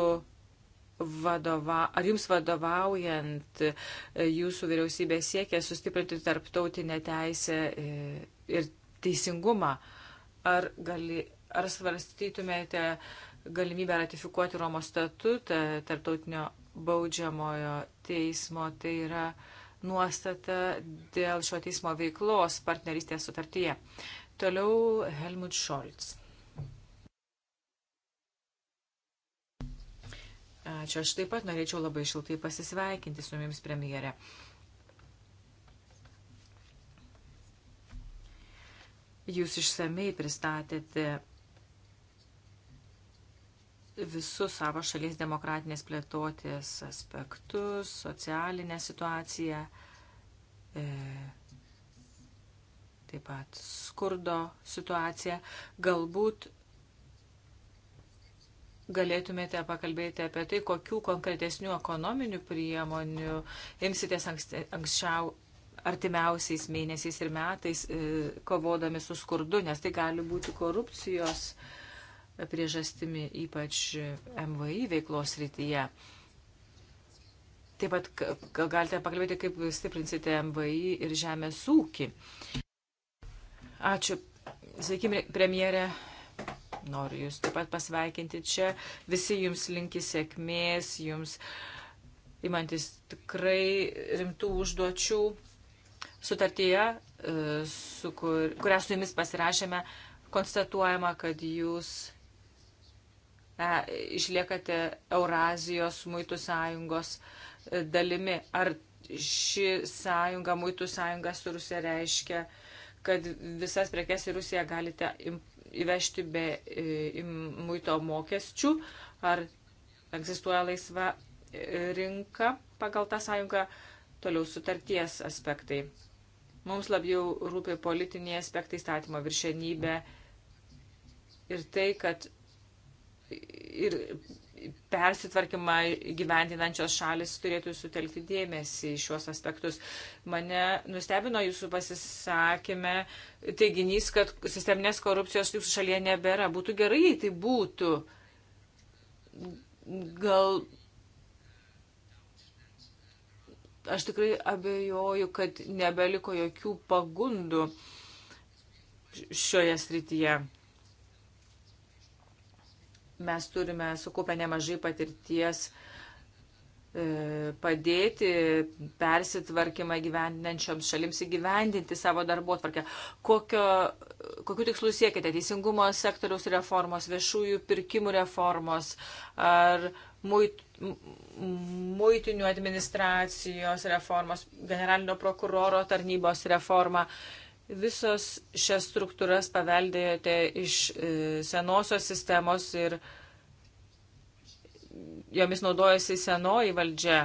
vadova, ar jums vadovaujant e, jūsų vyriausybė siekia sustiprinti tarptautinę teisę e, ir teisingumą? Ar, gali, ar svarstytumėte galimybę ratifikuoti Romos statutą tarptautinio baudžiamojo teismo? Tai yra nuostata dėl šio teismo veiklos partnerystės sutartyje. Toliau Helmut Scholz. Ačiū. Aš taip pat norėčiau labai šiltai pasisveikinti su jumis premjere. Jūs išsamei pristatėte visus savo šalies demokratinės plėtotės aspektus, socialinę situaciją, e, taip pat skurdo situaciją. Galbūt galėtumėte pakalbėti apie tai, kokių konkretesnių ekonominių priemonių imsitės anksčiau artimiausiais mėnesiais ir metais e, kovodami su skurdu, nes tai gali būti korupcijos priežastimi, ypač MVI veiklos rytyje. Taip pat gal galite pakalbėti, kaip stiprinsite MVI ir žemės ūkį. Ačiū. Sveiki, premjerė Noriu Jūs taip pat pasveikinti čia. Visi Jums linki sėkmės, Jums imantis tikrai rimtų užduočių sutartyje, e, su kur, kurią su Jumis pasirašėme, konstatuojama, kad Jūs e, išliekate Eurazijos muitų sąjungos e, dalimi. Ar ši sąjunga, muitų sąjunga su Rusija reiškia, kad visas prekes į Rusiją galite imp įvežti be e, muito mokesčių, ar egzistuoja laisva e, rinka pagal tą sąjungą, toliau sutarties aspektai. Mums labiau rūpi politiniai aspektai statymo viršenybė ir tai, kad ir persitvarkymą gyventinančios šalis turėtų sutelkti dėmesį į šiuos aspektus. Mane nustebino jūsų pasisakymė teiginys, kad sisteminės korupcijos jūsų šalyje nebėra. Būtų gerai, jei tai būtų. Gal aš tikrai abejoju, kad nebeliko jokių pagundų šioje srityje. Mes turime sukaupę nemažai patirties e, padėti persitvarkymą gyvendinančioms šalims įgyvendinti savo darbo atvarkę. Kokiu tikslu siekite? Teisingumo sektoriaus reformos, viešųjų pirkimų reformos ar muit, muitinių administracijos reformos, generalinio prokuroro tarnybos reforma? Visos šias struktūras paveldėjote iš e, senosios sistemos ir jomis naudojasi senoji valdžia.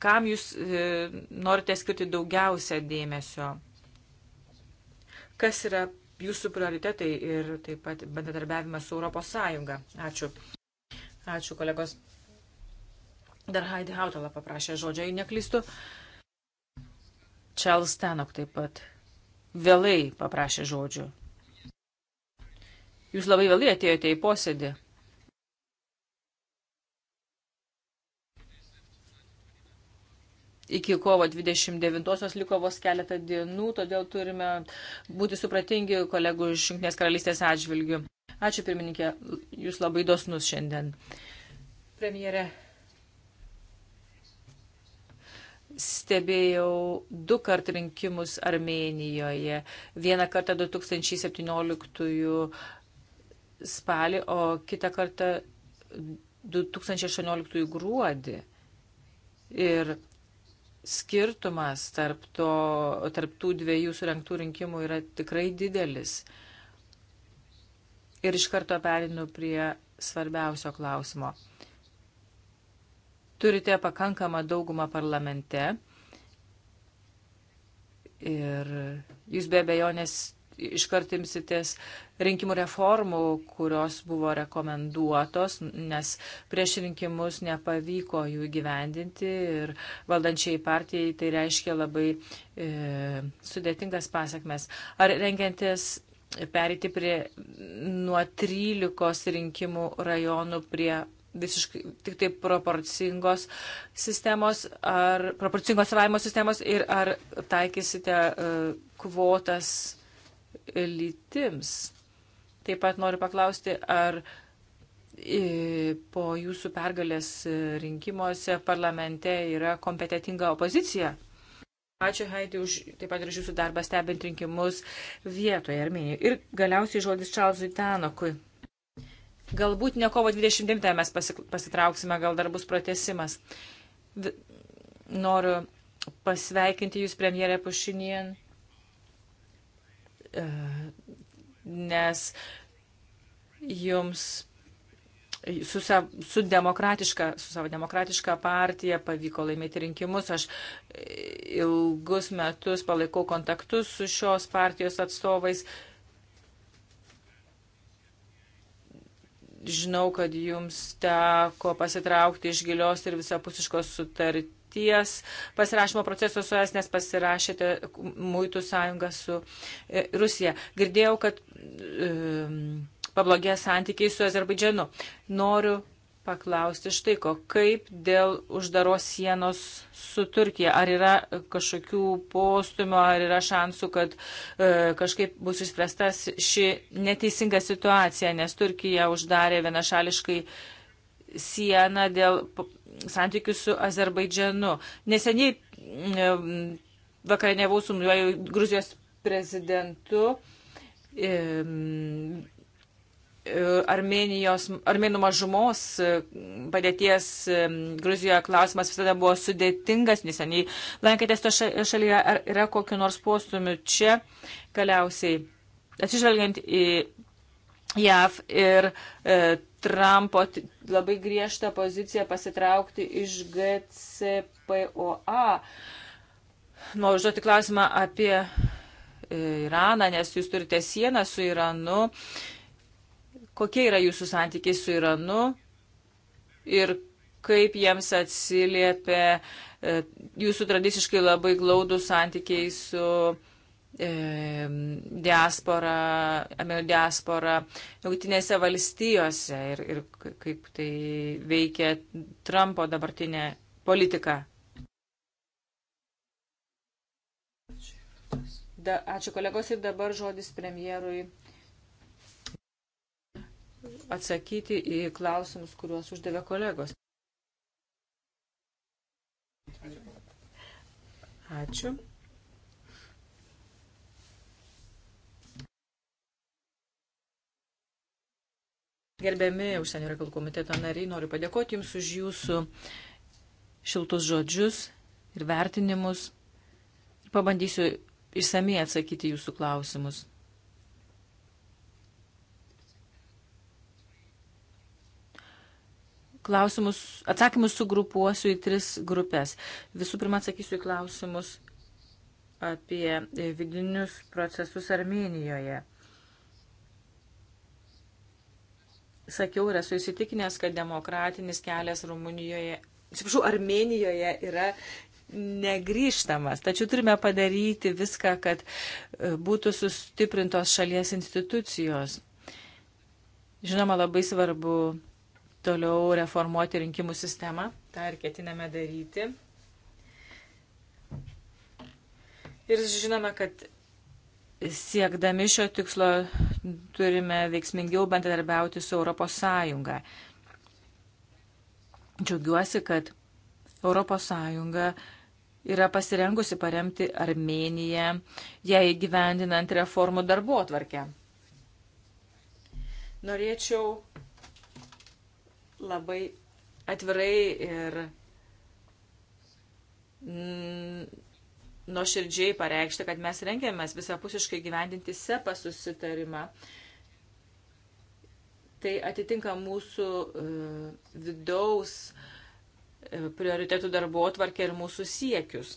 Kam jūs e, norite skirti daugiausia dėmesio? Kas yra jūsų prioritetai ir taip pat bendradarbiavimas su Europos Sąjunga. Ačiū. Ačiū, kolegos. Dar Heidi Hautala paprašė žodžio, jei neklystu. Charles Tenok taip pat vėlai paprašė žodžių. Jūs labai vėlai atėjote į posėdį. Iki kovo 29-osios liko vos keletą dienų, todėl turime būti supratingi kolegų iš Junktinės karalystės atžvilgių. Ačiū pirmininkė, jūs labai dosnus šiandien. Premjere, stebėjau du kart rinkimus Armenijoje. Vieną kartą 2017 spalį, o kitą kartą 2018 gruodį. Ir skirtumas tarp, to, tarp tų dviejų surinktų rinkimų yra tikrai didelis. Ir iš karto perinu prie svarbiausio klausimo turite pakankamą daugumą parlamente ir jūs be abejonės iškart imsitės rinkimų reformų, kurios buvo rekomenduotos, nes prieš rinkimus nepavyko jų gyvendinti ir valdančiai partijai tai reiškia labai e, sudėtingas pasakmes. Ar rengiantis perėti prie nuo 13 rinkimų rajonų prie visiškai tik tai proporcingos sistemos ar proporcingos laimo sistemos ir ar taikysite e, kvotas lytims. Taip pat noriu paklausti, ar e, po jūsų pergalės rinkimuose parlamente yra kompetitinga opozicija. Ačiū Haiti už taip pat ir už jūsų darbą stebint rinkimus vietoje Armenijoje. Ir galiausiai žodis Čalzui Tanokui. Galbūt ne kovo 29 mes pasitrauksime, gal dar bus pratesimas. Noriu pasveikinti Jūs, premjerė Pušinien, e, nes Jums su, sav, su, demokratiška, su savo demokratiška partija pavyko laimėti rinkimus. Aš ilgus metus palaikau kontaktus su šios partijos atstovais. Žinau, kad jums teko pasitraukti iš gilios ir visapusiškos sutarties pasirašymo proceso su es, nes pasirašėte muitų sąjungą su e, Rusija. Girdėjau, kad e, pablogė santykiai su Azerbaidžianu. Noriu paklausti štai ko, kaip dėl uždaros sienos su Turkija, ar yra kažkokių postumio, ar yra šansų, kad e, kažkaip bus išspręsta ši neteisinga situacija, nes Turkija uždarė vienašališkai sieną dėl santykių su Azerbaidžianu. Neseniai e, vakarieniavau su Gruzijos prezidentu. E, E, Armenijos, armenų mažumos e, padėties e, Gruzijoje klausimas visada buvo sudėtingas, neseniai lankėtės to šalyje, ar yra kokiu nors postumiu čia, galiausiai atsižvelgiant į JAV ir e, Trumpo labai griežtą poziciją pasitraukti iš GCPOA. Noriu užduoti klausimą apie Iraną, nes jūs turite sieną su Iranu. E, Kokie yra jūsų santykiai su Iranu ir kaip jiems atsiliepia e, jūsų tradiciškai labai glaudų santykiai su e, diaspora, amerikų diaspora jungtinėse valstijose ir, ir kaip tai veikia Trumpo dabartinė politika. Da, ačiū kolegos ir dabar žodis premjerui atsakyti į klausimus, kuriuos uždavė kolegos. Ačiū. Gerbiami užsienio reikalų komiteto nariai, noriu padėkoti Jums už Jūsų šiltus žodžius ir vertinimus. Pabandysiu išsamei atsakyti Jūsų klausimus. klausimus, atsakymus sugrupuosiu į tris grupės. Visų pirma, atsakysiu į klausimus apie e, vidinius procesus Armenijoje. Sakiau ir esu įsitikinęs, kad demokratinis kelias Rumunijoje, atsiprašau, Armenijoje yra negryžtamas. Tačiau turime padaryti viską, kad e, būtų sustiprintos šalies institucijos. Žinoma, labai svarbu toliau reformuoti rinkimų sistemą. Ta ir ketiname daryti. Ir žinome, kad siekdami šio tikslo turime veiksmingiau bendradarbiauti su ES. Džiaugiuosi, kad ES yra pasirengusi paremti Armeniją, jai gyvendinant reformų darbo atvarkę. Norėčiau labai atvirai ir nuoširdžiai pareikšti, kad mes rengiamės visapusiškai gyvendinti SEPA susitarimą. Tai atitinka mūsų e, vidaus e, prioritėtų darbo atvarkę ir mūsų siekius.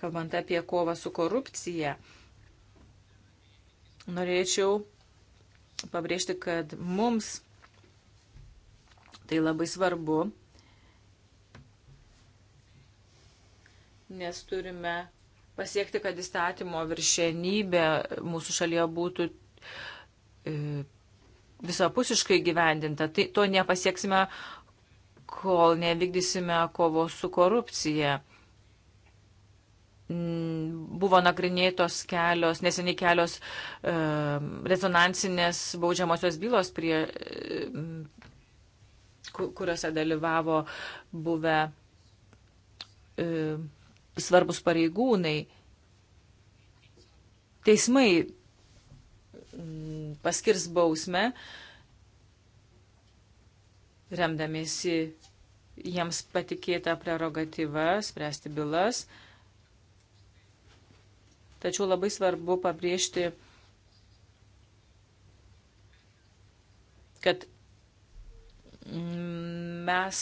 Kalbant apie kovą su korupcija, norėčiau pabrėžti, kad mums Tai labai svarbu, nes turime pasiekti, kad įstatymo viršienybė mūsų šalyje būtų e, visapusiškai gyvendinta. Tai to nepasieksime, kol nevykdysime kovos su korupcija. Buvo nagrinėtos kelios, neseniai kelios e, rezonansinės baudžiamosios bylos prie, e, kuriuose dalyvavo buvę e, svarbus pareigūnai. Teismai mm, paskirs bausmę, remdamiesi jiems patikėta prerogatyva spręsti bylas. Tačiau labai svarbu pabrėžti, kad mes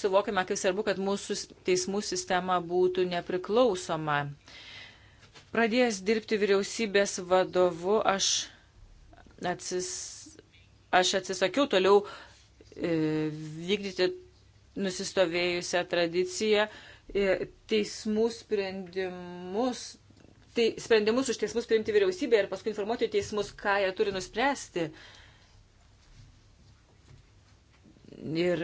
suvokiame, kaip svarbu, kad mūsų teismų sistema būtų nepriklausoma. Pradėjęs dirbti vyriausybės vadovu, aš, atsis, aš atsisakiau toliau e, vykdyti nusistovėjusią tradiciją e, teismų sprendimus. Tai sprendimus už teismus priimti vyriausybė ir paskui informuoti teismus, ką jie turi nuspręsti. E, Ir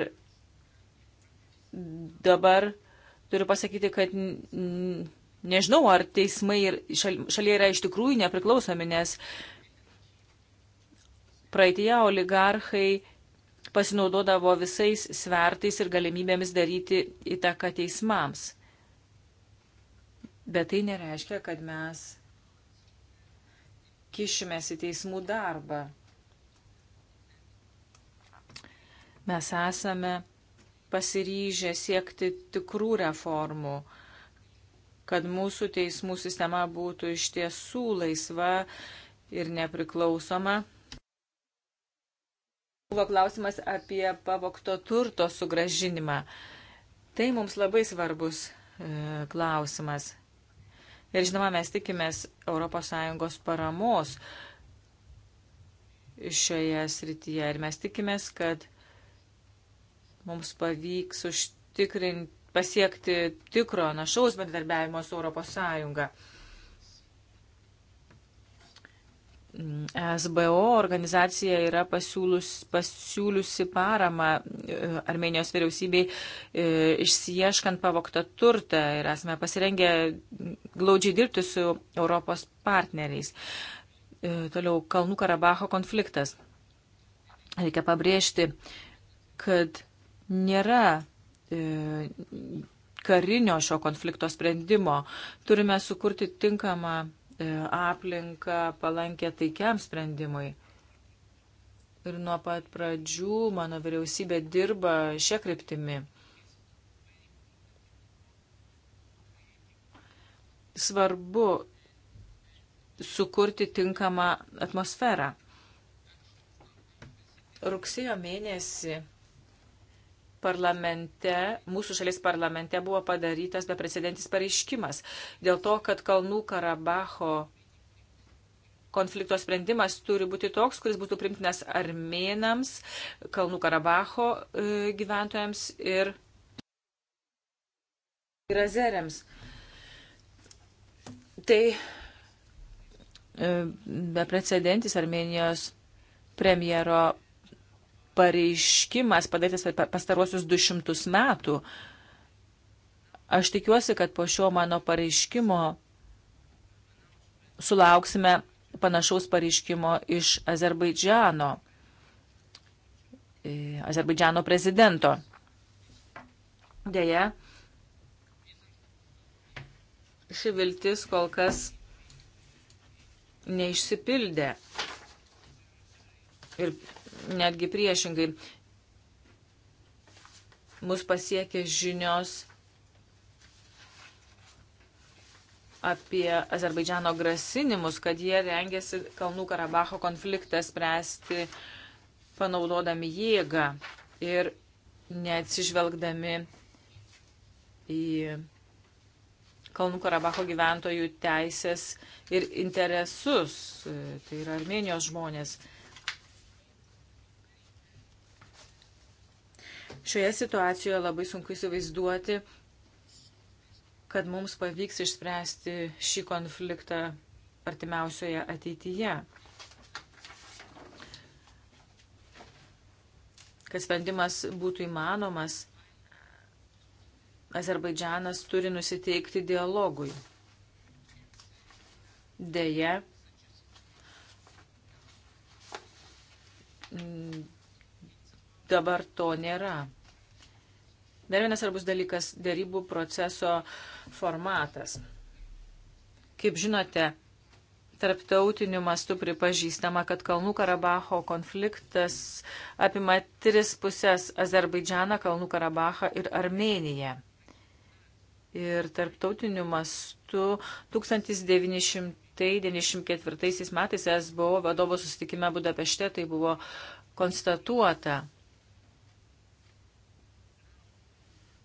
dabar turiu pasakyti, kad nežinau, ar teismai šalyje yra iš tikrųjų nepriklausomi, nes praeitie oligarchai pasinaudodavo visais svertais ir galimybėmis daryti įtaką teismams. Bet tai nereiškia, kad mes kišimės į teismų darbą. Mes esame pasiryžę siekti tikrų reformų, kad mūsų teismų sistema būtų iš tiesų laisva ir nepriklausoma. Buvo klausimas apie pavokto turto sugražinimą. Tai mums labai svarbus e, klausimas. Ir žinoma, mes tikimės ES paramos šioje srityje ir mes tikimės, kad mums pavyks užtikrinti, pasiekti tikro našaus bendarbiavimo su Europos Sąjunga. SBO organizacija yra pasiūlus, pasiūliusi paramą e, Armenijos vyriausybei e, išsieškant pavoktą turtą ir esame pasirengę glaudžiai dirbti su Europos partneriais. E, toliau Kalnų Karabaho konfliktas. Reikia pabrėžti, kad nėra e, karinio šio konflikto sprendimo. Turime sukurti tinkamą e, aplinką palankę taikiam sprendimui. Ir nuo pat pradžių mano vyriausybė dirba šią kryptimį. Svarbu sukurti tinkamą atmosferą. Rugsėjo mėnesį parlamente, mūsų šalies parlamente buvo padarytas beprecedentis pareiškimas dėl to, kad Kalnų Karabaho konflikto sprendimas turi būti toks, kuris būtų primtinas armėnams, Kalnų Karabaho e, gyventojams ir, ir azeriams. Tai e, beprecedentis Armenijos premjero pareiškimas padarytas per pastaruosius 200 metų. Aš tikiuosi, kad po šio mano pareiškimo sulauksime panašaus pareiškimo iš Azerbaidžiano, e, Azerbaidžiano prezidento. Deja, ši viltis kol kas neišsipildė. Ir netgi priešingai. Mus pasiekė žinios apie Azerbaidžiano grasinimus, kad jie rengėsi Kalnų Karabacho konfliktą spręsti panaudodami jėgą ir neatsižvelgdami į Kalnų Karabacho gyventojų teisės ir interesus, tai yra Armenijos žmonės. Šioje situacijoje labai sunku įsivaizduoti, kad mums pavyks išspręsti šį konfliktą artimiausioje ateityje. Kad sprendimas būtų įmanomas, Azerbaidžianas turi nusiteikti dialogui. Deja, dabar to nėra. Dar vienas svarbus dalykas - dėrybų proceso formatas. Kaip žinote, tarptautiniu mastu pripažįstama, kad Kalnų Karabaho konfliktas apima tris pusės - Azerbaidžianą, Kalnų Karabachą ir Armeniją. Ir tarptautiniu mastu 1994 metais SBO vadovo susitikime Budapešte tai buvo konstatuota.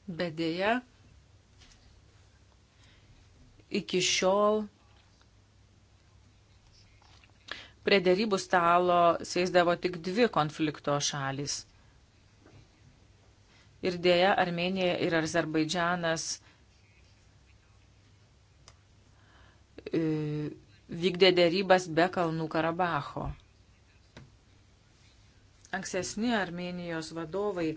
bet dėja iki šiol prie dėrybų stalo sėsdavo tik dvi konflikto šalis. Ir dėja Armenija ir Azerbaidžianas e, vykdė dėrybas be Kalnų Karabacho. Anksesni Armenijos vadovai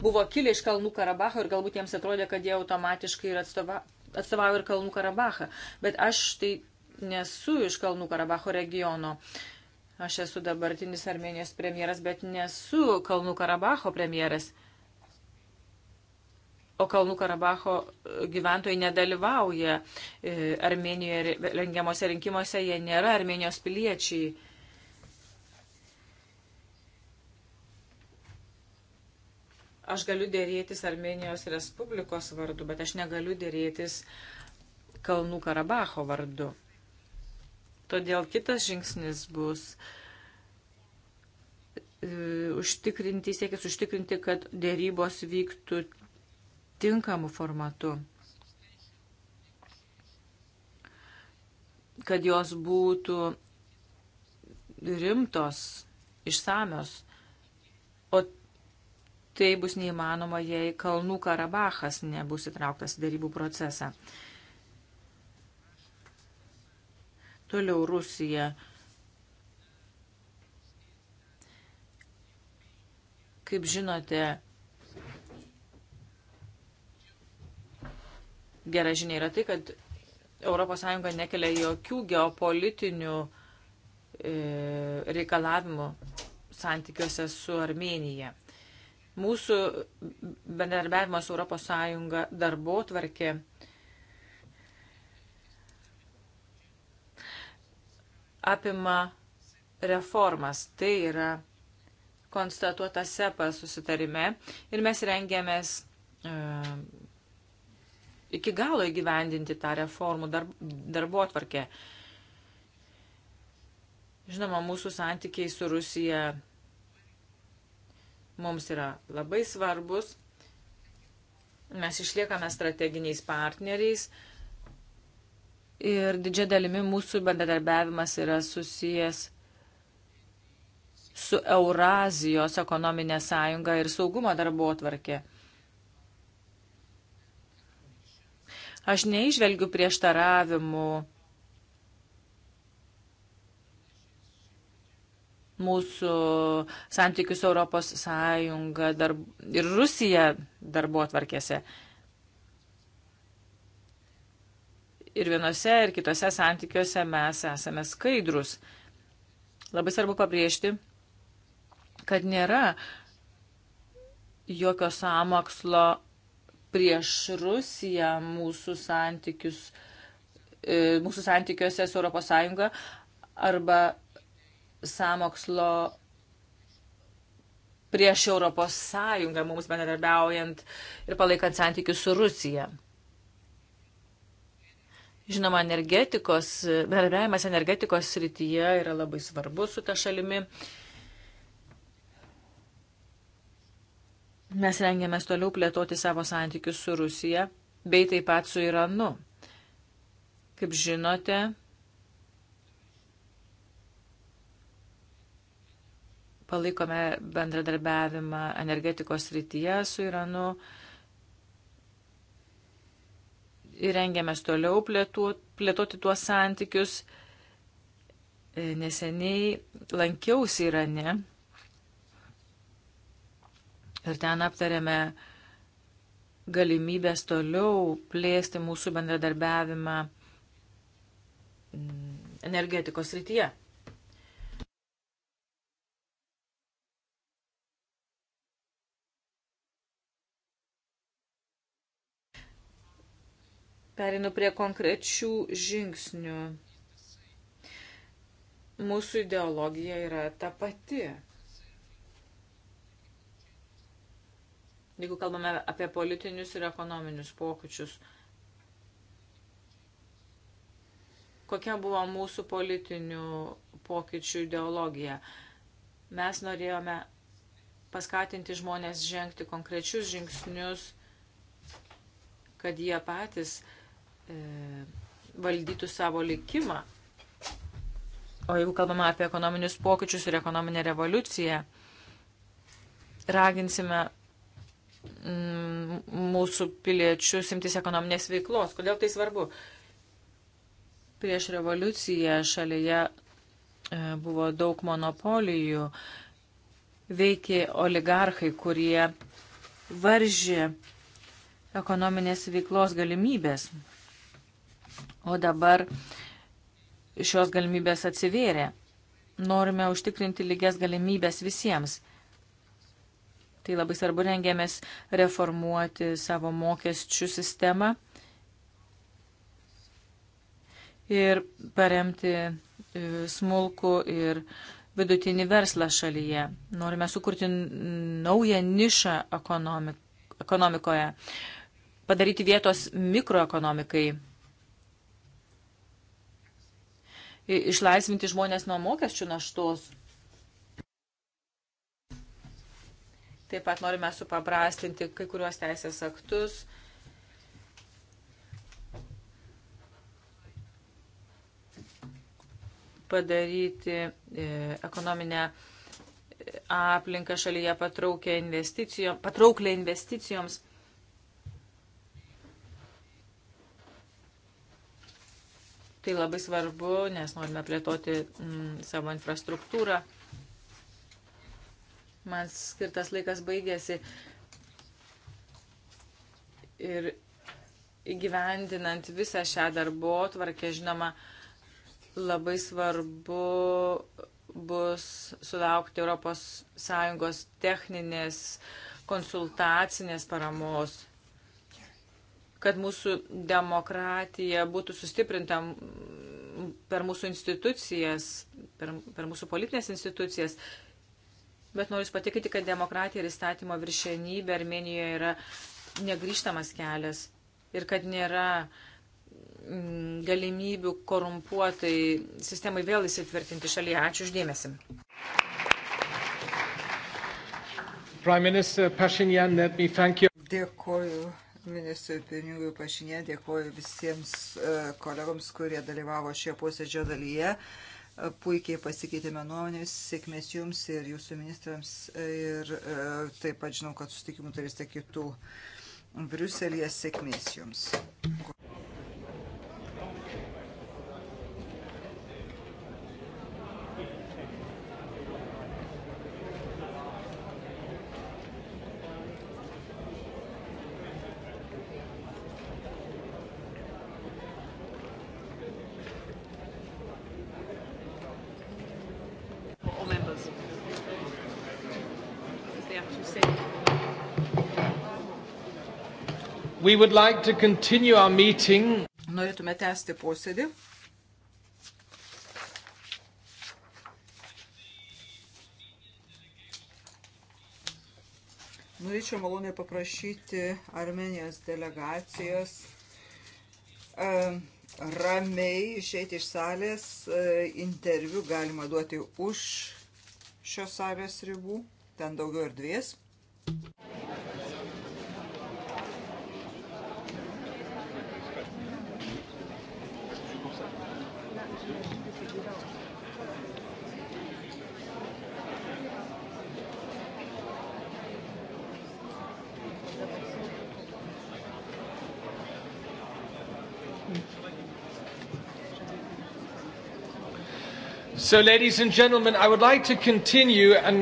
buvo kilę iš Kalnų Karabacho ir galbūt jiems atrodė, kad jie automatiškai ir atstova, atstovauja ir Kalnų Karabachą. Bet aš tai nesu iš Kalnų Karabacho regiono. Aš esu dabartinis Armenijos premjeras, bet nesu Kalnų Karabacho premjeras. O Kalnų Karabacho e, gyventojai nedalyvauja e, Armenijoje rengiamuose rinkimuose, jie nėra Armenijos piliečiai. Aš galiu dėrėtis Armenijos Respublikos vardu, bet aš negaliu dėrėtis Kalnų Karabacho vardu. Todėl kitas žingsnis bus e, užtikrinti, siekis užtikrinti, kad dėrybos vyktų tinkamu formatu. Kad jos būtų rimtos, išsamios. Tai bus neįmanoma, jei Kalnų Karabachas nebus įtrauktas į darybų procesą. Toliau Rusija. Kaip žinote, gera žinia yra tai, kad ES nekelia jokių geopolitinių e, reikalavimų santykiuose su Armenija. Mūsų bendarbiavimas Europos Sąjunga darbo tvarkė apima reformas. Tai yra konstatuota SEPA susitarime ir mes rengiamės e, iki galo įgyvendinti tą reformų darb, darbo atvarkę. Žinoma, mūsų santykiai su Rusija mums yra labai svarbus. Mes išliekame strateginiais partneriais ir didžia dalimi mūsų bendradarbiavimas yra susijęs su Eurazijos ekonominė sąjunga ir saugumo darbo atvarkė. Aš neižvelgiu prieštaravimų mūsų santykius Europos Sąjunga darb... ir Rusija darbo atvarkėse. Ir vienose, ir kitose santykiuose mes esame skaidrus. Labai svarbu pabrėžti, kad nėra jokio samokslo prieš Rusiją mūsų santykius, e, mūsų santykiuose su ES arba samokslo prieš Europos Sąjungą, mums bendradarbiaujant ir palaikant santykius su Rusija. Žinoma, energetikos, bendradarbiavimas energetikos srityje yra labai svarbus su ta šalimi. Mes rengiamės toliau plėtoti savo santykius su Rusija bei taip pat su Iranu. Kaip žinote, Palaikome bendradarbiavimą energetikos rytyje su Iranu. Ir rengiamės toliau plėtuoti, plėtoti tuos santykius. E, neseniai lankiausi Irane ir ten aptarėme galimybės toliau plėsti mūsų bendradarbiavimą mm, energetikos rytyje. Perinu prie konkrečių žingsnių. Mūsų ideologija yra ta pati. Jeigu kalbame apie politinius ir ekonominius pokyčius, kokia buvo mūsų politinių pokyčių ideologija? Mes norėjome paskatinti žmonės žengti konkrečius žingsnius, kad jie patys uh, e, valdytų savo likimą. O jeigu kalbame apie ekonominius pokyčius ir ekonominę revoliuciją, raginsime mm, mūsų piliečius imtis ekonominės veiklos. Kodėl tai svarbu? Prieš revoliuciją šalyje e, buvo daug monopolijų, veikė oligarchai, kurie varžė ekonominės veiklos galimybės. O dabar šios galimybės atsivėrė. Norime užtikrinti lygias galimybės visiems. Tai labai svarbu rengėmės reformuoti savo mokesčių sistemą ir paremti e, smulkų ir vidutinį verslą šalyje. Norime sukurti naują nišą ekonomikoje, padaryti vietos mikroekonomikai išlaisvinti žmonės nuo mokesčių naštos. Taip pat norime supaprastinti kai kuriuos teisės aktus. padaryti e, ekonominę e, aplinką šalyje patrauklę investicijoms. Tai labai svarbu, nes norime plėtoti m, mm, savo infrastruktūrą. Man skirtas laikas baigėsi. Ir įgyvendinant visą šią darbo tvarkę, žinoma, labai svarbu bus sulaukti ES techninės konsultacinės paramos kad mūsų demokratija būtų sustiprinta per mūsų institucijas, per, per mūsų politinės institucijas. Bet noriu patikinti, kad demokratija ir įstatymo viršenybė Armenijoje yra negryžtamas kelias ir kad nėra galimybių korumpuotai sistemai vėl įsitvirtinti šalyje. Ačiū uždėmesi. Dėkuoju ministrui Pinigui Pašinė, dėkoju visiems e, kolegoms, kurie dalyvavo šio posėdžio dalyje. E, puikiai pasikeitėme nuomonės, sėkmės jums ir jūsų ministrams e, ir taip pat žinau, kad susitikimų turėsite kitų Briuselėje, sėkmės jums. like Norėtume tęsti posėdį. Norėčiau maloniai paprašyti Armenijos delegacijos ramiai išeiti iš salės. E, interviu galima duoti už šios salės ribų, ten daugiau erdvės. So, ladies and gentlemen, I would like to continue and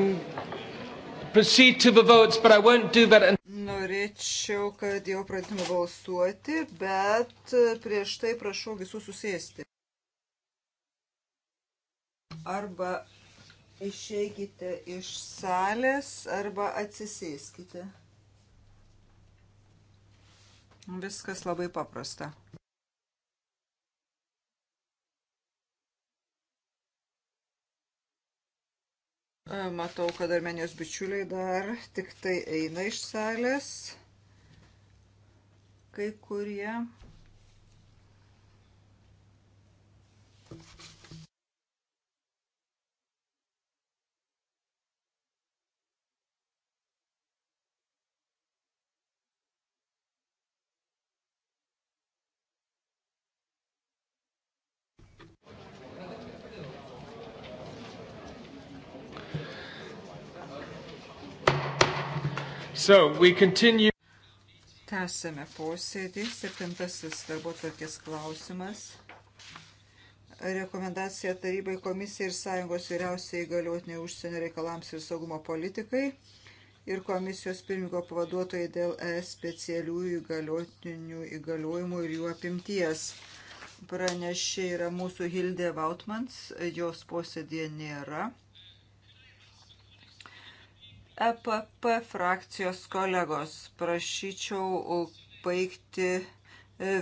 proceed to the votes, but I won't do that. Norėčiau, kad jau pradėtume balsuoti, bet e, prieš tai prašau visų susėsti. Arba išeikite iš salės, arba atsisėskite. Viskas labai paprasta. E, matau, kad Armenijos bičiuliai dar tik tai eina iš salės. Kai kurie. So, we continue. Tęsėme posėdį. Septintasis darbo tvarkės klausimas. Rekomendacija tarybai komisijai ir sąjungos vyriausiai įgaliotinė užsienio reikalams ir saugumo politikai ir komisijos pirmigo pavaduotojai dėl ES specialiųjų įgaliotinių įgaliojimų ir jų apimties. Pranešė yra mūsų Hildė Vautmans, jos posėdėje nėra. EPP frakcijos kolegos, prašyčiau baigti e,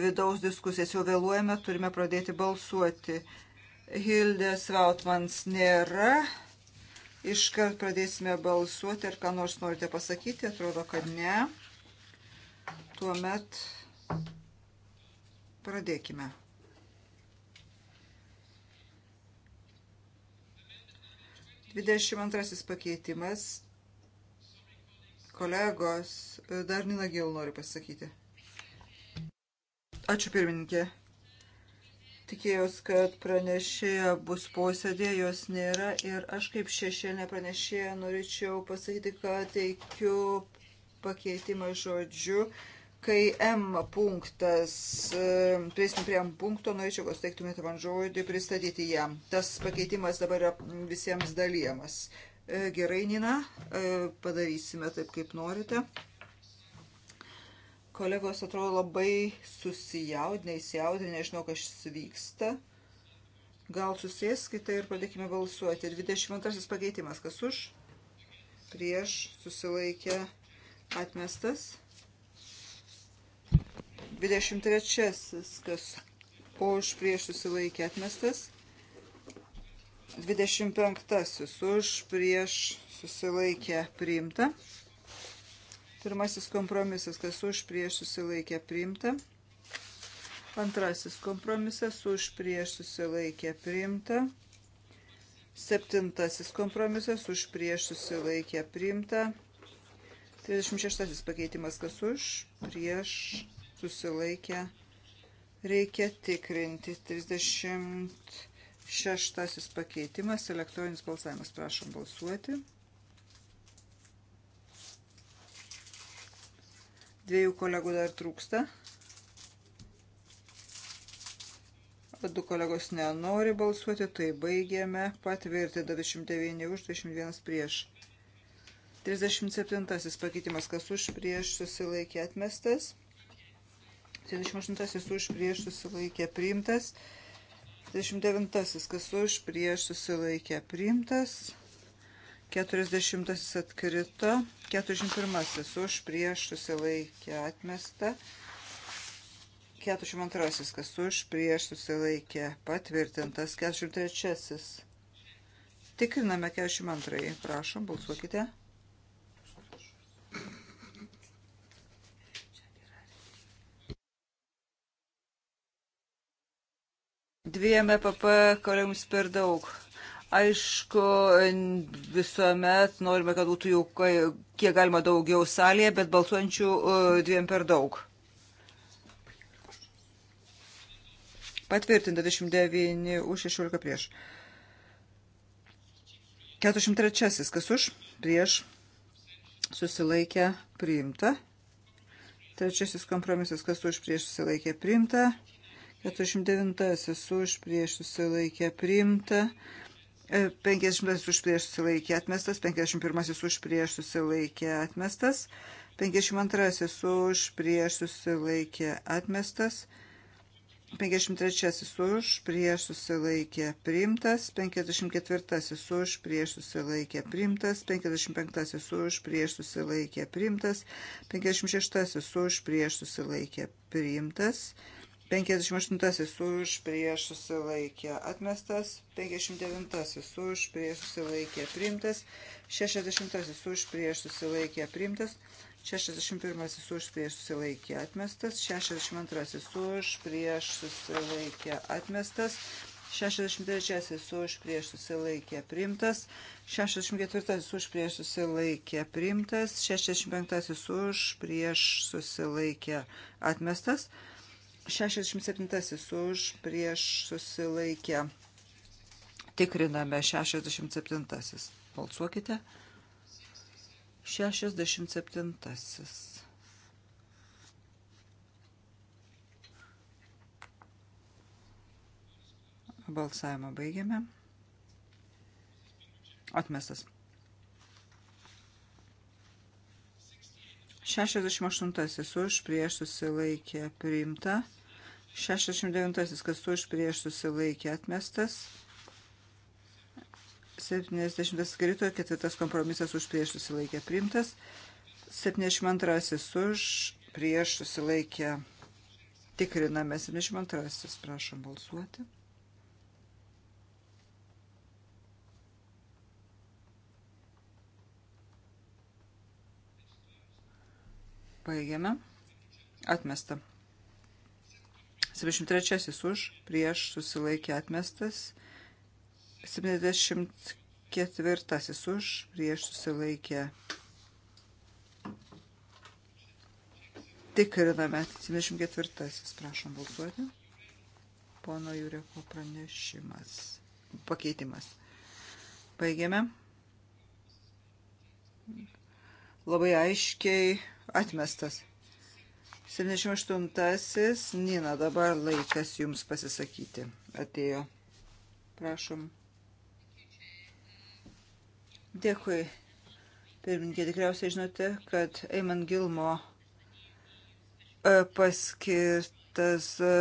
vidaus diskusijas. Jau vėluojame, turime pradėti balsuoti. Hildės Vautmans nėra. Iškart pradėsime balsuoti. Ar ką nors norite pasakyti? Atrodo, kad ne. Tuomet pradėkime. Dvidešimt antrasis pakeitimas kolegos, dar Nina Gil nori pasakyti. Ačiū pirmininkė. Tikėjos, kad pranešėja bus posėdė, jos nėra ir aš kaip šešėlė pranešėja norėčiau pasakyti, kad teikiu pakeitimą žodžiu, kai M punktas, e, prieisim prie M punkto, norėčiau, kad suteiktumėte man žodį pristatyti jam. Tas pakeitimas dabar yra visiems dalyjamas. E, gerai, Nina, e, padarysime taip, kaip norite. Kolegos atrodo labai susijaudinę, įsijaudinę, nežinau, kas vyksta. Gal susėskite ir pradėkime balsuoti. 22 pakeitimas, kas už? Prieš susilaikė atmestas. 23 kas už prieš susilaikė atmestas. 25 už prieš susilaikę priimta. Pirmasis kompromisas, kas už prieš susilaikę priimta. Antrasis kompromisas už prieš susilaikę priimta. Septintasis kompromisas už prieš susilaikę priimta. 36 pakeitimas kas už prieš susilaikę reikia tikrinti. 36 Šeštasis pakeitimas, elektroninis balsavimas. Prašom balsuoti. Dviejų kolegų dar trūksta. Du kolegos nenori balsuoti, tai baigėme patvirti 29 už 21 prieš. 37 pakeitimas, kas už prieš susilaikė atmestas. 38 už prieš susilaikė priimtas. 39 29. Kas už prieš susilaikė priimtas. 40. Atkrito. 41. Už prieš susilaikė atmesta. 42. Kas už prieš susilaikė patvirtintas. 43. Tikriname 42. Prašom, balsuokite. 43. dviem EPP kolegams per daug. Aišku, visuomet norime, kad būtų jau kiek galima daugiau salėje, bet balsuojančių e, dviem per daug. Patvirtinta 29 už 16 prieš. 43. Kas už? Prieš. Susilaikė priimta. Trečiasis kompromisas. Kas už prieš susilaikė priimta. 49 už prieš susilaikę priimta. 50 e, už prieš susilaikė atmestas, 51 už prieš susilaikė atmestas, 52 už prieš susilaikė atmestas, 53 už prieš susilaikė priimtas, 54 už prieš susilaikė priimtas, 55 už prieš susilaikė priimtas, 56 už prieš susilaikė priimtas. 56 58 už prieš susilaikė atmestas, 59 už prieš susilaikė priimtas, 60 už prieš susilaikė priimtas, 61 už prieš susilaikė atmestas, 62 už prieš susilaikė atmestas, 63 už prieš susilaikė priimtas, 64 už prieš susilaikė priimtas, 65 už prieš susilaikė atmestas. 67 už prieš susilaikę. Tikriname 67. Balsuokite. 67. Balsavimą baigiame. Atmestas. 68 už prieš susilaikė priimta. 69 kas už prieš susilaikė atmestas. 70 krito, ketvirtas kompromisas už prieš susilaikė priimtas. 72 už prieš susilaikė tikriname. 72 prašom balsuoti. Baigiame. Atmesta. 73 už, prieš susilaikė atmestas. 74 už, prieš susilaikė. Tikriname. 74, prašom balsuoti. Pono Jureko pranešimas. Pakeitimas. Baigiame. Labai aiškiai atmestas. 78. Nina, dabar laikas jums pasisakyti. Atėjo. Prašom. Dėkui. Pirmininkė, tikriausiai žinote, kad Eiman Gilmo e, paskirtas e,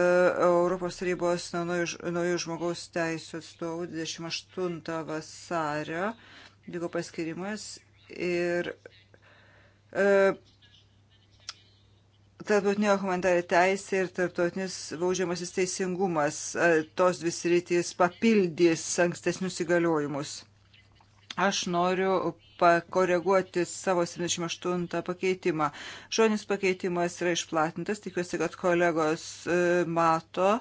Europos tarybos naujų žmogaus teisų atstovų 28 vasario vyko paskirimas ir e, Tarptautinė humanitarė teisė ir tarptautinis baudžiamasis teisingumas. E, tos dvi sritys papildys ankstesnius įgaliojimus. Aš noriu pakoreguoti savo 78 pakeitimą. Šonis pakeitimas yra išplatintas, tikiuosi, kad kolegos e, mato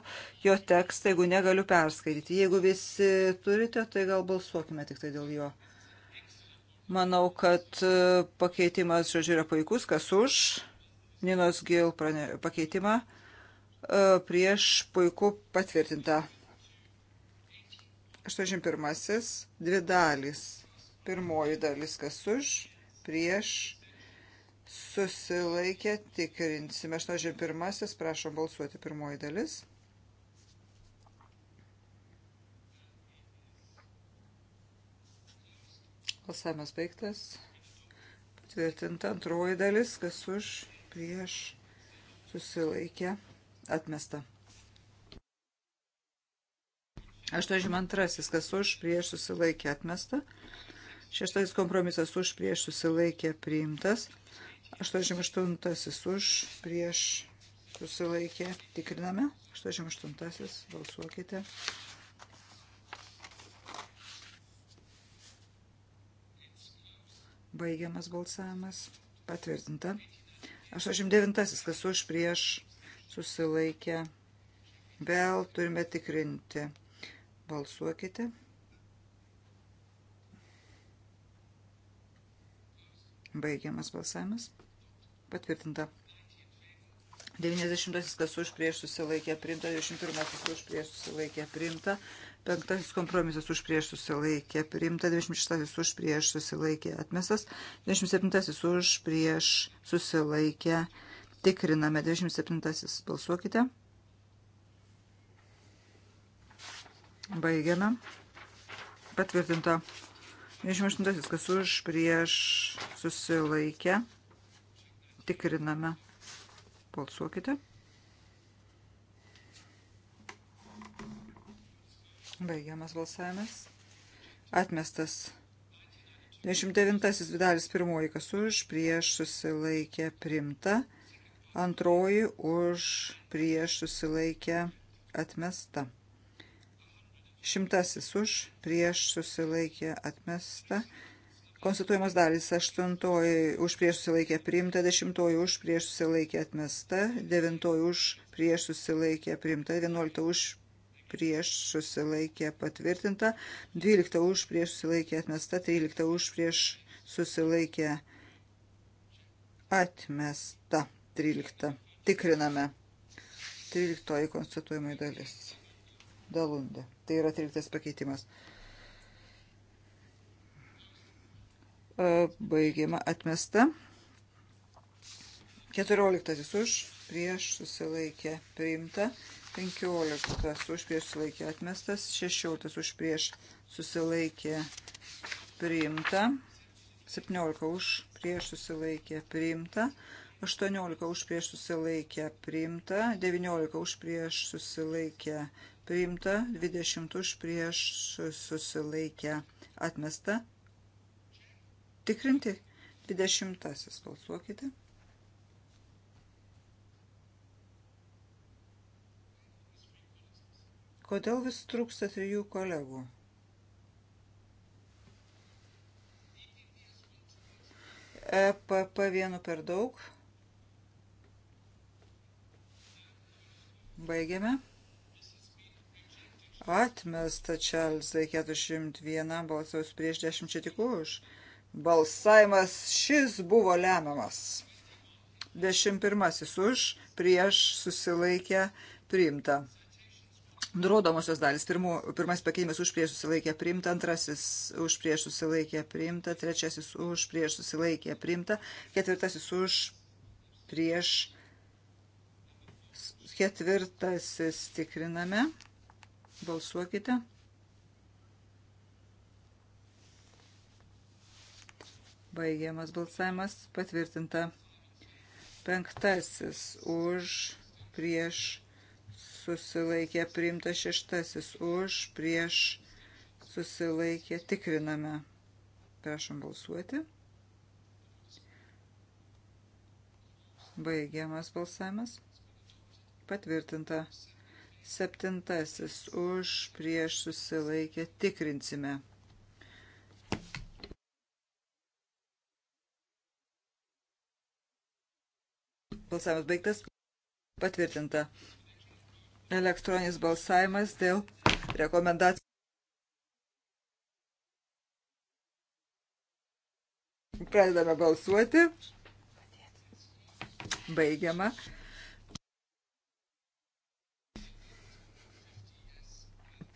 jo tekstą, jeigu negaliu perskaityti. Jeigu visi turite, tai gal balsuokime tik tai dėl jo. Manau, kad e, pakeitimas, žodžiu, yra puikus, kas už Ninos Gil pakeitimą e, prieš puikų patvirtintą. 81. Dvi dalys. Pirmoji dalis kas už, prieš susilaikę tikrinsime. 81. Prašom balsuoti pirmoji dalis. Balsavimas baigtas. Patvirtinta antroji dalis, kas už prieš susilaikę atmesta. 82. Kas už prieš susilaikė atmesta. 6. Kompromisas už prieš susilaikė priimtas. 88. Už prieš susilaikė. Tikriname. 88. Balsuokite. Baigiamas balsavimas. Patvirtinta. 89. Kas už prieš susilaikę. Vėl turime tikrinti. Balsuokite. Baigiamas balsavimas. Patvirtinta. 90. Kas už prieš susilaikę primta. 21. Kas už prieš susilaikę primta. Penktasis kompromisas už prieš susilaikė, priimta 26 už prieš susilaikė, atmestas 27 už prieš susilaikė, tikriname 27 balsuokite. Baigiame. Patvirtinta 28 kas už prieš susilaikė, tikriname. Balsuokite. Baigiamas balsavimas. Atmestas. 29. Vidalis pirmoji, kas už, prieš susilaikė primta. Antroji už, prieš susilaikė atmesta. Šimtasis už, prieš susilaikė atmesta. Konstatuojamas dalis aštuntoji už prieš susilaikė priimta, dešimtoji už prieš susilaikė atmesta, devintoji už prieš susilaikė priimta, vienuolikta už prieš susilaikė patvirtinta, 12 už prieš susilaikė atmesta, 13 už prieš susilaikė atmesta, 13. Tikriname. 13 konstatuojamai dalis. Dalundė. Tai yra 13 pakeitimas. E, baigiama atmesta. 14 už prieš susilaikė priimta. 15 už prieš susilaikė atmestas, 16 už prieš susilaikė priimta, 17 už prieš susilaikė priimta, 18 už prieš susilaikė priimta, 19 už prieš susilaikė priimta, 20 už prieš susilaikė atmesta. Tikrinti 20 balsuokite. Kodėl vis trūksta trijų kolegų? EPP vienu per daug. Baigiame. Atmesta Čelzai 401 balsaus prieš 10 čia tik už. Balsavimas šis buvo lemiamas. 11 už prieš susilaikę priimta. Nurodomosios dalis. Pirmu, pirmas pakeimas už prieš susilaikę priimta, antrasis už prieš susilaikę priimta, trečiasis už prieš susilaikę priimta, ketvirtasis už prieš ketvirtasis tikriname. Balsuokite. Baigiamas balsavimas patvirtinta. Penktasis už prieš susilaikė priimta šeštasis už, prieš susilaikė tikriname. Prašom balsuoti. Baigiamas balsavimas. Patvirtinta. Septintasis už, prieš susilaikė tikrinsime. Balsavimas baigtas. Patvirtinta. Elektroninis balsavimas dėl rekomendacijų. Pradedame balsuoti. Baigiama.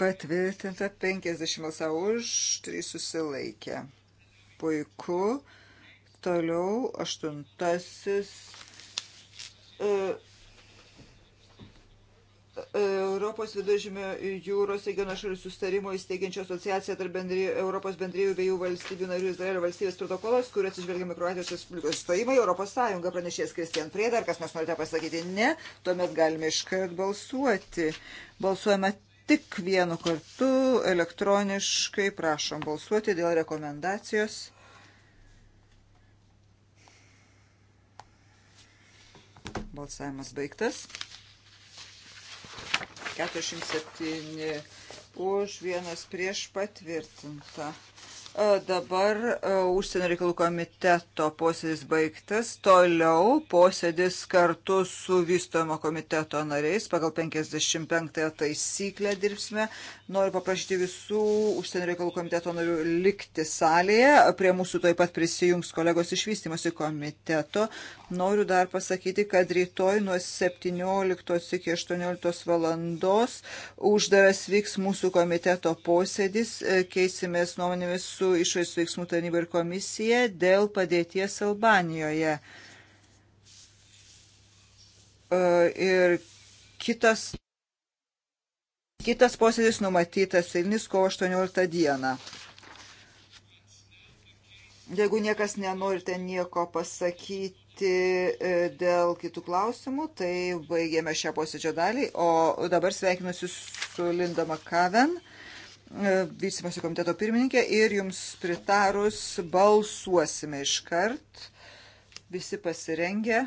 Patvirtinta 50 balsą už, 3 susilaikė. Puiku. Toliau aštuntasis. Uh, Europos viduržymio jūros regiono šalių sustarimo įsteigiančio asociaciją tarp bendrijų, Europos bendrijų bei jų valstybių narių Izraelio valstybės protokolas, kuriuo atsižvelgiami Kroatijos Respublikos stojimai Europos Sąjunga, pranešės Kristian Prėda, ar kas nors norite pasakyti ne, tuomet galime iškart balsuoti. Balsuojame tik vienu kartu elektroniškai, prašom balsuoti dėl rekomendacijos. Balsavimas baigtas. 47 už, vienas prieš patvirtinta. E, dabar e, užsienio reikalų komiteto posėdis baigtas. Toliau posėdis kartu su vystomo komiteto nariais pagal 55 taisyklę dirbsime. Noriu paprašyti visų užsienio reikalų komiteto norių likti salėje. Prie mūsų taip pat prisijungs kolegos iš vystimosi komiteto. Noriu dar pasakyti, kad rytoj nuo 17 iki 18 valandos uždaras vyks mūsų komiteto posėdis. Keisimės nuomonėmis su išorės veiksmų taryba ir komisija dėl padėties Albanijoje. E, ir kitas. Kitas posėdis numatytas Vilnis kovo 18 dieną. Jeigu niekas nenorite nieko pasakyti e, dėl kitų klausimų, tai baigėme šią posėdžio dalį, o dabar sveikinusi su Linda Makaven e, vystimosi komiteto pirmininkė ir jums pritarus balsuosime iškart. Visi pasirengę.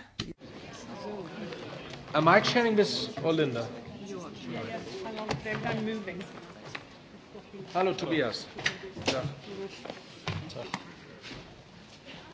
Am I sharing this or Linda? You are. They've done moving. Hallo Tobias. Ja.